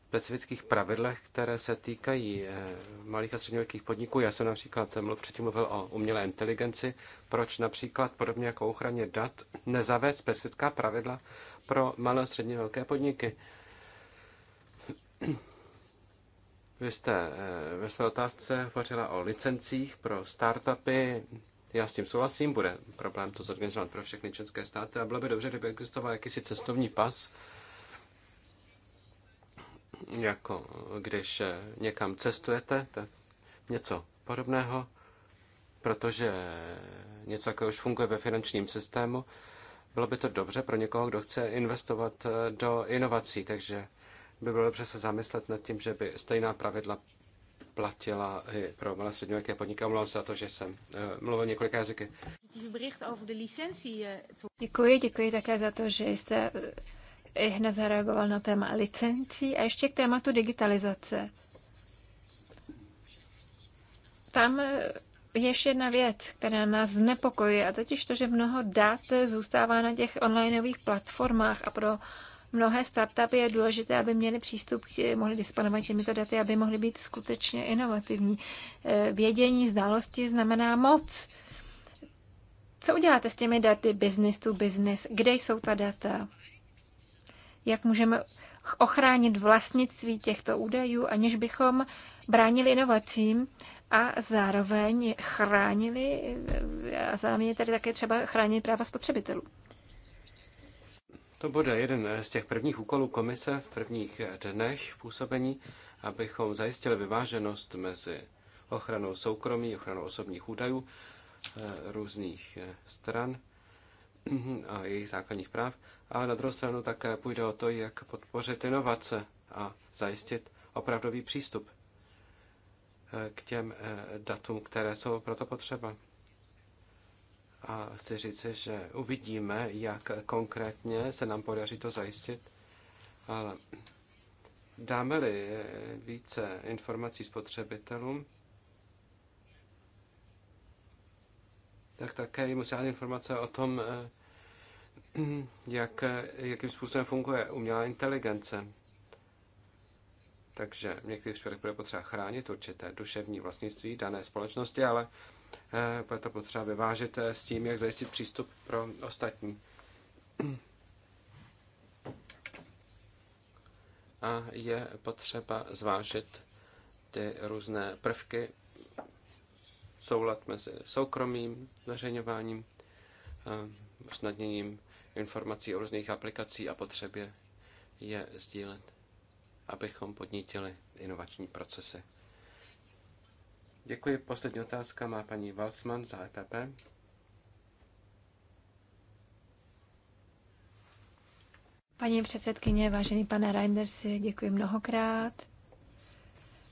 specifických pravidlech, které se týkají eh, malých a středně velkých podniků. Já jsem například předtím mluvil o umělé inteligenci. Proč například, podobně jako ochraně dat, nezavést specifická pravidla pro malé a středně velké podniky? Vy jste eh, ve své otázce hovořila o licencích pro startupy. Já s tím souhlasím, bude problém to zorganizovat pro všechny české státy a bylo by dobře, kdyby existoval jakýsi cestovní pas, jako když eh, někam cestujete, tak něco podobného, protože něco takového už funguje ve finančním systému. Bylo by to dobře pro někoho, kdo chce investovat eh, do inovací, takže by bylo dobře se zamyslet nad tím, že by stejná pravidla platila i pro malé středňověké podniky. Omlouvám se za to, že jsem uh, mluvil několika jazyky. Děkuji, děkuji také za to, že jste eh, hned zareagoval na téma licencí a ještě k tématu digitalizace. Tam je eh, ještě jedna věc, která nás znepokojuje, a totiž to, že mnoho dat zůstává na těch onlineových platformách a pro uh, mnohé startupy je důležité, aby měli přístup, mohli disponovat těmito daty, aby mohly být skutečně inovativní. Eh, vědění, znalosti znamená moc. Co uděláte s těmi daty business to business? Kde jsou ta data? Jak můžeme ochránit vlastnictví těchto údajů, aniž bychom bránili inovacím a zároveň chránili, eh, a zároveň je tady také třeba chránit práva spotřebitelů. To bude jeden z těch prvních úkolů komise v prvních dnech působení, abychom zajistili vyváženost mezi ochranou soukromí, ochranou osobních údajů eh, různých eh, stran a jejich základních práv, a na druhou stranu také půjde o to, jak podpořit inovace a zajistit opravdový přístup eh, k těm datům, které jsou proto potřeba. A chci říct, že uvidíme, jak konkrétně se nám podaří to zajistit, ale dáme-li více informací spotřebitelům, tak také jim musí dát informace o tom, eh, jak, jakým způsobem funguje umělá inteligence. Takže v některých případech bude potřeba chránit určité duševní vlastnictví dané společnosti, ale bude eh, to potřeba vyvážit eh, s tím, jak zajistit přístup pro ostatní. A je potřeba zvážit ty různé prvky, soulad mezi soukromým zveřejňováním, eh, usnadněním informací o různých aplikací a potřebě je sdílet, abychom podnítili inovační procesy. Děkuji. Poslední otázka má paní Valsman za EPP. Paní předsedkyně, vážený pane Reindersi, děkuji mnohokrát.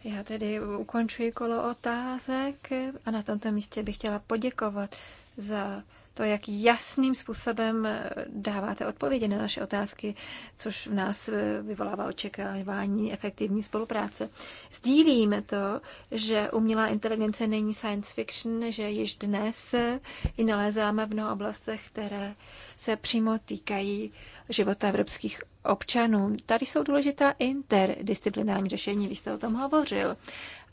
Já tedy ukončuji kolo otázek a na tomto místě bych chtěla poděkovat za to, jak jasným způsobem eh, dáváte odpovědi na naše otázky, což v nás eh, vyvolává očekávání efektivní spolupráce. Sdílíme to, že umělá inteligence není science fiction, že již dnes ji eh, nalézáme v mnoha oblastech, které se přímo týkají života evropských občanů. Tady jsou důležitá interdisciplinární řešení, vy jste o tom hovořil.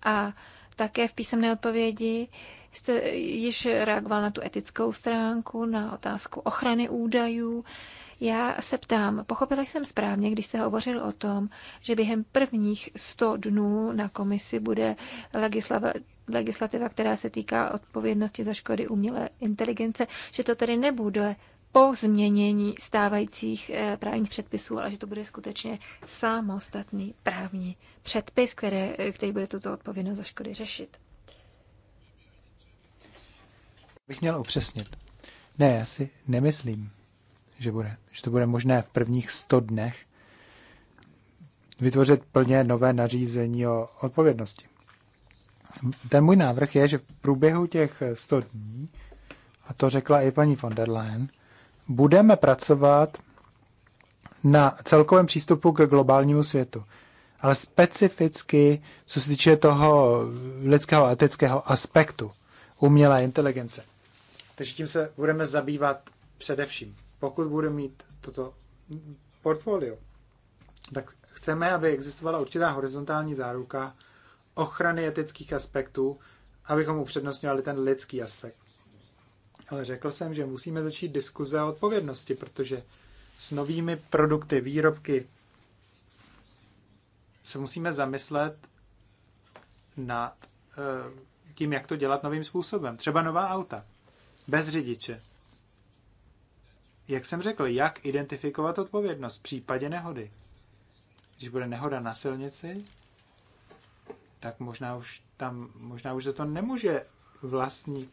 A také v písemné odpovědi jste již reagoval na tu etickou stránku, na otázku ochrany údajů. Já se ptám, pochopila jsem správně, když jste hovořil o tom, že během prvních 100 dnů na komisi bude legislava, legislativa, která se týká odpovědnosti za škody umělé inteligence, že to tedy nebude po změnění stávajících eh, právních předpisů, ale že to bude skutečně samostatný právní předpis, které, eh, který bude tuto odpovědnost za škody řešit bych měl upřesnit. Ne, já si nemyslím, že, bude, že to bude možné v prvních 100 dnech vytvořit plně nové nařízení o odpovědnosti. Ten můj návrh je, že v průběhu těch 100 dní, a to řekla i paní von der Leyen, budeme pracovat na celkovém přístupu k globálnímu světu. Ale specificky, co se týče toho lidského a etického aspektu umělé inteligence. Takže tím se budeme zabývat především. Pokud budu mít toto portfolio, tak chceme, aby existovala určitá horizontální záruka ochrany etických aspektů, abychom upřednostňovali ten lidský aspekt. Ale řekl jsem, že musíme začít diskuze o odpovědnosti, protože s novými produkty, výrobky se musíme zamyslet nad eh, tím, jak to dělat novým způsobem. Třeba nová auta bez řidiče. Jak jsem řekl, jak identifikovat odpovědnost v případě nehody? Když bude nehoda na silnici, tak možná už tam, možná už za to nemůže vlastník,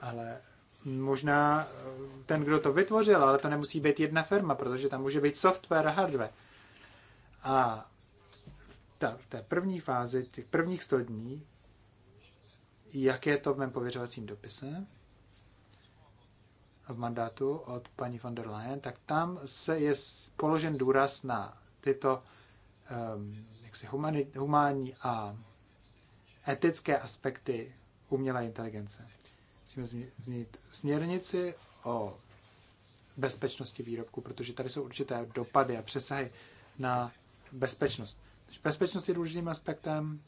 ale možná eh, ten, kdo to vytvořil, ale to nemusí být jedna firma, protože tam může být software a hardware. A ta, té první fázi, těch prvních 100 dní, jak je to v mém pověřovacím dopise, v mandátu od paní von der Leyen, tak tam se je položen důraz na tyto um, jaksi humani, humánní a etické aspekty umělé inteligence. Musíme změnit směrnici o bezpečnosti výrobku, protože tady jsou určité dopady a přesahy na bezpečnost. Bezpečnost je důležitým aspektem,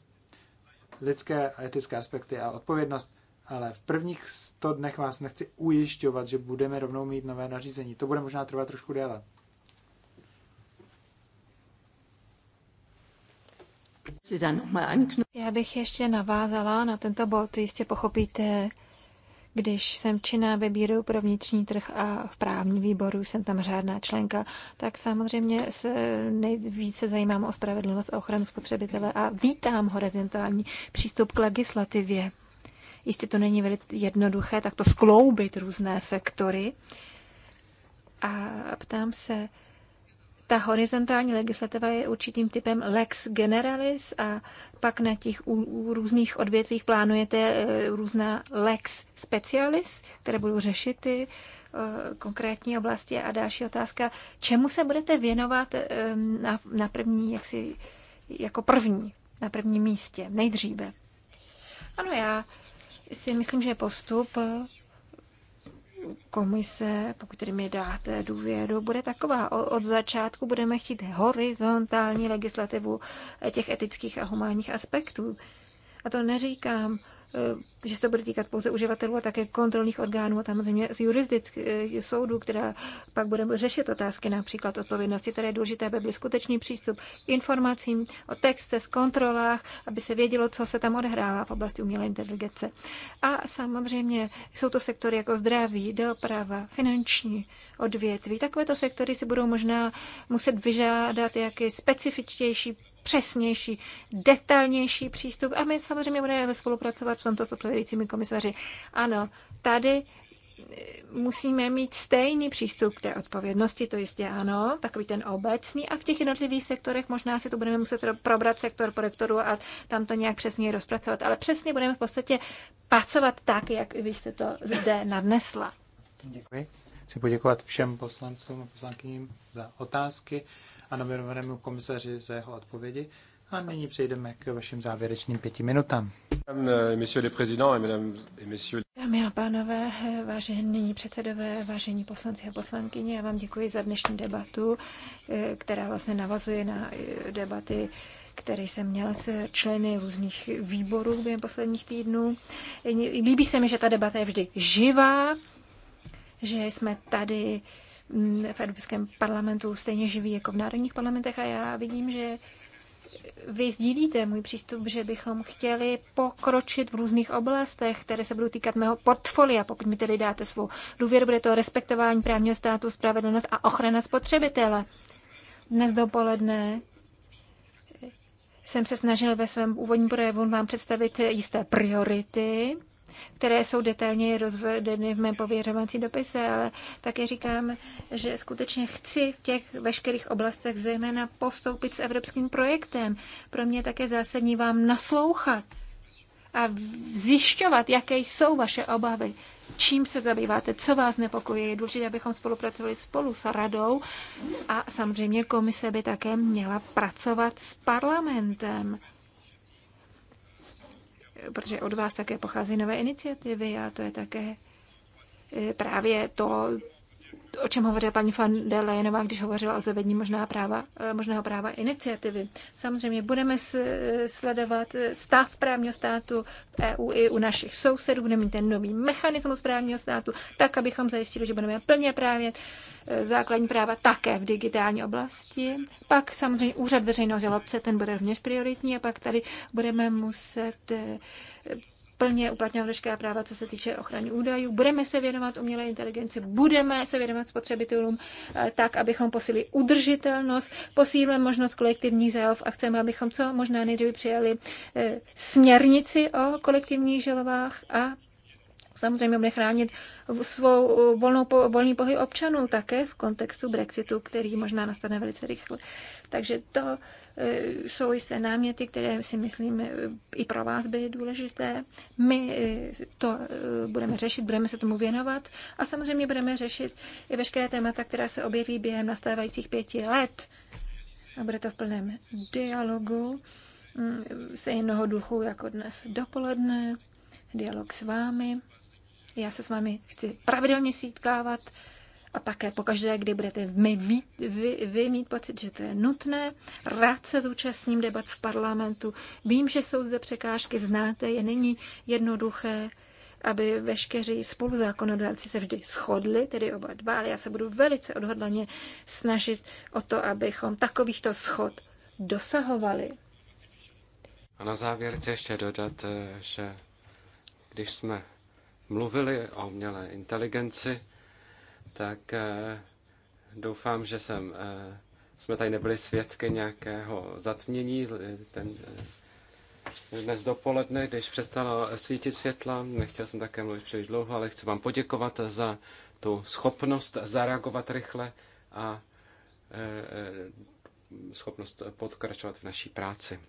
lidské a etické aspekty a odpovědnost ale v prvních 100 dnech vás nechci ujišťovat, že budeme rovnou mít nové nařízení. To bude možná trvat trošku déle. Já bych ještě navázala na tento bod. Jistě pochopíte, když jsem činná ve Bíru pro vnitřní trh a v právním výboru jsem tam řádná členka, tak samozřejmě se nejvíce zajímám o spravedlnost a ochranu spotřebitele a vítám horizontální přístup k legislativě. Jistě to není jednoduché, tak to skloubit různé sektory. A ptám se, ta horizontální legislativa je určitým typem lex generalis a pak na těch u, u různých odvětvích plánujete eh, různá lex specialis, které budou řešit ty eh, konkrétní oblasti. A další otázka, čemu se budete věnovat eh, na, na první, jak si, jako první, na prvním místě, nejdříve? Ano, já si myslím, že postup komise, pokud tedy mi dáte důvěru, bude taková. Od začátku budeme chtít horizontální legislativu těch etických a humánních aspektů. A to neříkám Eh, že se to bude týkat pouze uživatelů a také kontrolních orgánů a samozřejmě z jurisdikce soudů, která pak bude řešit otázky například odpovědnosti, které je důležité, aby byl skutečný přístup k informacím o textech, kontrolách, aby se vědělo, co se tam odehrává v oblasti umělé inteligence. A samozřejmě jsou to sektory jako zdraví, doprava, finanční odvětví. Takovéto sektory si budou možná muset vyžádat jaké specifičtější přesnější, detailnější přístup a my samozřejmě budeme spolupracovat v tomto s odpovědějícími komisaři. Ano, tady eh, musíme mít stejný přístup k té odpovědnosti, to jistě ano, takový ten obecný a v těch jednotlivých sektorech možná si to budeme muset probrat sektor po rektoru a tam to nějak přesně rozpracovat, ale přesně budeme v podstatě pracovat tak, jak vy jste to zde nadnesla. Děkuji. Chci poděkovat všem poslancům a poslankyním za otázky a nominovanému komisaři za jeho odpovědi. A nyní přejdeme k vašim závěrečným pěti minutám. Dámy a pánové, vážení předsedové, vážení poslanci a poslankyně, já vám děkuji za dnešní debatu, eh, která vlastně navazuje na eh, debaty který jsem měla s členy různých výborů během posledních týdnů. Eh, líbí se mi, že ta debata je vždy živá, že jsme tady v Evropském parlamentu stejně živý jako v národních parlamentech a já vidím, že vy sdílíte můj přístup, že bychom chtěli pokročit v různých oblastech, které se budou týkat mého portfolia. Pokud mi tedy dáte svou důvěru, bude to respektování právního státu, spravedlnost a ochrana spotřebitele. Dnes dopoledne jsem se snažil ve svém úvodním projevu vám představit jisté priority které jsou detailně rozvedeny v mém pověřovací dopise, ale také říkám, že skutečně chci v těch veškerých oblastech zejména postoupit s evropským projektem. Pro mě také zásadní vám naslouchat a zjišťovat, jaké jsou vaše obavy, čím se zabýváte, co vás nepokojí. Je důležité, abychom spolupracovali spolu s radou a samozřejmě komise by také měla pracovat s parlamentem protože od vás také pochází nové iniciativy a to je také eh, právě to, o čem hovořila paní van der Leyenová, když hovořila o zavedení možná práva, eh, možného práva iniciativy. Samozřejmě budeme eh, sledovat eh, stav právního státu v EU i u našich sousedů, budeme mít ten nový mechanismus právního státu, tak, abychom zajistili, že budeme plně právě základní práva také v digitální oblasti. Pak samozřejmě úřad veřejného žalobce, ten bude rovněž prioritní a pak tady budeme muset plně uplatňovat veškerá práva, co se týče ochrany údajů. Budeme se věnovat umělé inteligenci, budeme se věnovat spotřebitelům eh, tak, abychom posílili udržitelnost, posílili možnost kolektivních žalob a chceme, abychom co možná nejdříve přijali eh, směrnici o kolektivních žalobách a samozřejmě bude chránit svou eh, volnou, volný pohyb občanů také v kontextu Brexitu, který možná nastane velice rychle. Takže to eh, jsou jisté náměty, které si myslím eh, i pro vás byly důležité. My to budeme řešit, budeme se tomu věnovat a samozřejmě budeme řešit i veškeré témata, která se objeví během nastávajících pěti let. A bude to v plném dialogu mm, se jednoho duchu jako dnes dopoledne dialog s vámi já se s vámi chci pravidelně sítkávat a také pokaždé, kdy budete my, vy, vy, vy mít pocit, že to je nutné. Rád se zúčastním debat v parlamentu. Vím, že jsou zde překážky, znáte je, není jednoduché aby veškeří spoluzákonodárci se vždy shodli, tedy oba dva, ale já se budu velice odhodlaně snažit o to, abychom takovýchto schod dosahovali. A na závěr chci ještě dodat, eh, že když jsme mluvili o umělé inteligenci, tak eh, doufám, že jsem, eh, jsme tady nebyli svědky nějakého zatmění. Ten, eh, dnes dopoledne, když přestalo svítit světla, nechtěl jsem také mluvit příliš dlouho, ale chci vám poděkovat za tu schopnost zareagovat rychle a schopnost pokračovat v naší práci.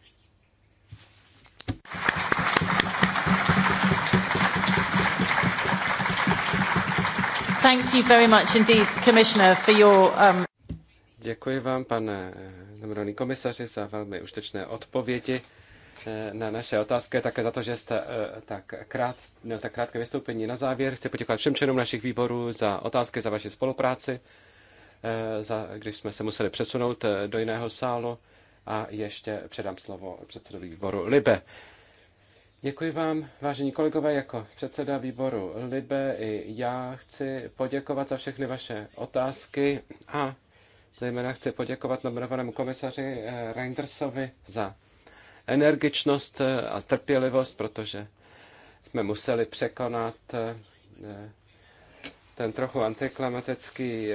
Um, Děkuji vám, pane eh, nominovaný komisaři, za velmi užtečné odpovědi eh, na naše otázky, také za to, že jste eh, tak, krát, tak krátké vystoupení na závěr. Chci poděkovat všem členům našich výborů za otázky, za vaši spolupráci, za, když jsme se museli přesunout do jiného sálu. A ještě předám slovo předsedovi výboru Libe. Děkuji vám, vážení kolegové, jako předseda výboru Libe i já chci poděkovat za všechny vaše otázky a zejména chci poděkovat nominovanému komisaři eh, Reindersovi za energičnost eh, a trpělivost, protože jsme museli překonat eh, ten trochu antiklimatický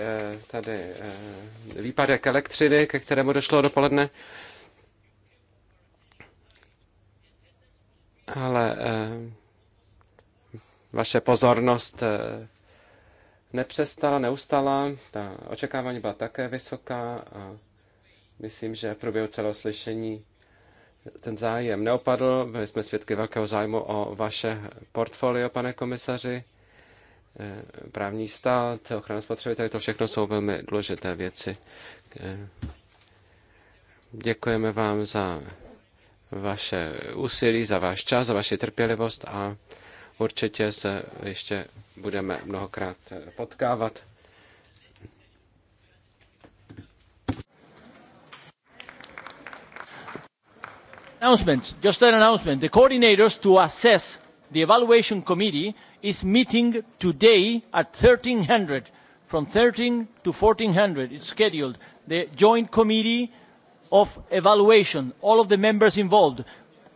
tady výpadek elektřiny, ke kterému došlo dopoledne. ale eh, vaše pozornost eh, nepřestala, neustala, ta očekávání byla také vysoká a myslím, že v průběhu celého slyšení ten zájem neopadl. Byli jsme svědky velkého zájmu o vaše portfolio, pane komisaři. Eh, právní stát, ochrana spotřebitelů, to všechno jsou velmi důležité věci. Děkujeme vám za vaše úsilí, za váš čas, za vaši trpělivost a určitě se ještě budeme mnohokrát potkávat. Announcement. Just an announcement. The coordinators to assess the evaluation committee is meeting today at 1300, from 13 to 1400. It's scheduled. The joint committee of evaluation, all of the members involved,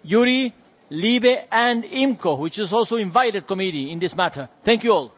Yuri, Libe and IMCO, which is also invited committee in this matter. Thank you all.